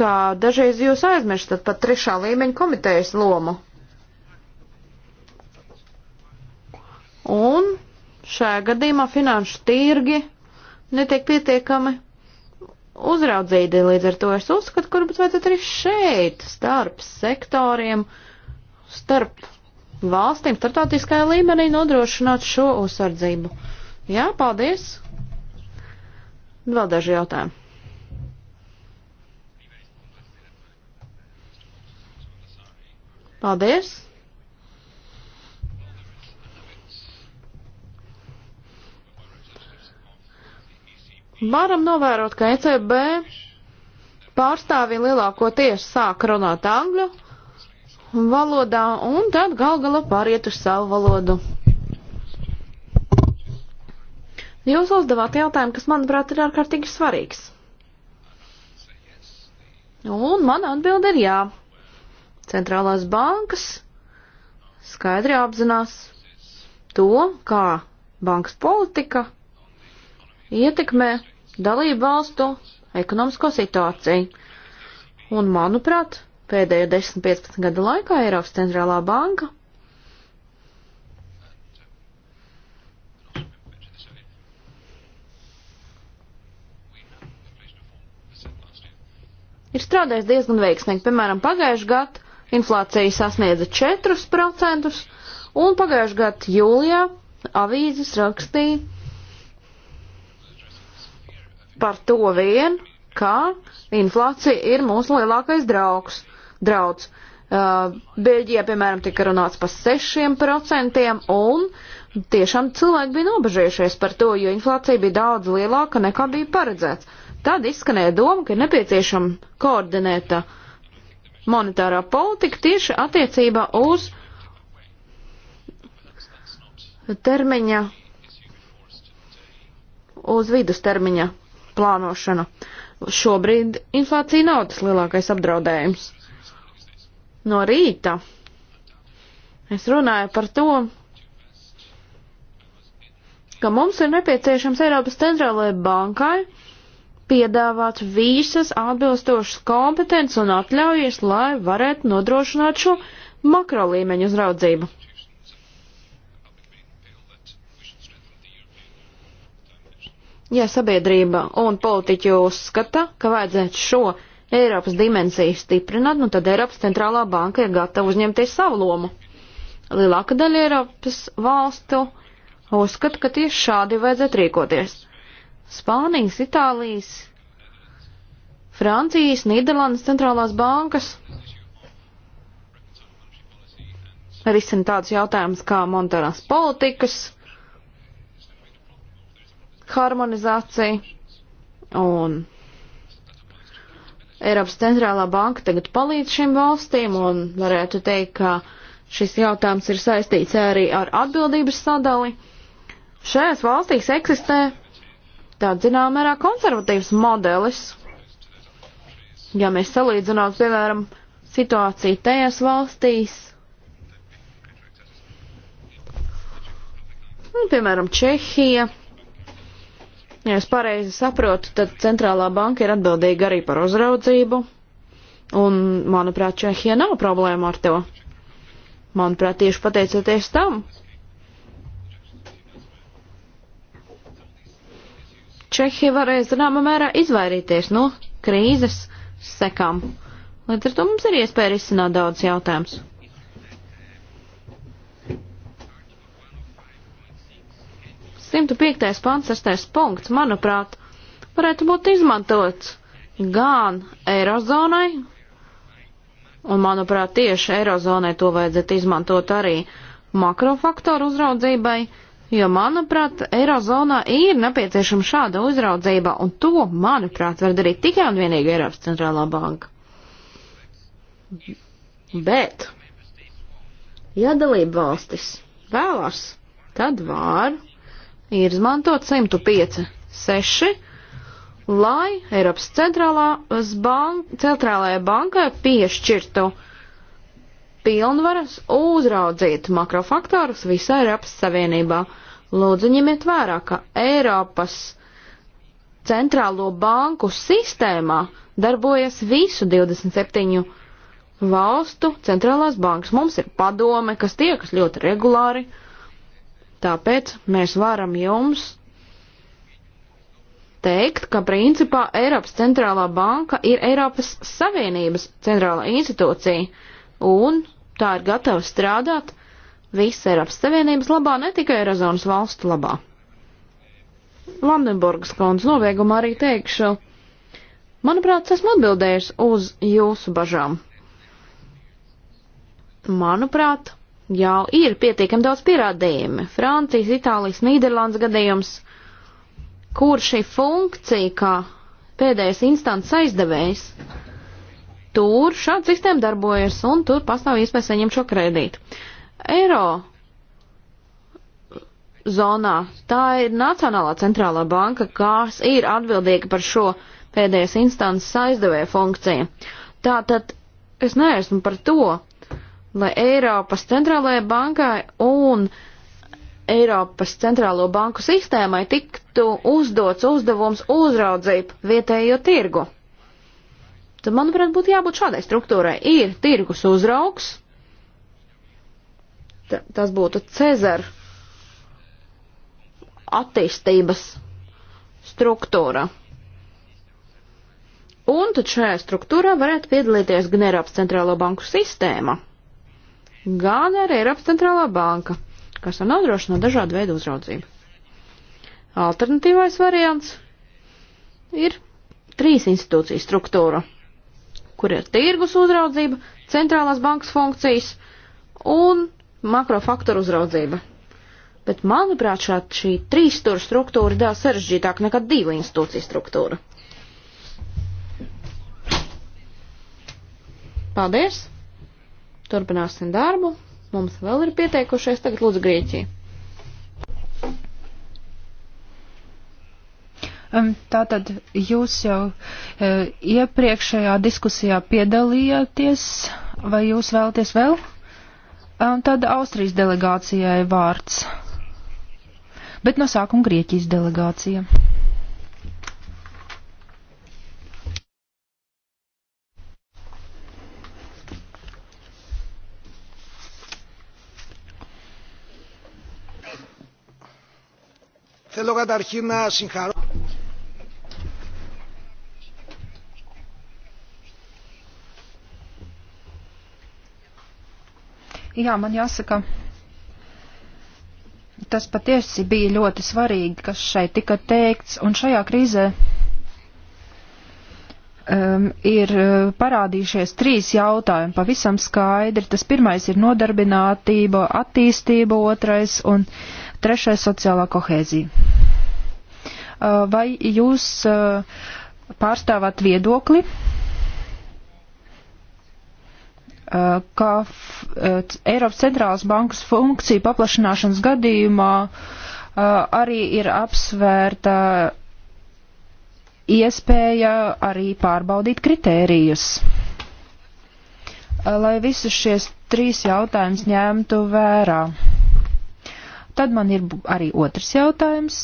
ka dažreiz jūs aizmirstat pat trešā līmeņa komitejas lomu. Un šajā gadījumā finanšu tirgi netiek pietiekami uzraudzīti. Līdz ar to es uzskatu, ka varbūt vajadzētu arī šeit starp sektoriem, starp valstīm, starptautiskajā līmenī nodrošināt šo uzsardzību. Jā, paldies! Vēl daži jautājumi. Paldies! Varam novērot, ka ECB pārstāvji lielākoties sāk runāt angļu valodā un tad gal galā pāriet uz savu valodu. Jūs uzdevāt jautājumu, kas, manuprāt, ir ārkārtīgi svarīgs. Un mana atbilde ir jā. Centrālās bankas skaidri apzinās to, kā bankas politika ietekmē dalību valstu ekonomisko situāciju. Un, manuprāt, pēdējo 10-15 gadu laikā Eiropas centrālā banka ir strādājis diezgan veiksmīgi. Piemēram, pagājušajā gadā inflācija sasniedza 4%, un pagājušajā gadā jūlijā avīzes rakstīja par to vien, ka inflācija ir mūsu lielākais draugs. drauds. Uh, Beļģijā, piemēram, tika runāts par 6%, un tiešām cilvēki bija nobežējušies par to, jo inflācija bija daudz lielāka nekā bija paredzēts. Tad izskanēja doma, ka ir nepieciešama koordinēta uh, monetārā politika tieši attiecībā uz termiņa, uz vidustermiņa plānošanu. Šobrīd inflācija nav tas lielākais apdraudējums. No rīta es runāju par to, ka mums ir nepieciešams Eiropas centrālajai bankai piedāvāt visas atbilstošas kompetences un atļaujas, lai varētu nodrošināt šo makro līmeņu uzraudzību. Ja sabiedrība un politiķi uzskata, ka vajadzētu šo Eiropas dimensiju stiprināt, nu tad Eiropas centrālā banka ir gatava uzņemties savu lomu. Lielāka daļa Eiropas valstu uzskata, ka tieši šādi vajadzētu rīkoties. Spānijas, Itālijas, Francijas, Nīderlandes centrālās bankas risina tādus jautājumus kā monetārās politikas, harmonizācija un Eiropas centrālā banka tagad palīdz šīm valstīm un varētu teikt, ka šis jautājums ir saistīts arī ar atbildības sadali. Šajās valstīs eksistē tāds, zinām, mērā konservatīvs modelis. Ja mēs salīdzinām, piemēram, situāciju tajās valstīs, nu, piemēram, Čehija, ja es pareizi saprotu, tad centrālā banka ir atbildīga arī par uzraudzību, un, manuprāt, Čehija nav problēma ar to. Manuprāt, tieši pateicoties tam, Čehija varēja zināmā mērā izvairīties no krīzes sekām. Līdz ar to mums ir iespēja risināt daudz jautājumus. Simtu piektais pants, sestais punkts, manuprāt, varētu būt izmantots gan Eirozonai, un manuprāt tieši Eirozonai to vajadzētu izmantot arī makrofaktoru uzraudzībai, jo, manuprāt, Eirozonā ir nepieciešama šāda uzraudzība, un to, manuprāt, var darīt tikai un vienīgi Eiropas centrālā banka. Bet, ja dalība valstis vēlās, tad var ir izmantot 105, 6, lai Eiropas centrālā bank, centrālajai bankai piešķirtu uh, pilnvaras uzraudzīt makrofaktorus visā Eiropas Savienībā. Lūdzu, ņemiet vērā, ka Eiropas centrālo banku sistēmā darbojas visu 27 valstu centrālās bankas. Mums ir padome, kas tiekas ļoti regulāri, tāpēc mēs varam jums teikt, ka principā Eiropas centrālā banka ir Eiropas Savienības centrālā institūcija un tā ir gatava strādāt visa Eiropas Savienības labā, ne tikai Eirozonas valstu labā. Landenburgas kundze noviegumā arī teikšu, manuprāt, esmu atbildējis uz jūsu bažām. Manuprāt, jau ir pietiekami daudz pierādījumi. Francijas, Itālijas, Nīderlandes gadījums, kur šī funkcija, kā pēdējais instants aizdevējs, tur šāda sistēma darbojas un tur pastāv iespēja saņemt šo kredītu. Eiro zonā tā ir Nacionālā centrālā banka, kas ir atbildīga par šo pēdējais instances aizdevēja funkciju. Tātad es neesmu par to, lai Eiropas centrālajai bankai un Eiropas centrālo banku sistēmai tiktu uzdots uzdevums uzraudzīt vietējo tirgu. Tad, manuprāt, būtu jābūt šādai struktūrai. Ir tirgus uzraugs, tas būtu Cezara attīstības struktūra. Un tad šajā struktūrā varētu piedalīties gan Eiropas centrālo banku sistēma, gan arī Eiropas centrālā banka, kas var nodrošināt dažādu veidu uzraudzību. Alternatīvais variants ir trīs institūciju struktūra kur ir tirgus uzraudzība, centrālās bankas funkcijas un makrofaktoru uzraudzība. Bet, manuprāt, šā, šī trīsstūra struktūra ir daudz sarežģītāka nekā divu institūciju struktūra. Paldies! Turpināsim darbu. Mums vēl ir pieteikušies tagad Lūdzu Grieķija. Tātad jūs jau e, iepriekšējā diskusijā piedalījāties, vai jūs vēlaties vēl? Tad Austrijas delegācijai vārds. Bet no sākuma Grieķijas delegācija. Θέλω καταρχήν να συγχαρώ. Jā, man jāsaka, tas patiesi bija ļoti svarīgi, kas šeit tika teikts, un šajā krīzē um, ir uh, parādījušies trīs jautājumi pavisam skaidri. Tas pirmais ir nodarbinātība, attīstība, otrais un trešais sociālā kohēzija. Uh, vai jūs uh, pārstāvāt viedokli? Uh, Eh, ka eh, Eiropas centrālās bankas funkcija paplašināšanas gadījumā eh, arī ir apsvērta iespēja arī pārbaudīt kritērijus. Lai visus šies trīs jautājumus ņemtu vērā. Tad man ir arī otrs jautājums.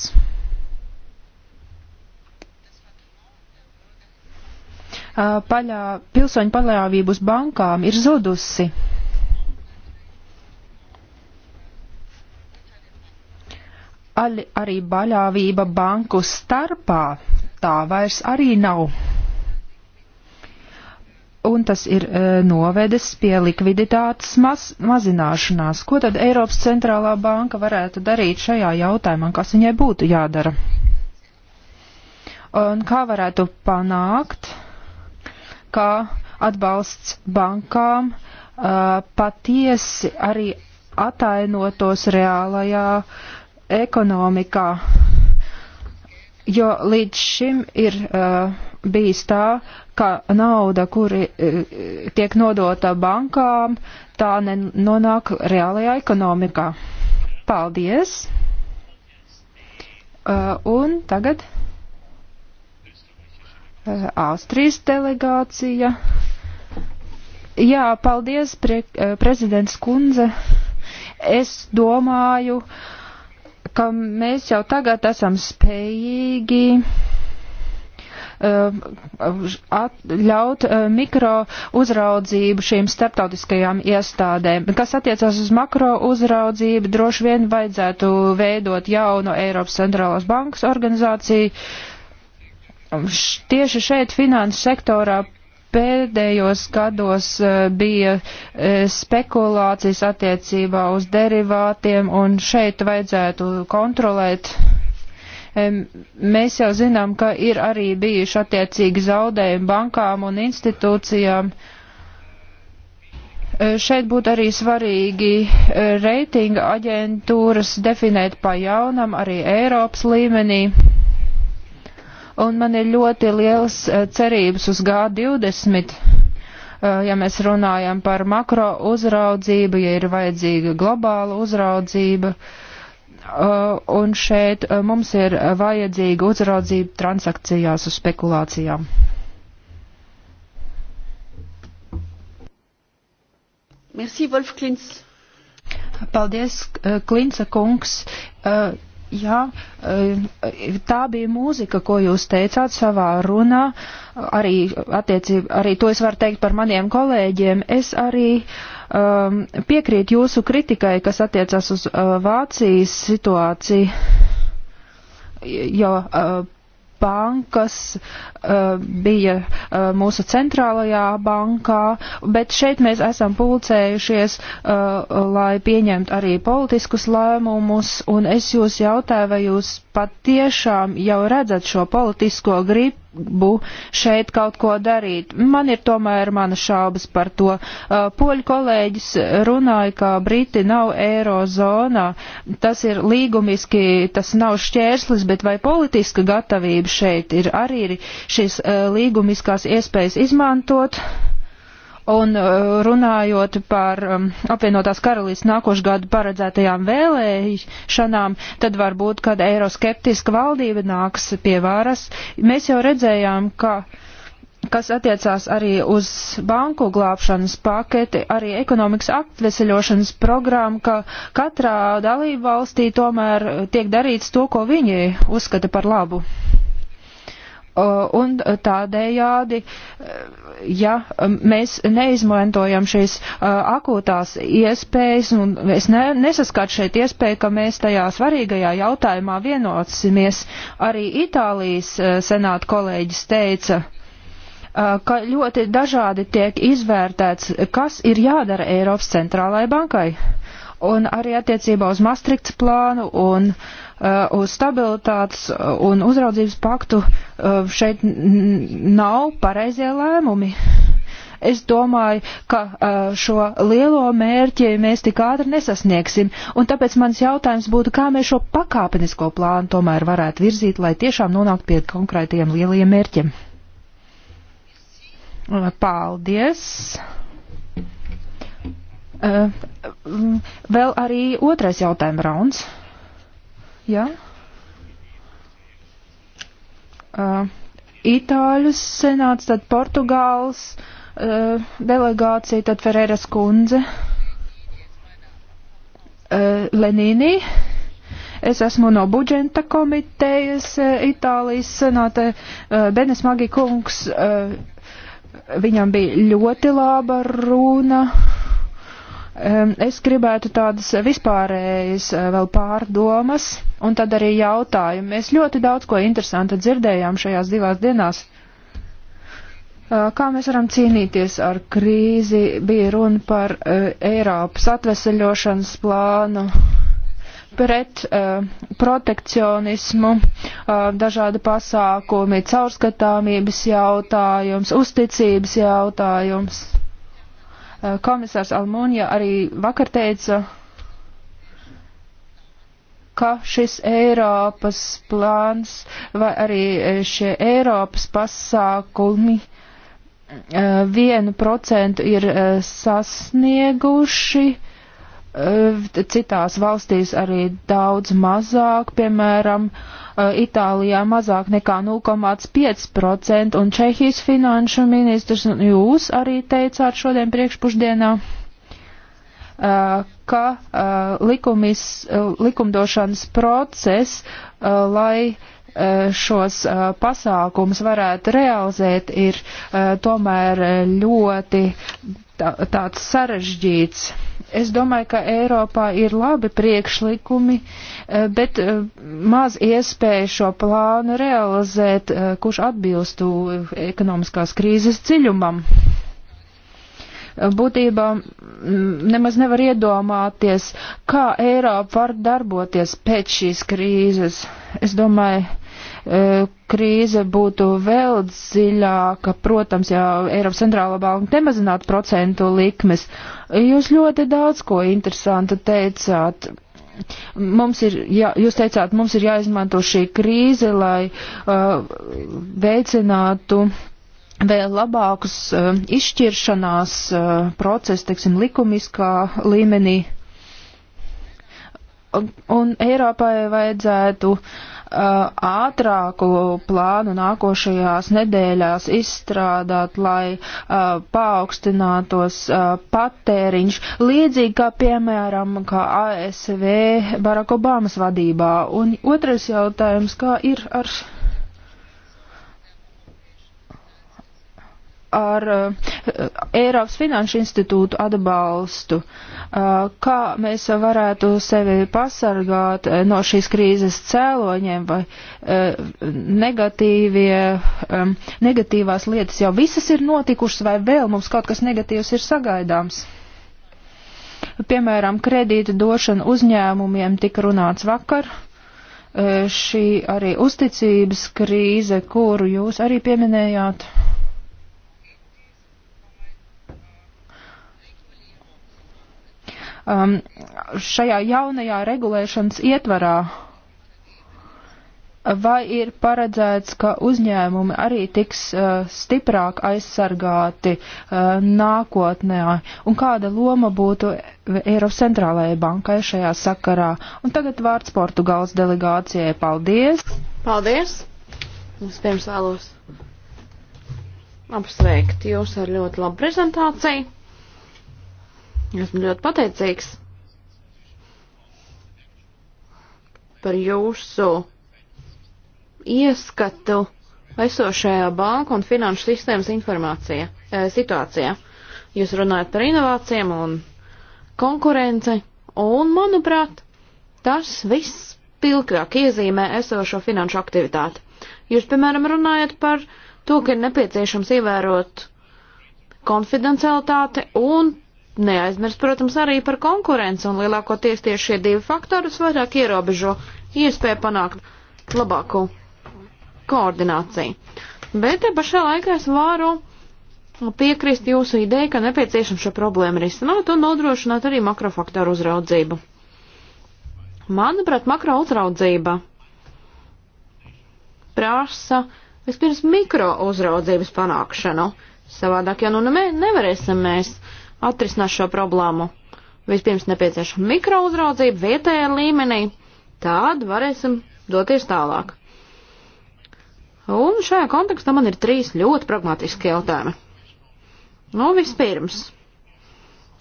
paļā, pilsoņu paļāvību uz bankām ir zudusi. Al, arī paļāvība banku starpā tā vairs arī nav. Un tas ir e, novedis pie likviditātes maz, mazināšanās. Ko tad Eiropas centrālā banka varētu darīt šajā jautājumā, kas viņai būtu jādara? Un kā varētu panākt, kā atbalsts bankām uh, patiesi arī atainotos reālajā ekonomikā. Jo līdz šim ir uh, bijis tā, ka nauda, kuri uh, tiek nodota bankām, tā nenonāk reālajā ekonomikā. Paldies! Uh, un tagad. Eh, Austrijas delegācija. Jā, paldies, pre, eh, prezidents Kunze. Es domāju, ka mēs jau tagad esam spējīgi eh, ļaut mikro uzraudzību šīm starptautiskajām iestādēm. Kas attiecas uz makro uzraudzību, droši vien vajadzētu veidot jaunu Eiropas centrālās bankas organizāciju, Um, tieši šeit finanses sektorā pēdējos gados uh, bija uh, spekulācijas attiecībā uz derivātiem, un šeit vajadzētu kontrolēt. Um, mēs jau zinām, ka ir arī bijuši attiecīgi zaudējumi bankām un institūcijām. Uh, šeit būtu arī svarīgi reitinga aģentūras definēt pa jaunam arī Eiropas līmenī un man ir ļoti liels eh, cerības uz G20. Eh, ja mēs runājam par makro uzraudzību, ja ir vajadzīga globāla uzraudzība, eh, un šeit mums ir vajadzīga uzraudzība transakcijās uz spekulācijām. Merci, Wolf Klins. Paldies, Klinsa kungs. Jā, eh, tā bija mūzika, ko jūs teicāt savā runā. Arī, attiecība, arī to es varu teikt par maniem kolēģiem. Es arī um, piekrītu jūsu kritikai, kas attiecas uz uh, Vācijas situāciju, jo uh, bankas uh, bija uh, mūsu centrālajā bankā, bet šeit mēs esam pulcējušies, uh, lai pieņemtu arī politiskus lēmumus, un es jūs jautāju, vai jūs patiešām jau redzat šo politisko gripu gribu šeit kaut ko darīt. Man ir tomēr mana šaubas par to. Uh, poļu kolēģis runāja, ka Briti nav eirozonā. Tas ir līgumiski, tas nav šķērslis, bet vai politiska gatavība šeit ir arī šīs uh, līgumiskās iespējas izmantot? Un uh, runājot par um, apvienotās karalīs nākošu gadu paredzētajām vēlēšanām, tad varbūt, kad eiroskeptiska valdība nāks pie varas, mēs jau redzējām, ka kas attiecās arī uz banku glābšanas paketi, arī ekonomikas atveseļošanas programmu, ka katrā dalība valstī tomēr tiek darīts to, ko viņi uzskata par labu. Uh, un tādējādi, uh, ja um, mēs neizmantojam šīs uh, akūtās iespējas, un es ne, nesaskatu šeit iespēju, ka mēs tajā svarīgajā jautājumā vienosimies, arī Itālijas senāta kolēģis teica, ka ļoti dažādi tiek izvērtēts, kas ir jādara Eiropas centrālajai bankai, un arī attiecībā uz Maastrichts plānu un uh, Eh, uz stabilitātes eh, un uzraudzības paktu eh, šeit nav pareizie lēmumi. Es domāju, ka šo lielo mērķi mēs tik ātri nesasniegsim, un tāpēc mans jautājums būtu, kā mēs šo pakāpenisko plānu tomēr varētu virzīt, lai tiešām nonāktu pie konkrētajiem lielajiem mērķiem. Paldies! Vēl arī otrais jautājuma rauns. Jā. Uh, Itāļas senāts, tad Portugāls uh, delegācija, tad Ferēras kundze. Uh, Lenīni. Es esmu no budžeta komitejas Itālijas senāte. Benes Magi kungs, viņam bija ļoti laba runa Es gribētu tādas vispārējas eh, vēl pārdomas un tad arī jautājumu. Mēs ļoti daudz ko interesantu dzirdējām šajās divās dienās. Kā mēs varam cīnīties ar krīzi? Bija runa par uh, Eiropas atveseļošanas plānu, pret uh, protekcionismu, uh, dažādi pasākumi, caurskatāmības jautājums, uzticības jautājums. Eh, komisārs Almūnija arī vakar teica, ka šis Eiropas plāns vai arī eh, šie Eiropas pasākumi eh, vienu procentu ir sasnieguši, citās valstīs arī daudz mazāk, piemēram, uh, Eh, Itālijā mazāk nekā 0,5%, un Čehijas finanšu ministrs, un jūs arī teicāt šodien priekšpušdienā, eh, ka eh, likumis, likumdošanas process, lai šos pasākumus varētu realizēt, ir tomēr ļoti tāds sarežģīts. Es domāju, ka Eiropā ir labi priekšlikumi, eh, bet eh, maz iespēja šo plānu realizēt, eh, kurš atbilstu ekonomiskās krīzes dziļumam būtībā mm, nemaz nevar iedomāties, kā Eiropa var darboties pēc šīs krīzes. Es domāju, e, krīze būtu vēl dziļāka, protams, ja Eiropas centrāla banka nemazinātu procentu likmes. Jūs ļoti daudz ko interesantu teicāt. Mums ir, jā, jūs teicāt, mums ir jāizmanto šī krīze, lai uh, veicinātu uh, vēl labākus uh, e, izšķiršanās uh, e, procesus, teiksim, likumiskā līmenī. Un, un Eiropai vajadzētu uh, ātrāku plānu nākošajās nedēļās izstrādāt, lai uh, paaugstinātos uh, patēriņš, līdzīgi kā piemēram kā ASV Barack Obamas vadībā. Un otrais jautājums, kā ir ar ar eh, Eiropas Finanšu institūtu atbalstu, eh, kā mēs varētu sevi pasargāt eh, no šīs krīzes cēloņiem vai negatīvie, negatīvās lietas jau visas ir notikušas vai vēl mums kaut kas negatīvs ir sagaidāms? Piemēram, kredīta došana uzņēmumiem tika runāts vakar šī arī uzticības krīze, kuru jūs arī pieminējāt. um, šajā jaunajā regulēšanas ietvarā? Vai ir paredzēts, ka uzņēmumi arī tiks uh, stiprāk aizsargāti uh, nākotnē? Un kāda loma būtu Eiropas centrālajai bankai šajā sakarā? Un tagad vārds Portugāles delegācijai. Paldies! Paldies! Es pirms vēlos apsveikt jūs ar ļoti labu prezentāciju. Esmu ļoti pateicīgs par jūsu ieskatu esošajā banku un finanšu sistēmas informācija, e, situācijā. Jūs runājat par inovācijām un konkurenci, un, manuprāt, tas viss pilkāk iezīmē esošo finanšu aktivitāti. Jūs, piemēram, runājat par to, ka ir nepieciešams ievērot konfidencialitāti un Neaizmirst, protams, arī par konkurenci, un lielākoties tieši šie divi faktori vairāk ierobežo iespēju panākt labāku koordināciju. Bet te pašā laikā es varu piekrist jūsu ideju, ka nepieciešams šo problēmu risināt un nodrošināt arī makrofaktoru uzraudzību. Manuprāt, makro uzraudzība prasa vispirms mikro uzraudzības panākšanu. Savādāk jau nu ne, nevarēsim mēs atrisinās šo problēmu. Vispirms nepieciešama mikrouzraudzība vietējā līmenī, tad varēsim doties tālāk. Un šajā kontekstā man ir trīs ļoti pragmatiski jautājumi. Nu, vispirms,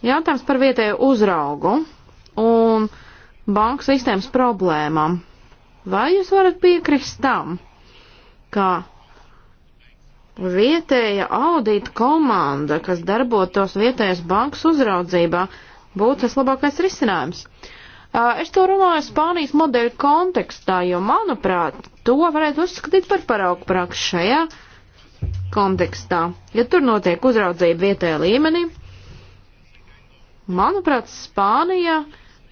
jautājums par vietēju uzraugu un banku sistēmas problēmām. Vai jūs varat piekrist tam, ka vietēja audita komanda, kas darbotos vietējas bankas uzraudzībā, būtu tas labākais risinājums. Es to runāju Spānijas modeļu kontekstā, jo, manuprāt, to varētu uzskatīt par paraugu praksi šajā kontekstā. Ja tur notiek uzraudzība vietējā līmenī, manuprāt, Spānija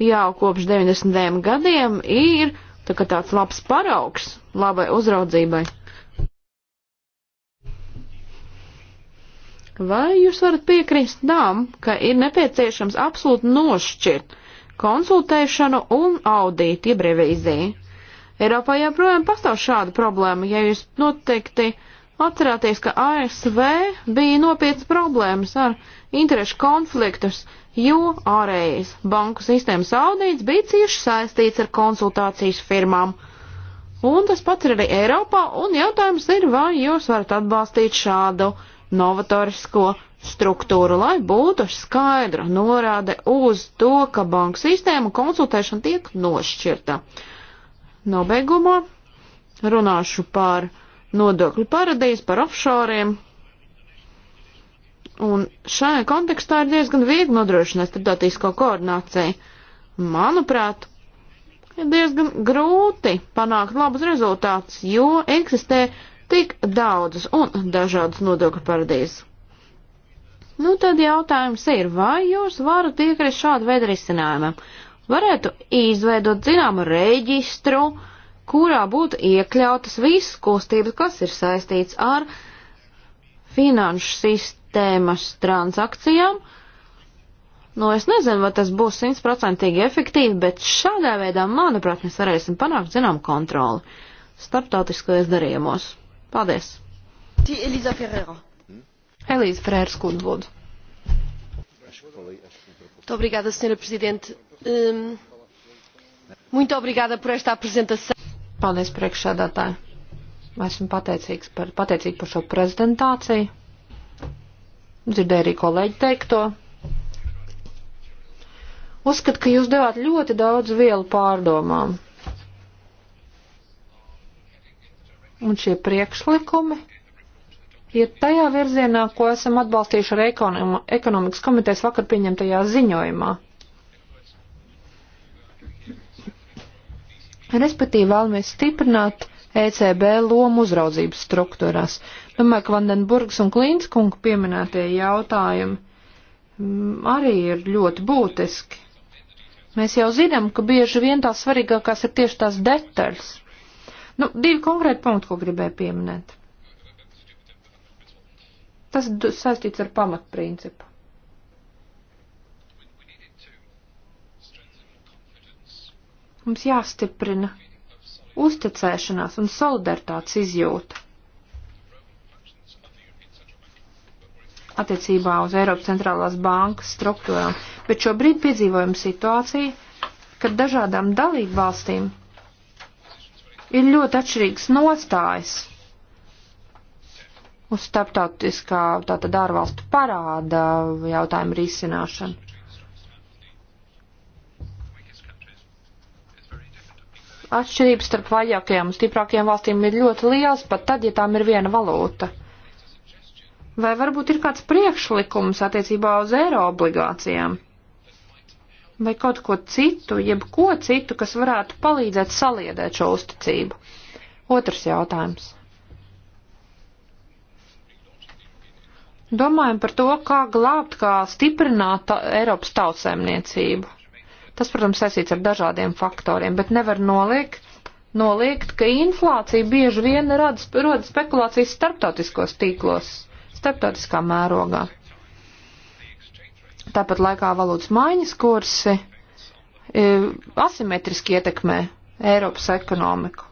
jau kopš 90. gadiem ir tā tāds labs paraugs labai uzraudzībai. Vai jūs varat piekrist tam, ka ir nepieciešams absolūti nošķirt konsultēšanu un audītu, jeb revīziju? Eiropā joprojām pastāv šāda problēma, ja jūs noteikti atcerāties, ka ASV bija nopietnas problēmas ar interešu konfliktus, jo ārējais banku sistēmas audīts bija cieši saistīts ar konsultācijas firmām. Un tas pats ir arī Eiropā, un jautājums ir, vai jūs varat atbalstīt šādu novatorisko struktūru, lai būtu skaidra norāde uz to, ka banku sistēma konsultēšana tiek nošķirta. Nobeigumā runāšu par nodokļu paradīzi, par offshoriem. Un šajā kontekstā ir diezgan viegli nodrošināt starptautisko koordināciju. Manuprāt, ir diezgan grūti panākt labus rezultātus, jo eksistē tik daudzas un dažādas nodokļu paradīzes. Nu, tad jautājums ir, vai jūs varat piekrist šādu veidu risinājumam? Varētu izveidot zināmu reģistru, kurā būtu iekļautas visas kustības, kas ir saistīts ar finanšu sistēmas transakcijām. Nu, es nezinu, vai tas būs simtprocentīgi efektīvi, bet šādā veidā, manuprāt, mēs varēsim panākt zinām kontroli starptautiskajos darījumos. Paldies! Elīza Ferēra. Elīza Ferēra skundze, lūdzu. Obrigada, Sra. Presidente. Um, muito obrigada por esta apresentação. Paldies, priekšsēdētāji. Esmu pateicīgs par, pateicīgi par šo prezentāciju. Dzirdēju arī kolēģi teikto. Uzskat, ka jūs devāt ļoti daudz vielu pārdomām. Un šie priekšlikumi ir tajā virzienā, ko esam atbalstījuši ar ekonomikas komitejas vakar pieņemtajā ziņojumā. Respektīvi vēlamies stiprināt ECB lomu uzraudzības struktūrās. Domāju, ka Vandenburgs un Klīnskunga pieminētie jautājumi mm, arī ir ļoti būtiski. Mēs jau zinām, ka bieži vien tās svarīgākās ir tieši tās detaļas. Nu, divi konkrēti punkti, ko gribēju pieminēt. Tas saistīts ar pamatprincipu. Mums jāstiprina uzticēšanās un solidaritātes izjūta attiecībā uz Eiropas centrālās bankas struktūrām, bet šobrīd piedzīvojam situāciju, kad dažādām dalību valstīm ir ļoti atšķirīgas nostājas uz starptautiskā tātad ārvalstu parāda jautājumu risināšanu. Atšķirības starp vajākajām un stiprākajām valstīm ir ļoti liels, pat tad, ja tām ir viena valūta. Vai varbūt ir kāds priekšlikums attiecībā uz eiro obligācijām? vai kaut ko citu, jebko citu, kas varētu palīdzēt saliedēt šo uzticību? Otrs jautājums. Domājam par to, kā glābt, kā stiprināt ta Eiropas tautsēmniecību. Tas, protams, saistīts ar dažādiem faktoriem, bet nevar noliekt, noliegt, ka inflācija bieži vien rada spekulācijas starptautiskos tīklos, starptautiskā mērogā. Tāpat laikā valūtas maiņas kursi e, asimetriski ietekmē Eiropas ekonomiku.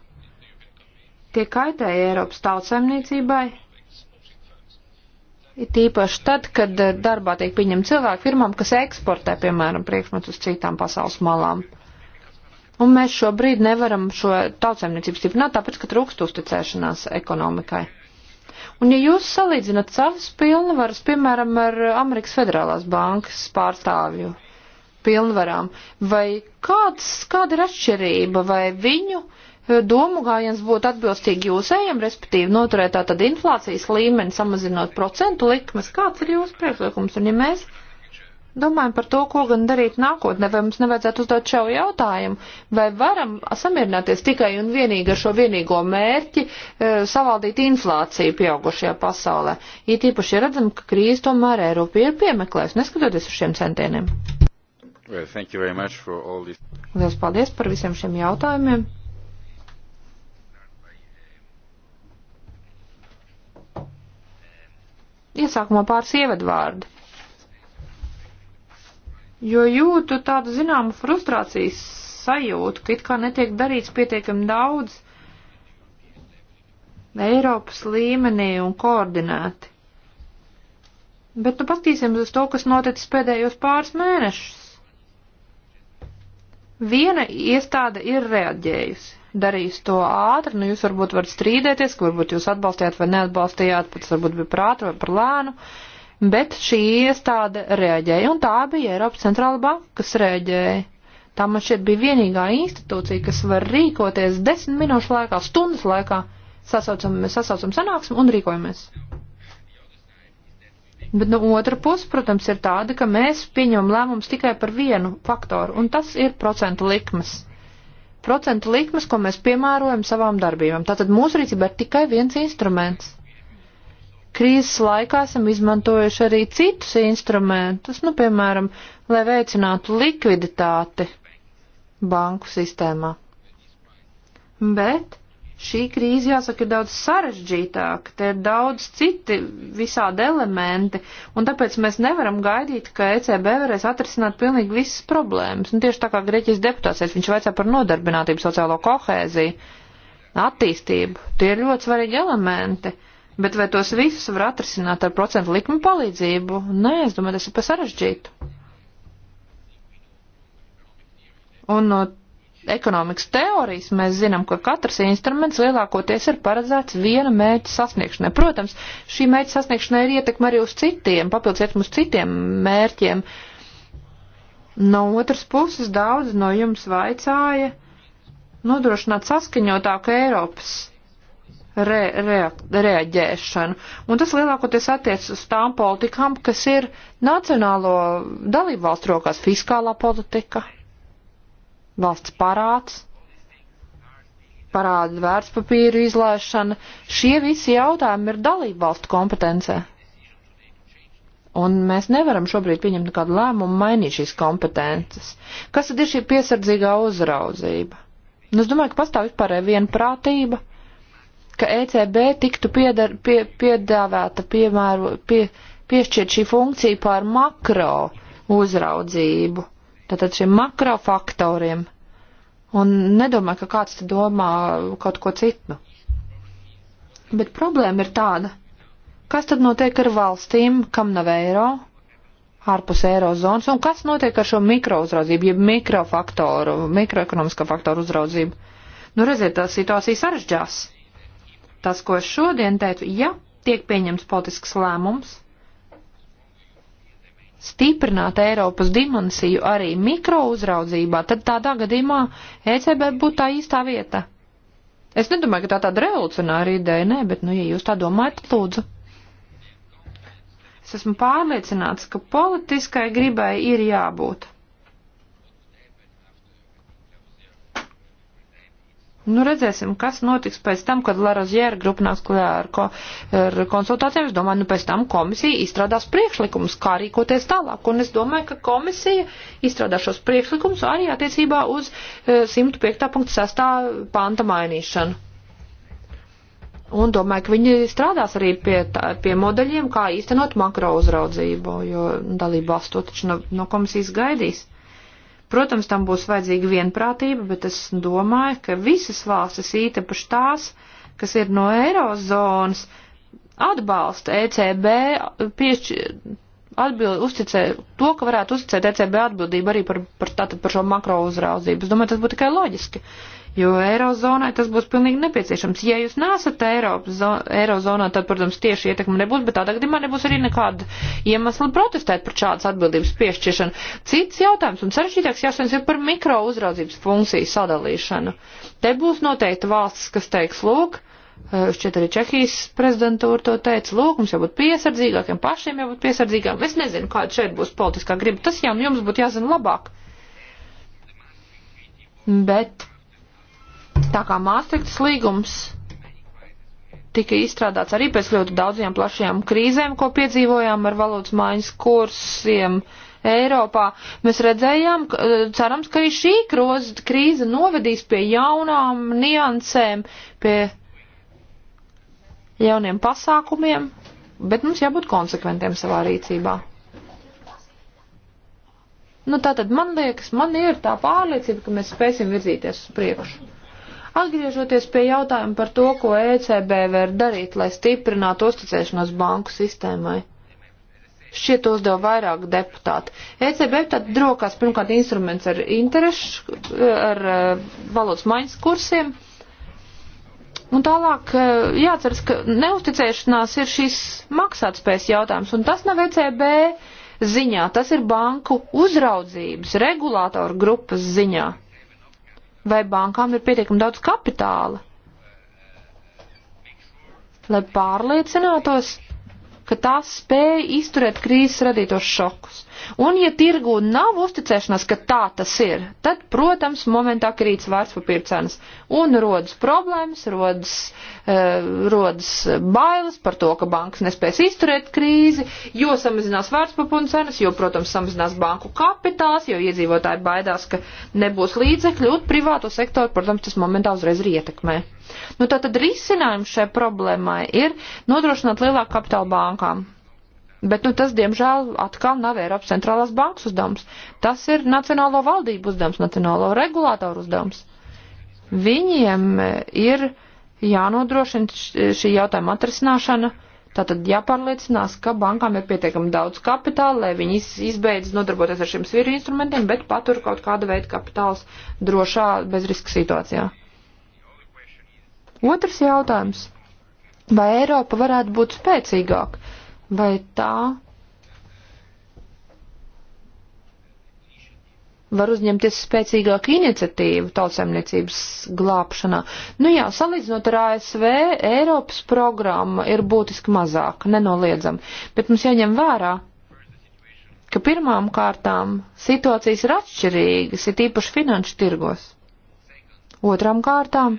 Tie kaitēja Eiropas tautsaimniecībai, It īpaši tad, kad e, darbā tiek pieņemti cilvēki firmām, kas eksportē, piemēram, priekšmetus uz citām pasaules malām. Un mēs šobrīd nevaram šo tautsēmniecību stiprināt, tāpēc, ka trūkst uzticēšanās ekonomikai. Un ja jūs salīdzinat savas pilnvaras, piemēram, ar Amerikas Federālās bankas pārstāvju pilnvarām, vai kāds, kāda ir atšķirība, vai viņu eh, domu gājiens būtu atbilstīgi jūsējiem, respektīvi noturēt tātad inflācijas līmeni, samazinot procentu likmes, kāds ir jūsu priekšlikums? Un ja mēs Domājam par to, ko gan darīt nākotnē, vai mums nevajadzētu uzdot šo jautājumu, vai varam samierināties tikai un vienīgi ar šo vienīgo mērķi e, savaldīt inflāciju pieaugušajā pasaulē. It īpaši ir redzam, ka krīze tomēr Eiropa ir piemeklējusi, neskatoties uz šiem centieniem. Well, Lielas paldies par visiem šiem jautājumiem. Iesākumā pāris ievadvārdi jo jūtu tādu zināmu frustrācijas sajūtu, ka it kā netiek darīts pietiekami daudz Eiropas līmenī un koordinēti. Bet nu paskatīsimies uz to, kas noticis pēdējos pāris mēnešus. Viena iestāde ir reaģējusi, darījusi to ātri, nu jūs varbūt varat strīdēties, ka varbūt jūs atbalstījāt vai neatbalstījāt, pats varbūt bija prāta vai par lēnu. Uh, bet šī iestāde reaģēja, un tā bija Eiropas centrāla banka, kas reaģēja. Tā man šķiet bija vienīgā institūcija, kas var rīkoties desmit minūšu laikā, stundas laikā, sasaucam, mēs sasaucam sanāksmi un rīkojamies. Bet no otra puses, protams, ir tāda, ka mēs pieņemam lēmumus tikai par vienu faktoru, un tas ir procentu likmes. Procentu likmes, ko mēs piemērojam savām darbībām. Tātad mūsu rīcībā ir tikai viens instruments krīzes laikā esam izmantojuši arī citus instrumentus, nu, piemēram, lai veicinātu likviditāti banku sistēmā. Bet šī krīze, jāsaka, ir daudz sarežģītāka, te ir daudz citi visādi elementi, un tāpēc mēs nevaram gaidīt, ka ECB varēs atrisināt pilnīgi visas problēmas. Un tieši tā kā Grieķijas deputāsies, viņš vaicā par nodarbinātību, sociālo kohēziju, attīstību. Tie ir ļoti svarīgi elementi. Uh, Bet vai tos visus var atrisināt ar procentu likmu palīdzību? Nē, es domāju, tas ir pasarežģītu. Un no ekonomikas teorijas mēs zinām, ka katrs instruments lielākoties ir paredzēts viena mērķa sasniegšanai. Protams, šī mērķa sasniegšanai ir ietekme arī uz citiem, papildus ietekme uz citiem mērķiem. No otras puses, daudz no jums vaicāja nodrošināt saskaņotāku Eiropas re, re, reaģēšanu. Un tas lielākoties attiecas uz tām politikām, kas ir nacionālo dalību valstu rokās - fiskālā politika, valsts parāds, parāda vērtspapīru izlaišana. Šie visi jautājumi ir dalību valstu kompetencē. Un mēs nevaram šobrīd pieņemt nekādu lēmumu mainīt šīs kompetences. Kas tad ir šī piesardzīgā uzraudzība? Nu, es domāju, ka pastāv vispārēja vienprātība ka ECB tiktu piedar, pie, piedāvāta piemēru, pie, piešķirt šī funkcija pār makro uzraudzību, tātad šiem makro faktoriem. Un nedomāju, ka kāds te domā kaut ko citu. Bet problēma ir tāda. Kas tad notiek ar valstīm, kam nav eiro, ārpus eirozonas, un kas notiek ar šo mikrouzraudzību, jeb mikrofaktoru, mikroekonomiskā faktoru uzraudzību? Nu, redziet, tā situācija sarežģās tas, ko es šodien teicu, ja tiek pieņemts politisks lēmums stiprināt Eiropas dimensiju arī mikrouzraudzībā, tad tādā gadījumā ECB būtu tā īstā vieta. Es nedomāju, ka tā tāda revolucionāra ideja, nē, bet, nu, ja jūs tā domājat, tad lūdzu. Es esmu pārliecināts, ka politiskai gribai ir jābūt. Nu, redzēsim, kas notiks pēc tam, kad Larozjēra grupa nāks klajā ar, ko, ar konsultācijām. Es domāju, nu, pēc tam komisija izstrādās priekšlikumus, kā rīkoties tālāk. Un es domāju, ka komisija izstrādā šos priekšlikumus arī attiecībā uz 105.6. Eh, panta mainīšanu. Un domāju, ka viņi strādās arī pie, tā, pie modeļiem, kā īstenot makro uzraudzību, jo dalību valstu taču no, no komisijas gaidīs. Protams, tam būs vajadzīga vienprātība, bet es domāju, ka visas valstis, īpaši tās, kas ir no Eirozonas, atbalsta ECB, piešķi, atbild, uzticē, to, ka varētu uzticēt ECB atbildību arī par, par, tātad, par šo makro uzraudzību. Es domāju, tas būtu tikai loģiski. Uh, jo Eirozonai tas būs pilnīgi nepieciešams. Ja jūs nesat Eirozonā, tad, protams, tieši ietekme nebūs, bet tādā gadījumā nebūs arī nekāda iemesla protestēt par šādas atbildības piešķiršanu. Cits jautājums un sarežģītāks jautājums ir par mikro uzraudzības funkciju sadalīšanu. Te būs noteikti valsts, kas teiks, lūk, eh, šķiet arī Čehijas prezidentūra to teica, lūk, mums jābūt piesardzīgākiem, pašiem jābūt piesardzīgākiem. Es nezinu, kāda šeit būs politiskā griba. Tas jau jums būtu jāzina labāk. Bet Tā kā Maastrichtas līgums tika izstrādāts arī pēc ļoti daudzajām plašajām krīzēm, ko piedzīvojām ar valodas mājas kursiem Eiropā, mēs redzējām, eh, cerams, ka šī kroza, krīze novedīs pie jaunām niansēm, pie jauniem pasākumiem, bet mums jābūt konsekventiem savā rīcībā. Nu, tā tad man liekas, man ir tā pārliecība, ka mēs spēsim virzīties uz priekšu. Atgriežoties pie jautājuma par to, ko ECB var darīt, lai stiprinātu uzticēšanos banku sistēmai. Šķiet uzdev vairāk deputāti. ECB tad drokās pirmkārt instruments ar interešu, ar eh, valodas maiņas kursiem. Un tālāk eh, jāceras, ka neusticēšanās ir šīs maksātspējas jautājums, un tas nav ECB ziņā, tas ir banku uzraudzības regulātoru grupas ziņā vai bankām ir pietiekami daudz kapitāla, lai pārliecinātos, ka tās spēja izturēt krīzes radītos šokus. Un, ja tirgu nav uzticēšanās, ka tā tas ir, tad, protams, momentā krīts vērtspapīra cenas un rodas problēmas, rodas, uh, rodas bailes par to, ka bankas nespēs izturēt krīzi, jo samazinās vērtspapīra cenas, jo, protams, samazinās banku kapitāls, jo iedzīvotāji baidās, ka nebūs līdzekļu, un privāto sektoru, protams, tas momentā uzreiz ir ietekmē. Nu, tātad risinājums šai problēmai ir nodrošināt lielāku kapitālu bankām. Bet, nu, tas, diemžēl, atkal nav Eiropas centrālās bankas uzdevums. Tas ir nacionālo valdību uzdevums, nacionālo regulātoru uzdevums. Viņiem e, ir jānodrošina e, šī jautājuma atrisināšana. Tātad jāpārliecinās, ka bankām ir pietiekami daudz kapitāla, lai viņi izbeidz nodarboties ar šiem svīru instrumentiem, bet patur kaut kādu veidu kapitāls drošā, bezriska situācijā. Otrs jautājums. Vai Eiropa varētu būt spēcīgāka? vai tā var uzņemties spēcīgāku iniciatīvu tautsēmniecības glābšanā. Nu jā, salīdzinot ar ASV, Eiropas programma ir būtiski mazāka, nenoliedzam, bet mums jāņem vērā, ka pirmām kārtām situācijas ir atšķirīgas, ir tīpaši finanšu tirgos. Otrām kārtām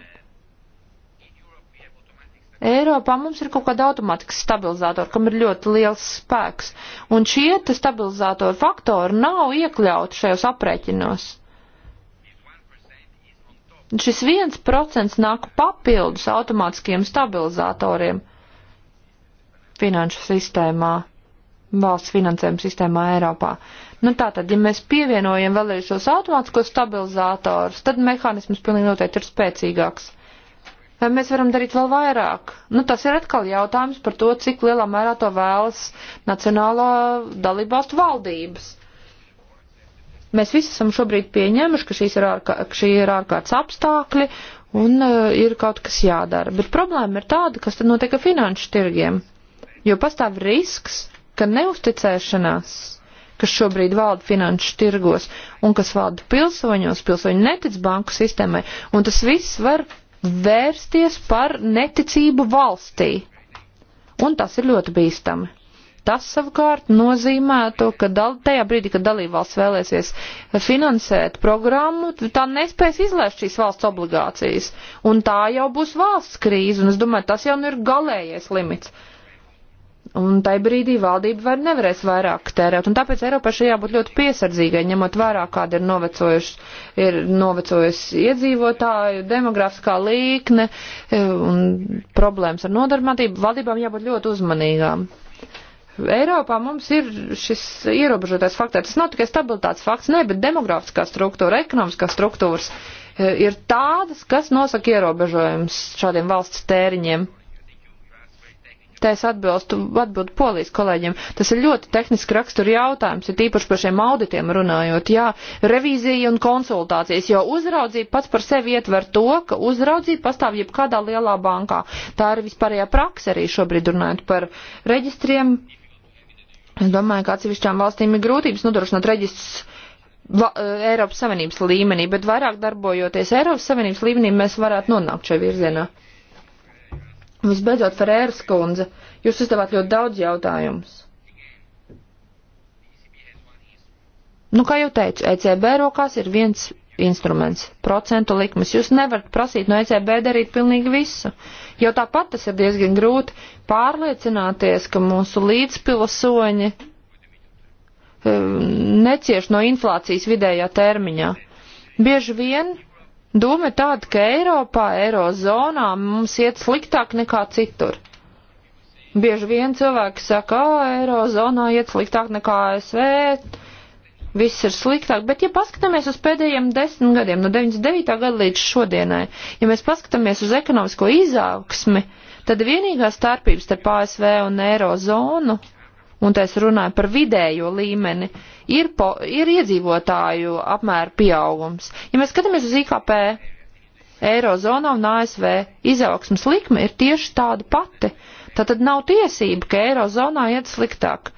Eiropā mums ir kaut kāda automātiska stabilizātora, kam ir ļoti liels spēks, un šie te stabilizātori faktori nav iekļauti šajos aprēķinos. Šis viens procents nāk papildus automātiskiem stabilizatoriem finanšu sistēmā, valsts finansējuma sistēmā Eiropā. Nu tā tad, ja mēs pievienojam vēl arī šos automātiskos stabilizatorus, tad mehānisms pilnīgi noteikti ir spēcīgāks. Vai mēs varam darīt vēl vairāk? Nu, tas ir atkal jautājums par to, cik lielā mērā to vēlas Nacionālā dalībvalstu valdības. Mēs visi esam šobrīd pieņēmuši, ka ir ārkā, šī ir ārkārtas apstākļi un uh, ir kaut kas jādara. Bet problēma ir tāda, kas tad notiek ar finanšu tirgiem. Jo pastāv risks, ka neusticēšanās kas šobrīd valda finanšu tirgos un kas valda pilsoņos, pilsoņi netic banku sistēmai, un tas viss var vērsties par neticību valstī. Un tas ir ļoti bīstami. Tas savukārt nozīmētu, ka dal, tajā brīdī, kad dalībvalsts vēlēsies finansēt programmu, tā nespēs izlēst šīs valsts obligācijas. Un tā jau būs valsts krīze, un es domāju, tas jau nu ir galējais limits un tai brīdī valdība var nevarēs vairāk tērēt, un tāpēc Eiropā šajā būtu ļoti piesardzīgai, ņemot vērā, kāda ir novecojuši, ir novecojusi iedzīvotāju, demografiskā līkne e, un problēmas ar nodarbinātību, valdībām jābūt ļoti uzmanīgām. Eiropā mums ir šis ierobežotais faktors. Tas nav tikai stabilitātes fakts, ne, bet demografiskā struktūra, ekonomiskās struktūras e, ir tādas, kas nosaka ierobežojums šādiem valsts tēriņiem. Te es atbilstu, atbildu polijas kolēģiem. Tas ir ļoti tehniski rakstur jautājums, ir tīpaši par šiem auditiem runājot. Jā, revīzija un konsultācijas, jo uzraudzība pats par sevi ietver to, ka uzraudzība pastāv jebkādā lielā bankā. Tā ir vispārējā praksa arī šobrīd runājot par reģistriem. Es domāju, ka atsevišķām valstīm ir grūtības nodrošināt reģistrus. La, eh, Eiropas Savienības līmenī, bet vairāk darbojoties Eiropas Savienības līmenī, mēs varētu nonākt šajā virzienā. Visbeidzot, Ferēras kundze, jūs uzdevāt ļoti daudz jautājumus. Nu, kā jau teicu, ECB rokās ir viens instruments - procentu likmes. Jūs nevarat prasīt no ECB darīt pilnīgi visu. Jau tāpat tas ir diezgan grūti pārliecināties, ka mūsu līdzpilsoņi um, necieš no inflācijas vidējā termiņā. Bieži vien Doma ir tāda, ka Eiropā, Eirozonā mums iet sliktāk nekā citur. Bieži vien cilvēki saka, ka Eirozonā iet sliktāk nekā ASV, viss ir sliktāk, bet ja paskatāmies uz pēdējiem desmit gadiem, no 99. gada līdz šodienai, ja mēs paskatāmies uz ekonomisko izaugsmi, tad vienīgā starpības starp ASV un Eirozonu un tā es runāju par vidējo līmeni, ir, po, ir iedzīvotāju apmēra pieaugums. Ja mēs skatāmies uz IKP, Eirozonā un ASV izaugsmas likme ir tieši tāda pati. Tātad nav tiesība, ka Eirozonā iet sliktāk.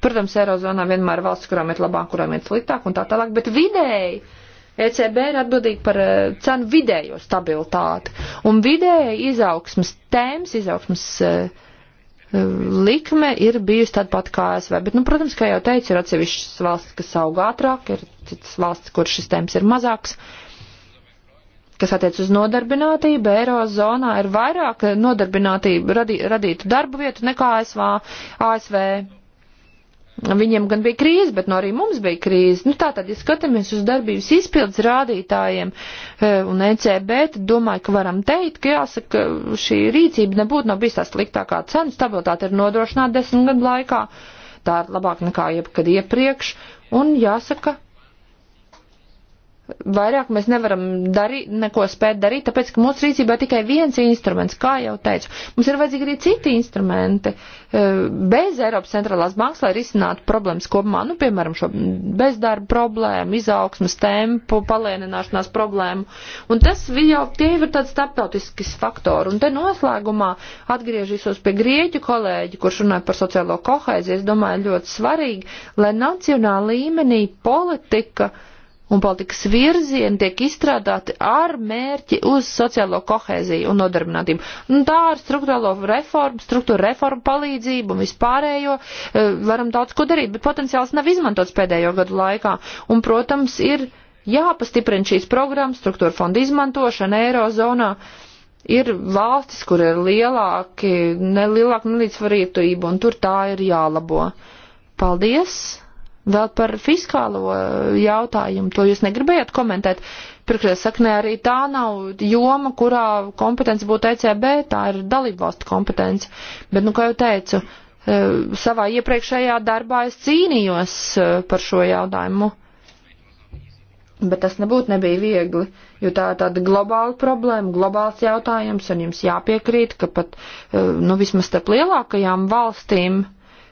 Protams, Eirozonā vienmēr ir valsts, kurām iet labāk, kurām iet sliktāk un tā tālāk, bet vidēji ECB ir atbildīga par eh, cenu vidējo stabilitāti. Un vidēji izaugsmas tēmas, izaugsmas uh, likme ir bijusi tāda pati kā ASV, bet, nu, protams, kā jau teicu, ir atsevišķas valstis, kas aug ātrāk, ir citas valstis, kur šis temps ir mazāks. Kas attiec uz nodarbinātību, Eirozonā ir vairāk nodarbinātību radī, radītu darbu vietu nekā ASV. ASV Viņiem gan bija krīze, bet no nu arī mums bija krīze. Nu, tātad, ja skatāmies uz darbības izpildes rādītājiem e, un ECB, tad domāju, ka varam teikt, ka jāsaka, šī rīcība nebūtu nav bijis tā sliktākā cena. Stabilitāte ir nodrošināta desmit gadu laikā. Tā ir labāk nekā jebkad iepriekš. Un jāsaka, vairāk mēs nevaram darīt, neko spēt darīt, tāpēc, ka mūsu rīcībā tikai viens instruments, kā jau teicu. Mums ir vajadzīgi arī citi instrumenti eh, bez Eiropas centrālās bankas, lai risinātu problēmas kopumā, nu, piemēram, šo bezdarba problēmu, izaugsmas tempu, palēnināšanās problēmu. Un tas jau tie ir tāds starptautisks faktori. Un te noslēgumā atgriežīšos pie grieķu kolēģi, kurš runāja par sociālo kohēziju. Es domāju, ļoti svarīgi, lai nacionāla līmenī politika un politikas virzieni tiek izstrādāti ar mērķi uz sociālo kohēziju un nodarbinātību. Un tā ar struktūrālo reformu, struktūra reformu palīdzību un vispārējo eh, varam daudz ko darīt, bet potenciāls nav izmantots pēdējo gadu laikā. Un, protams, ir jāpastiprina šīs programmas, struktūra fonda izmantošana Eirozonā. Ir valstis, kur ir lielāki, ne lielāka nelīdzvarītība, un tur tā ir jālabo. Paldies! Vēl par fiskālo eh, jautājumu, to jūs negribējāt komentēt. Pirkties saknē arī tā nav joma, kurā kompetence būtu ECB, tā ir dalībvalstu kompetence. Bet, nu, kā jau teicu, eh, savā iepriekšējā darbā es cīnījos eh, par šo jautājumu. Bet tas nebūtu nebija viegli, jo tā ir tāda globāla problēma, globāls jautājums, un jums jāpiekrīt, ka pat, nu, vismaz starp lielākajām valstīm uh,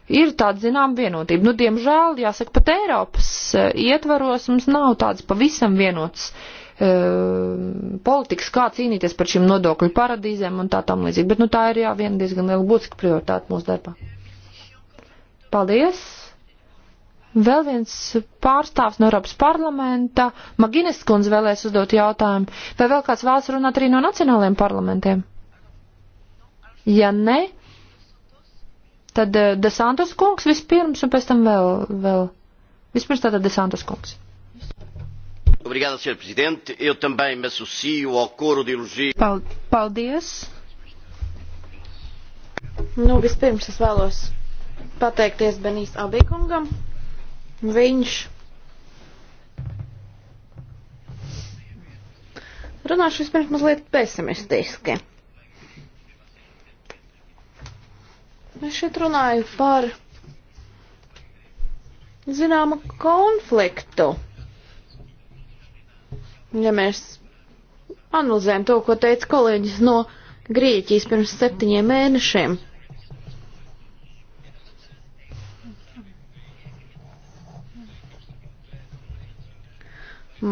ir tāda zinām vienotība. Nu, diemžēl, jāsaka, pat Eiropas e, ietvaros mums nav tāds pavisam vienots uh, e, politikas, kā cīnīties par šīm nodokļu paradīzēm un tā tam līdzīgi. Bet, nu, tā ir jā, viena diezgan liela būtiska prioritāte mūsu darbā. Paldies! Vēl viens pārstāvs no Eiropas parlamenta. Magines kundze vēlēs uzdot jautājumu. Vai vēl kāds vēlas runāt arī no nacionāliem parlamentiem? Ja ne, Tad eh, Desantos kungs vispirms un pēc tam vēl, vēl. Vispirms tātad Desantos kungs. Obrigado, Sr. Presidente. Eu também me associo ao coro de elogios. Paldies. Nu, vispirms es vēlos pateikties Benīs Abikungam. Viņš runāšu vispirms mazliet pesimistiski. Es šeit runāju par zināmu konfliktu. Ja mēs analizējam to, ko teica kolēģis no Grieķijas pirms septiņiem mēnešiem.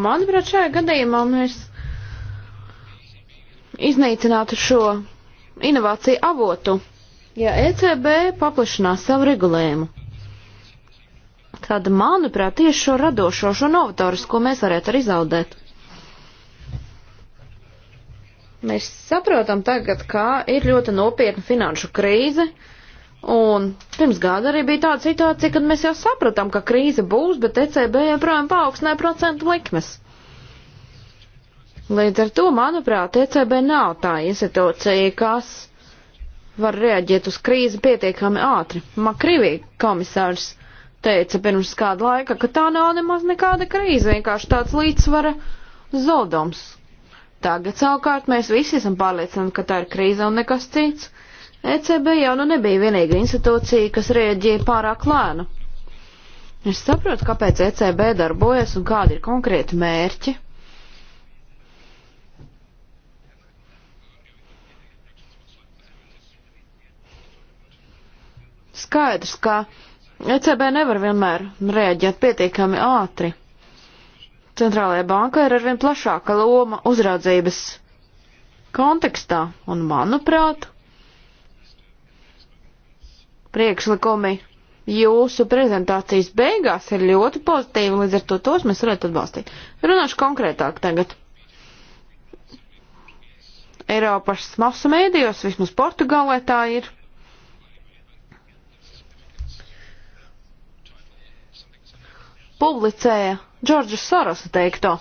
Manuprāt, šajā gadījumā mēs iznīcinātu šo inovāciju avotu. Ja ECB paplašinās savu regulējumu, tad, manuprāt, tieši šo radošo, šo novatorisko mēs varētu arī zaudēt. Mēs saprotam tagad, kā ir ļoti nopietna finanšu krīze, un pirms gada arī bija tāda situācija, kad mēs jau sapratām, ka krīze būs, bet ECB joprojām paaugstināja procentu likmes. Līdz ar to, manuprāt, ECB nav tā institūcija, kas var reaģēt uz krīzi pietiekami ātri. Makrivī komisārs teica pirms kāda laika, ka tā nav nemaz nekāda krīze, vienkārši tāds līdzsvara zaudums. Tagad savukārt mēs visi esam pārliecināti, ka tā ir krīze un nekas cits. ECB jau nu nebija vienīga institūcija, kas rēģēja pārāk lēnu. Es saprotu, kāpēc ECB darbojas un kādi ir konkrēti mērķi. skaidrs, ka ECB nevar vienmēr reaģēt pietiekami ātri. Centrālajai bankai ir arvien plašāka loma uzraudzības kontekstā, un manuprāt, priekšlikumi jūsu prezentācijas beigās ir ļoti pozitīvi, līdz ar to tos mēs varētu atbalstīt. Runāšu konkrētāk tagad. Eiropas masu mēdījos, vismaz Portugālē tā ir. publicēja Džordža Sorosa teikto.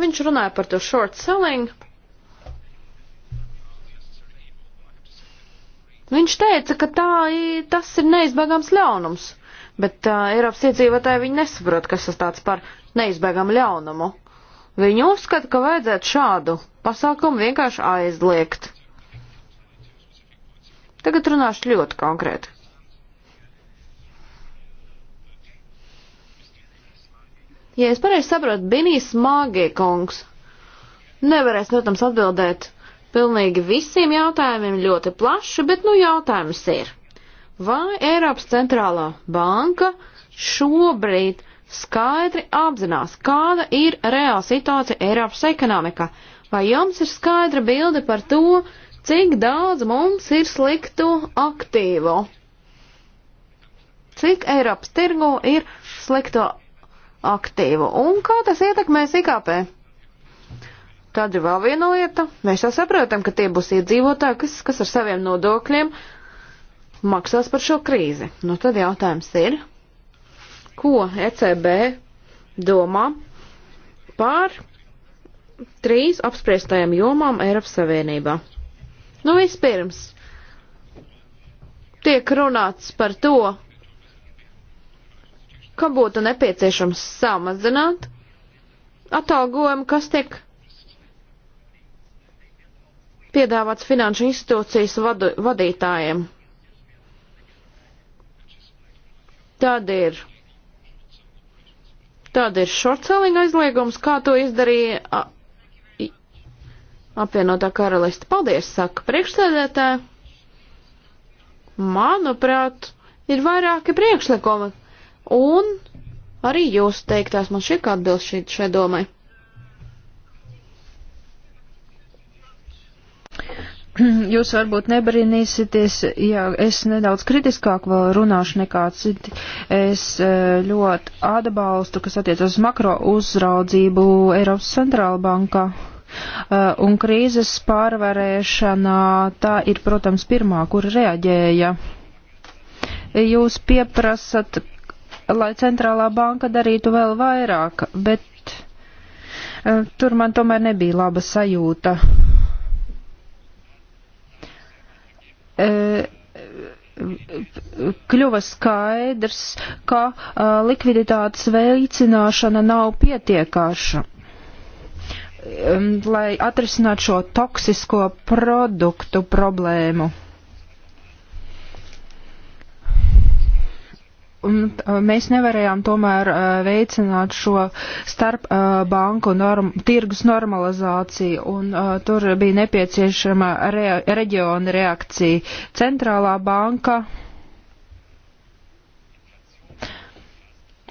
Viņš runāja par to short selling. Viņš teica, ka tā, tas ir neizbēgams ļaunums, bet uh, Eiropas iedzīvotāji viņi nesaprot, kas tas tāds par neizbēgamu ļaunumu. Viņi uzskata, ka vajadzētu šādu pasākumu vienkārši aizliegt. Tagad runāšu ļoti konkrēti. Ja es pareizi saprotu, Binijs Māgie kungs nevarēs, protams, atbildēt pilnīgi visiem jautājumiem ļoti plaši, bet nu jautājums ir, vai Eiropas centrālā banka šobrīd skaidri apzinās, kāda ir reāla situācija Eiropas ekonomikā? Vai jums ir skaidra bilde par to, cik daudz mums ir sliktu aktīvu? Cik Eiropas tirgu ir slikto aktīvu. Un kā tas ietekmēs IKP? Tad ir vēl viena lieta. Mēs jau saprotam, ka tie būs iedzīvotāji, kas, kas ar saviem nodokļiem maksās par šo krīzi. Nu tad jautājums ir, ko ECB domā par trīs apspriestajām jomām Eiropas Savienībā? Nu vispirms, tiek runāts par to, ka būtu nepieciešams samazināt atalgojumu, kas tiek piedāvāts finanšu institūcijas vadu, vadītājiem. Tad ir, tad ir shortselling aizliegums, kā to izdarīja a, apvienotā karalista. Paldies, saka priekšsēdētāja. Manuprāt, ir vairāki priekšlikumi, Un arī jūs teiktās man šī kā atbilst šī, šai domai. (clears throat) Jūs varbūt nebrīnīsieties, ja es nedaudz kritiskāk vēl runāšu nekā citi. Es e, ļoti atbalstu, kas attiecas uz makro uzraudzību Eiropas centrāla bankā. E, un krīzes pārvarēšanā tā ir, protams, pirmā, kur reaģēja. Jūs pieprasat lai centrālā banka darītu vēl vairāk, bet eh, tur man tomēr nebija laba sajūta. Eh, kļuva skaidrs, ka eh, likviditātes veicināšana nav pietiekāša. Lai atrisinātu šo toksisko produktu problēmu un uh, mēs nevarējām tomēr uh, veicināt šo starp uh, banku norm, tirgus normalizāciju, un tur bija nepieciešama re, reģiona reakcija. Centrālā banka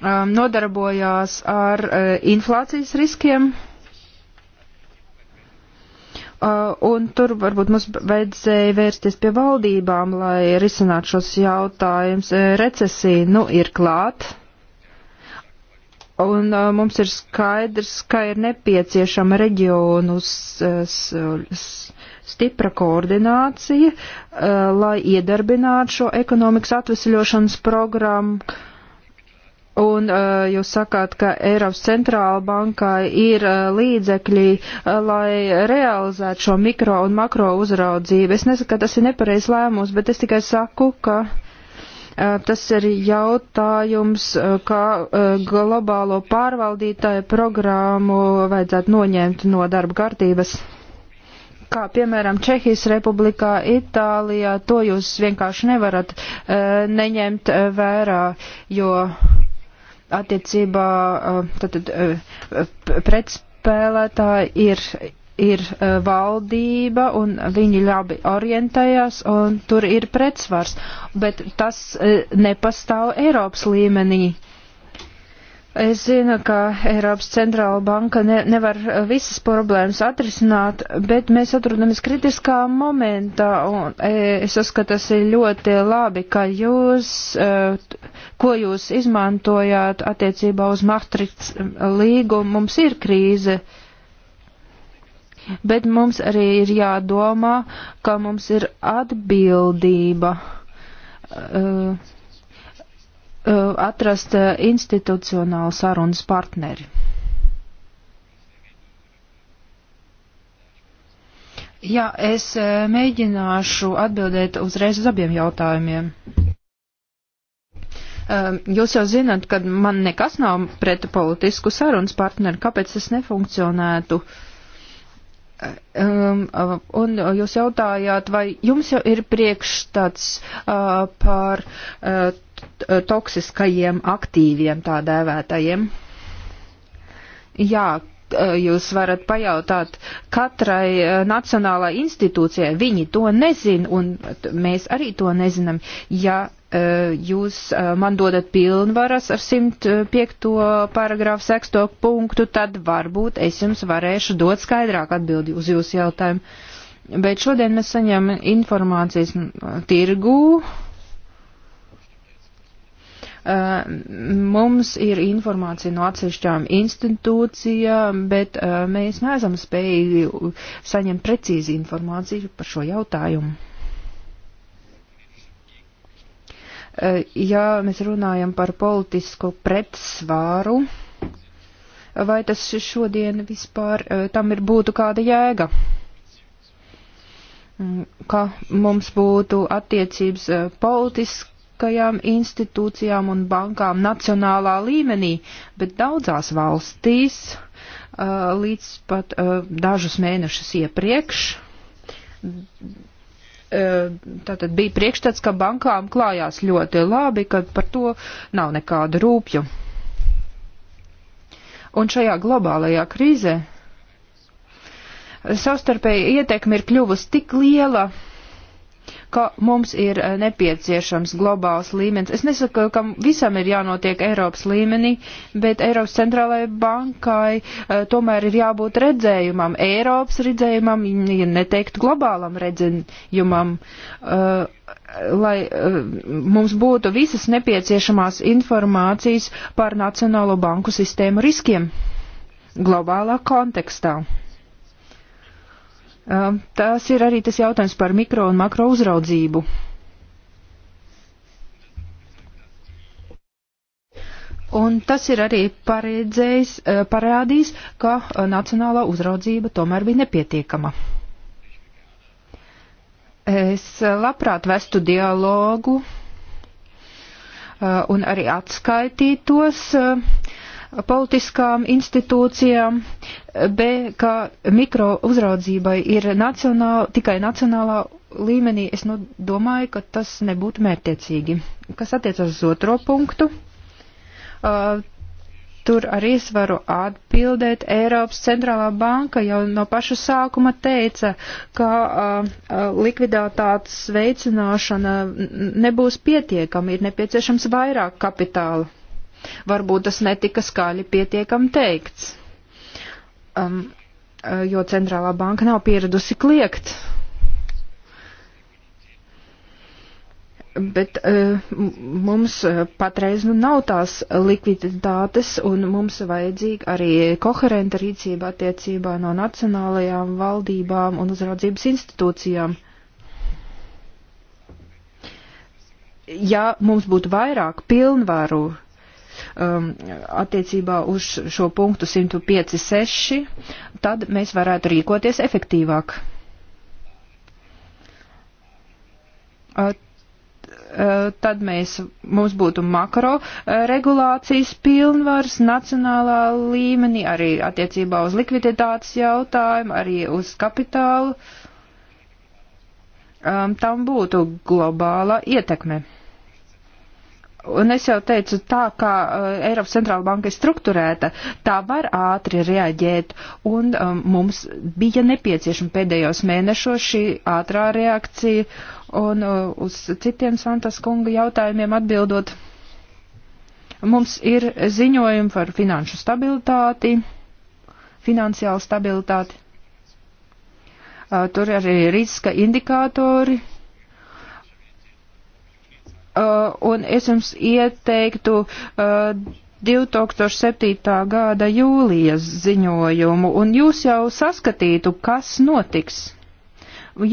um, nodarbojās ar inflācijas riskiem. Uh, un tur varbūt mums vajadzēja vērsties pie valdībām, lai risinātu šos jautājumus. Uh, recesija nu ir klāt, un uh, mums ir skaidrs, ka ir nepieciešama reģionu stipra koordinācija, lai iedarbinātu šo ekonomikas atvesļošanas programmu Un uh, jūs sakāt, ka Eiropas centrāla bankai ir uh, līdzekļi, uh, lai realizētu šo mikro un makro uzraudzību. Es nesaku, ka tas ir nepareizs lēmums, bet es tikai saku, ka uh, tas ir jautājums, uh, kā uh, globālo pārvaldītāju programmu vajadzētu noņemt no darba kārtības. Kā piemēram Čehijas republikā, Itālijā, to jūs vienkārši nevarat uh, neņemt uh, vērā, jo. Uh, attiecībā uh, tātad, uh, pretspēlētāji ir, ir uh, valdība un viņi labi orientējas un tur ir pretsvars, bet tas nepastāv Eiropas līmenī. Es zinu, ka Eiropas centrāla banka ne, nevar uh, visas problēmas atrisināt, bet mēs atrodamies kritiskā momentā, un e, es uzskatu, tas ir ļoti labi, ka jūs, e, ko jūs izmantojāt attiecībā uz Maastrichts līgumu, mums ir krīze. Bet mums arī ir jādomā, ka mums ir atbildība. Uh, Uh, atrast uh, institucionālu sarunas partneri. Jā, es uh, mēģināšu atbildēt uzreiz uz abiem jautājumiem. Um, jūs jau zināt, ka man nekas nav pret politisku sarunas partneri, kāpēc tas nefunkcionētu? Um, un jūs jautājāt, vai jums jau ir priekšstats uh, par uh, Eh, toksiskajiem aktīviem tā dēvētajiem. Jā, eh, jūs varat pajautāt katrai eh, nacionālai institūcijai, viņi to nezin, un mēs arī to nezinām. Ja jūs man dodat pilnvaras ar 105. paragrāfu 6. punktu, tad varbūt es jums varēšu dot skaidrāk atbildi uz jūsu jautājumu. Bet šodien mēs saņemam informācijas tirgū, Mums ir informācija no atsevišķām institūcijām, bet mēs neesam spējīgi saņemt precīzi informāciju par šo jautājumu. Ja mēs runājam par politisku pretsvāru, vai tas šodien vispār tam ir būtu kāda jēga? ka mums būtu attiecības politisk, publiskajām institūcijām un bankām nacionālā līmenī, bet daudzās valstīs uh, līdz pat uh, dažus mēnešus iepriekš. Uh, tātad bija priekšstats, ka bankām klājās ļoti labi, ka par to nav nekāda rūpju. Un šajā globālajā krīzē savstarpēja ietekme ir kļuvusi tik liela, ka mums ir eh, nepieciešams globāls līmenis. Es nesaku, ka visam ir jānotiek Eiropas līmenī, bet Eiropas centrālajai bankai eh, tomēr ir jābūt redzējumam, Eiropas redzējumam, ja neteikt globālam redzējumam. Uh, lai uh, mums būtu visas nepieciešamās informācijas par Nacionālo banku sistēmu riskiem globālā kontekstā. Um, Tās ir arī tas jautājums par mikro un makro uzraudzību. Un tas ir arī uh, parādījis, ka uh, nacionālā uzraudzība tomēr bija nepietiekama. Es uh, labprāt vestu dialogu un arī atskaitītos politiskām institūcijām, B, ka mikro uzraudzībai ir nacionāla, tikai nacionālā līmenī. Es nu, domāju, ka tas nebūtu mērķiecīgi. Kas attiecas uz otro punktu, uh, tur arī es varu atbildēt. Eiropas centrālā banka jau no paša sākuma teica, ka uh, likviditātes veicināšana nebūs pietiekama, ir nepieciešams vairāk kapitāla Varbūt tas netika skaļi pietiekam teikts, um, uh, jo centrālā banka nav pieradusi kliegt. Bet uh, mums uh, patreiz nu nav tās likviditātes, un mums vajadzīga arī koherenta rīcība attiecībā no nacionālajām valdībām un uzraudzības institūcijām. ja mums būtu vairāk pilnvaru um, attiecībā uz šo punktu 105.6, tad mēs varētu rīkoties efektīvāk. At, uh, tad mēs, mums būtu makro uh, regulācijas pilnvars nacionālā līmenī, arī attiecībā uz likviditātes jautājumu, arī uz kapitālu. Um, tam būtu globāla ietekme. Un es jau teicu, tā kā uh, Eiropas centrāla banka ir strukturēta, tā var ātri reaģēt, un um, mums bija nepieciešama pēdējos mēnešos šī ātrā reakcija, un uh, uz citiem Santas kunga jautājumiem atbildot, mums ir ziņojumi par finanšu stabilitāti, finansiālu stabilitāti, uh, tur arī riska indikātori Uh, un es jums ieteiktu uh, 2007. gada jūlijas ziņojumu, un jūs jau saskatītu, kas notiks.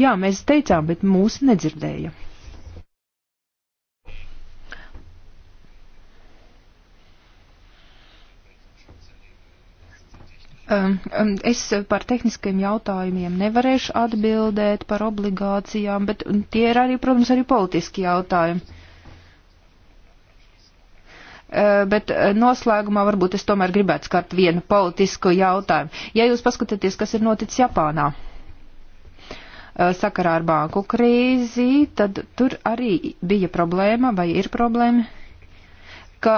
Jā, mēs teicām, bet mūs nedzirdēja. Um, um, es par tehniskiem jautājumiem nevarēšu atbildēt par obligācijām, bet tie ir arī, protams, arī politiski jautājumi. Eh, bet eh, noslēgumā varbūt es tomēr gribētu skart vienu politisku jautājumu. Ja jūs paskatāties, kas ir noticis Japānā eh, sakarā ar banku krīzi, tad tur arī bija problēma vai ir problēma, ka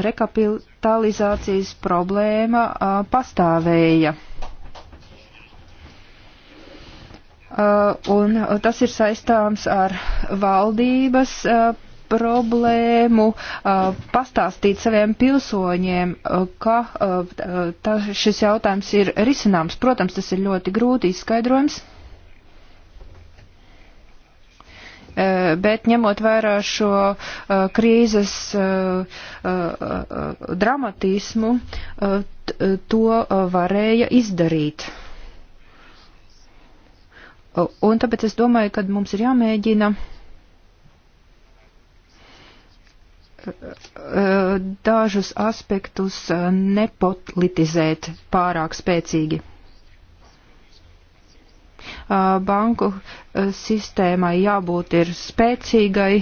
rekapitalizācijas problēma pastāvēja. Un tas ir saistāms ar valdības problēmu pastāstīt saviem pilsoņiem, ka tā, šis jautājums ir risināms. Protams, tas ir ļoti grūti izskaidrojums. Bet ņemot vērā šo krīzes dramatismu, to varēja izdarīt. Un tāpēc es domāju, ka mums ir jāmēģina uh, dažus aspektus nepolitizēt pārāk spēcīgi. Banku sistēmai jābūt ir spēcīgai,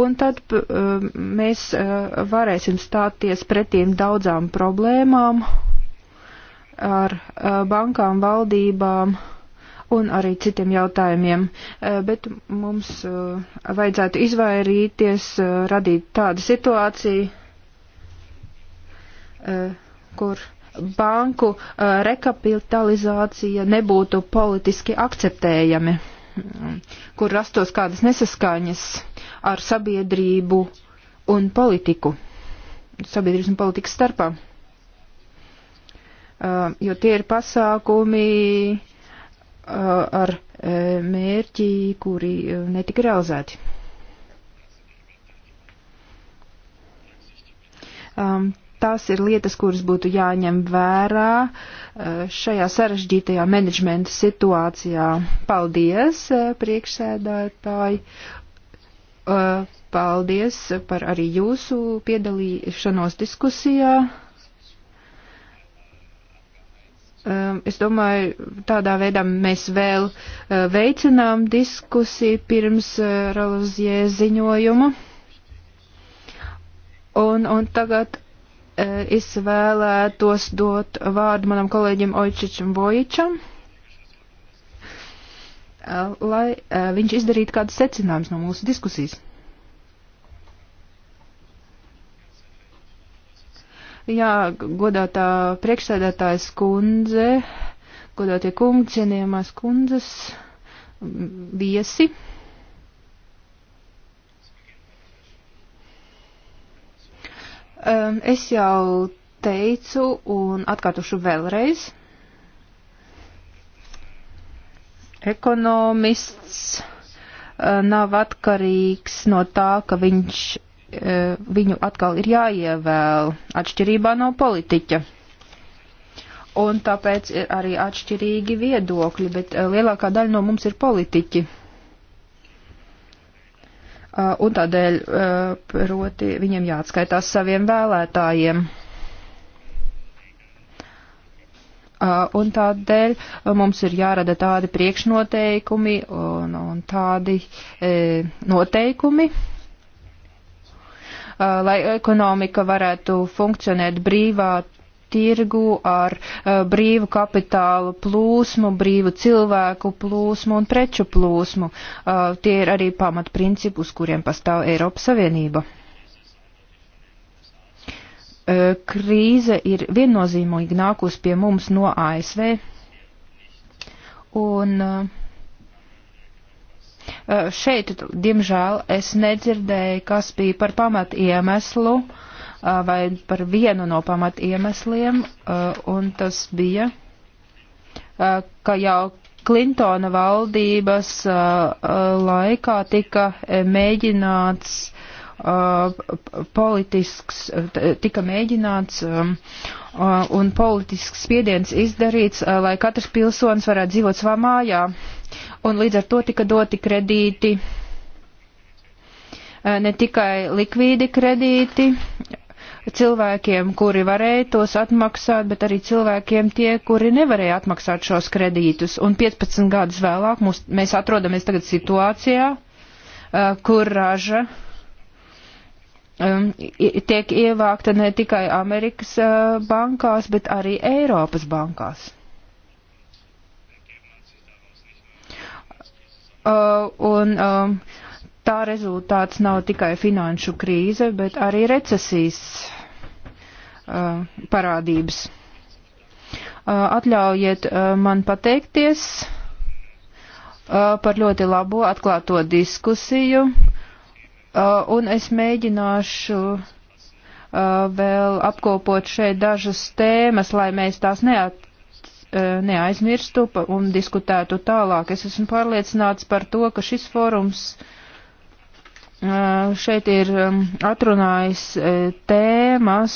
un tad mēs varēsim stāties pretīm daudzām problēmām ar bankām, valdībām un arī citiem jautājumiem, eh, bet mums eh, vajadzētu izvairīties, eh, radīt tādu situāciju, kur banku rekapitalizācija nebūtu politiski akceptējami, kur rastos kādas nesaskaņas ar sabiedrību un politiku, sabiedrības un politikas starpā. Jo tie ir pasākumi, Uh, ar uh, mērķi, kuri uh, netika realizēti. Um, Tās ir lietas, kuras būtu jāņem vērā šajā sarežģītajā menedžmenta situācijā. Paldies, priekšsēdētāji! Paldies par arī jūsu piedalīšanos diskusijā. Um, es domāju, tādā veidā mēs vēl uh, veicinām diskusiju pirms uh, Rauzie ziņojuma. Un, un tagad uh, es vēlētos dot vārdu manam kolēģim Oičičam Vojičam, lai viņš izdarītu kādu secinājumus no mūsu diskusijas. Jā, godātā priekšsēdētājas kundze, godātie kungi, cienījamās kundzes, viesi. Ehm, es jau teicu un atkārtošu vēlreiz. Ekonomists ehm, nav atkarīgs no tā, ka viņš E, viņu atkal ir jāievēl atšķirībā no politiķa. Un tāpēc ir arī atšķirīgi viedokļi, bet e, lielākā daļa no mums ir politiķi. E, un tādēļ, proti, viņiem jāatskaitās saviem vēlētājiem. Un tādēļ mums ir jārada tādi priekšnoteikumi un, un tādi e, noteikumi, Uh, lai ekonomika varētu funkcionēt brīvā tirgu ar uh, brīvu kapitālu plūsmu, brīvu cilvēku plūsmu un preču plūsmu. Uh, tie ir arī pamatprincipi, uz kuriem pastāv Eiropas Savienība. Krīze ir viennozīmīgi nākus pie mums no ASV. Un uh, Eh, šeit, diemžēl, es nedzirdēju, kas bija par pamat iemeslu eh, vai par vienu no pamat iemesliem, eh, un tas bija, ka jau Klintona valdības laikā tika mēģināts Uh, politisks, tika mēģināts um, uh, un politisks spiediens izdarīts, uh, lai katrs pilsonis varētu dzīvot savā mājā. Un līdz ar to tika doti kredīti, ne tikai likvīdi kredīti, cilvēkiem, kuri varēja tos atmaksāt, bet arī cilvēkiem tie, kuri nevarēja atmaksāt šos kredītus. Un 15 gadus vēlāk mūs, mēs atrodamies tagad situācijā, kur raža um, tiek ievākta ne tikai Amerikas uh, bankās, bet arī Eiropas bankās. Uh, un um, tā rezultāts nav tikai finanšu krīze, bet arī recesijas uh, parādības. Uh, atļaujiet uh, man pateikties uh, par ļoti labo atklāto diskusiju. Uh, Uh, un es mēģināšu uh, vēl apkopot šeit dažas tēmas, lai mēs tās neat, uh, neaizmirstu un diskutētu tālāk. Es esmu pārliecināts par to, ka šis fórums Eh, šeit ir atrunājis eh, tēmas,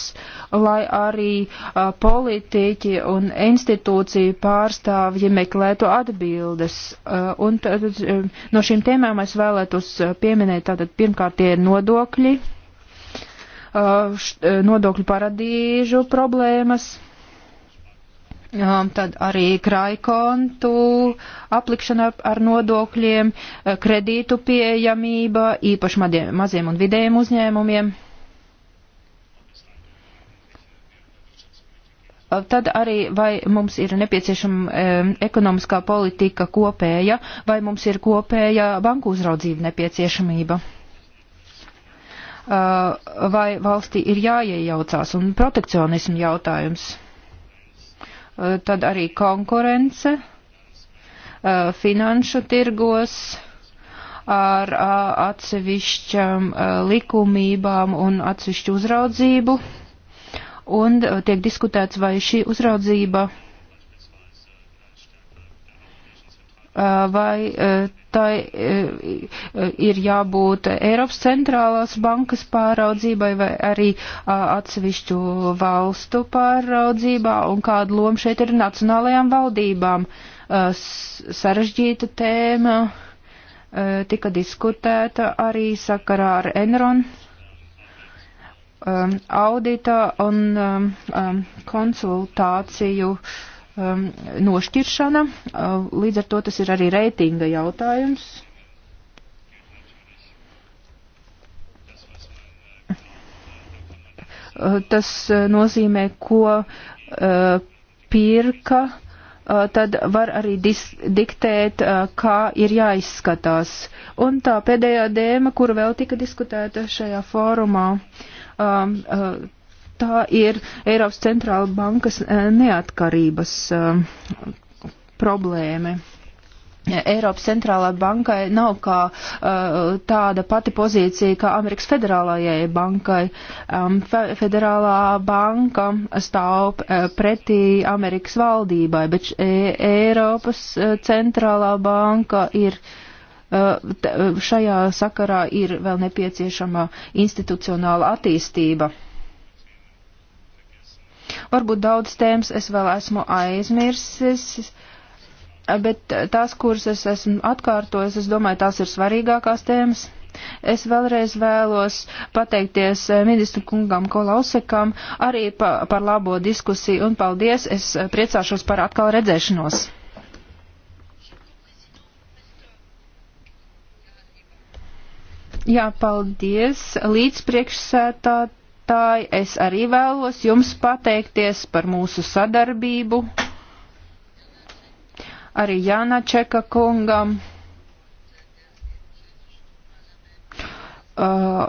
lai arī eh, politiķi un institūciju pārstāvji meklētu atbildes. Un tad, no šīm tēmām es vēlētos pieminēt, tātad pirmkārt tie ir nodokļi, nodokļu paradīžu problēmas um, tad arī krājkontu aplikšana ar, ar nodokļiem, eh, kredītu pieejamība, īpaši madiem, maziem un vidējiem uzņēmumiem. Eh, tad arī, vai mums ir nepieciešama um, ekonomiskā politika kopēja, vai mums ir kopēja banku uzraudzība nepieciešamība vai valstī ir jāiejaucās un protekcionismu jautājums. Eh, tad arī konkurence eh, finanšu tirgos ar eh, atsevišķām likumībām un atsevišķu uzraudzību, un tiek diskutēts, vai šī uzraudzība vai tai ir jābūt Eiropas centrālās bankas pāraudzībai vai arī atsevišķu valstu pāraudzībā un kādu lomu šeit ir nacionālajām valdībām. Sarežģīta tēma tika diskutēta arī sakarā ar Enron audita un konsultāciju uh, um, nošķiršana. Uh, līdz ar to tas ir arī reitinga jautājums. Uh, tas uh, nozīmē, ko uh, pirka uh, tad var arī dis, diktēt, uh, kā ir jāizskatās. Un tā pēdējā dēma, kura vēl tika diskutēta šajā fórumā, um, tā ir Eiropas centrāla bankas eh, neatkarības eh, problēma. Eiropas centrālā bankai nav kā uh, tāda pati pozīcija kā Amerikas federālajai bankai. Um, fe federālā banka stāv uh, pretī Amerikas valdībai, bet e Eiropas uh, centrālā banka ir uh, šajā sakarā ir vēl nepieciešama institucionāla attīstība. Varbūt daudz tēmas es vēl esmu aizmirsis, bet tās, kuras es esmu atkārtojis, es domāju, tās ir svarīgākās tēmas. Es vēlreiz vēlos pateikties eh, ministru kungam Kolausekam arī pa, par labo diskusiju un paldies. Es eh, priecāšos par atkal redzēšanos. Jā, paldies. Līdz priekšsētāt priekšsēdētāji, es arī vēlos jums pateikties par mūsu sadarbību, arī Jānačeka kungam. Uh,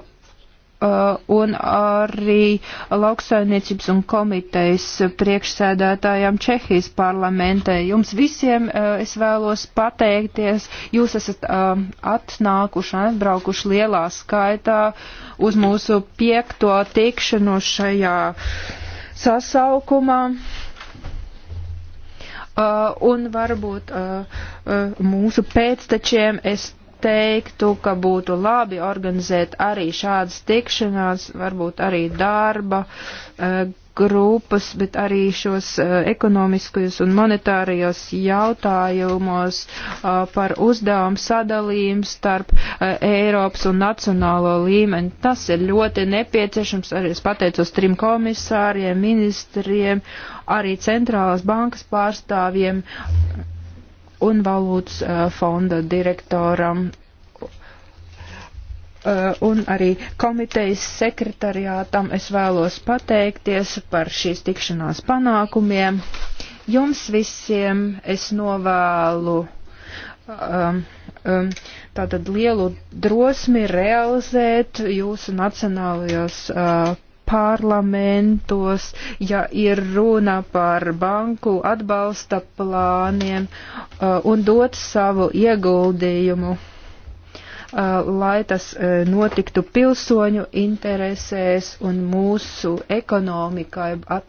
Uh, un arī lauksaimniecības un komitejas priekšsēdētājām Čehijas parlamentē. Jums visiem uh, es vēlos pateikties. Jūs esat uh, atnākuši un atbraukuši lielā skaitā uz mūsu piekto tikšanu šajā sasaukumā. Uh, un varbūt uh, uh, mūsu pēctečiem es teiktu, ka būtu labi organizēt arī šādas tikšanās, varbūt arī darba eh, grupas, bet arī šos eh, ekonomiskajos un monetārajos jautājumos eh, par uzdevumu sadalījumu starp Eiropas un nacionālo līmeni. Tas ir ļoti nepieciešams. Arī es pateicos trim komisāriem, ministriem, arī centrālās bankas pārstāvjiem un valūtas fonda direktoram un arī komitejas sekretariātam es vēlos pateikties par šīs tikšanās panākumiem. Jums visiem es novēlu um, um, tātad lielu drosmi realizēt jūsu nacionālajos uh, parlamentos, ja ir runa par banku atbalsta plāniem uh, un dot savu ieguldījumu, uh, lai tas uh, notiktu pilsoņu interesēs un mūsu ekonomikai at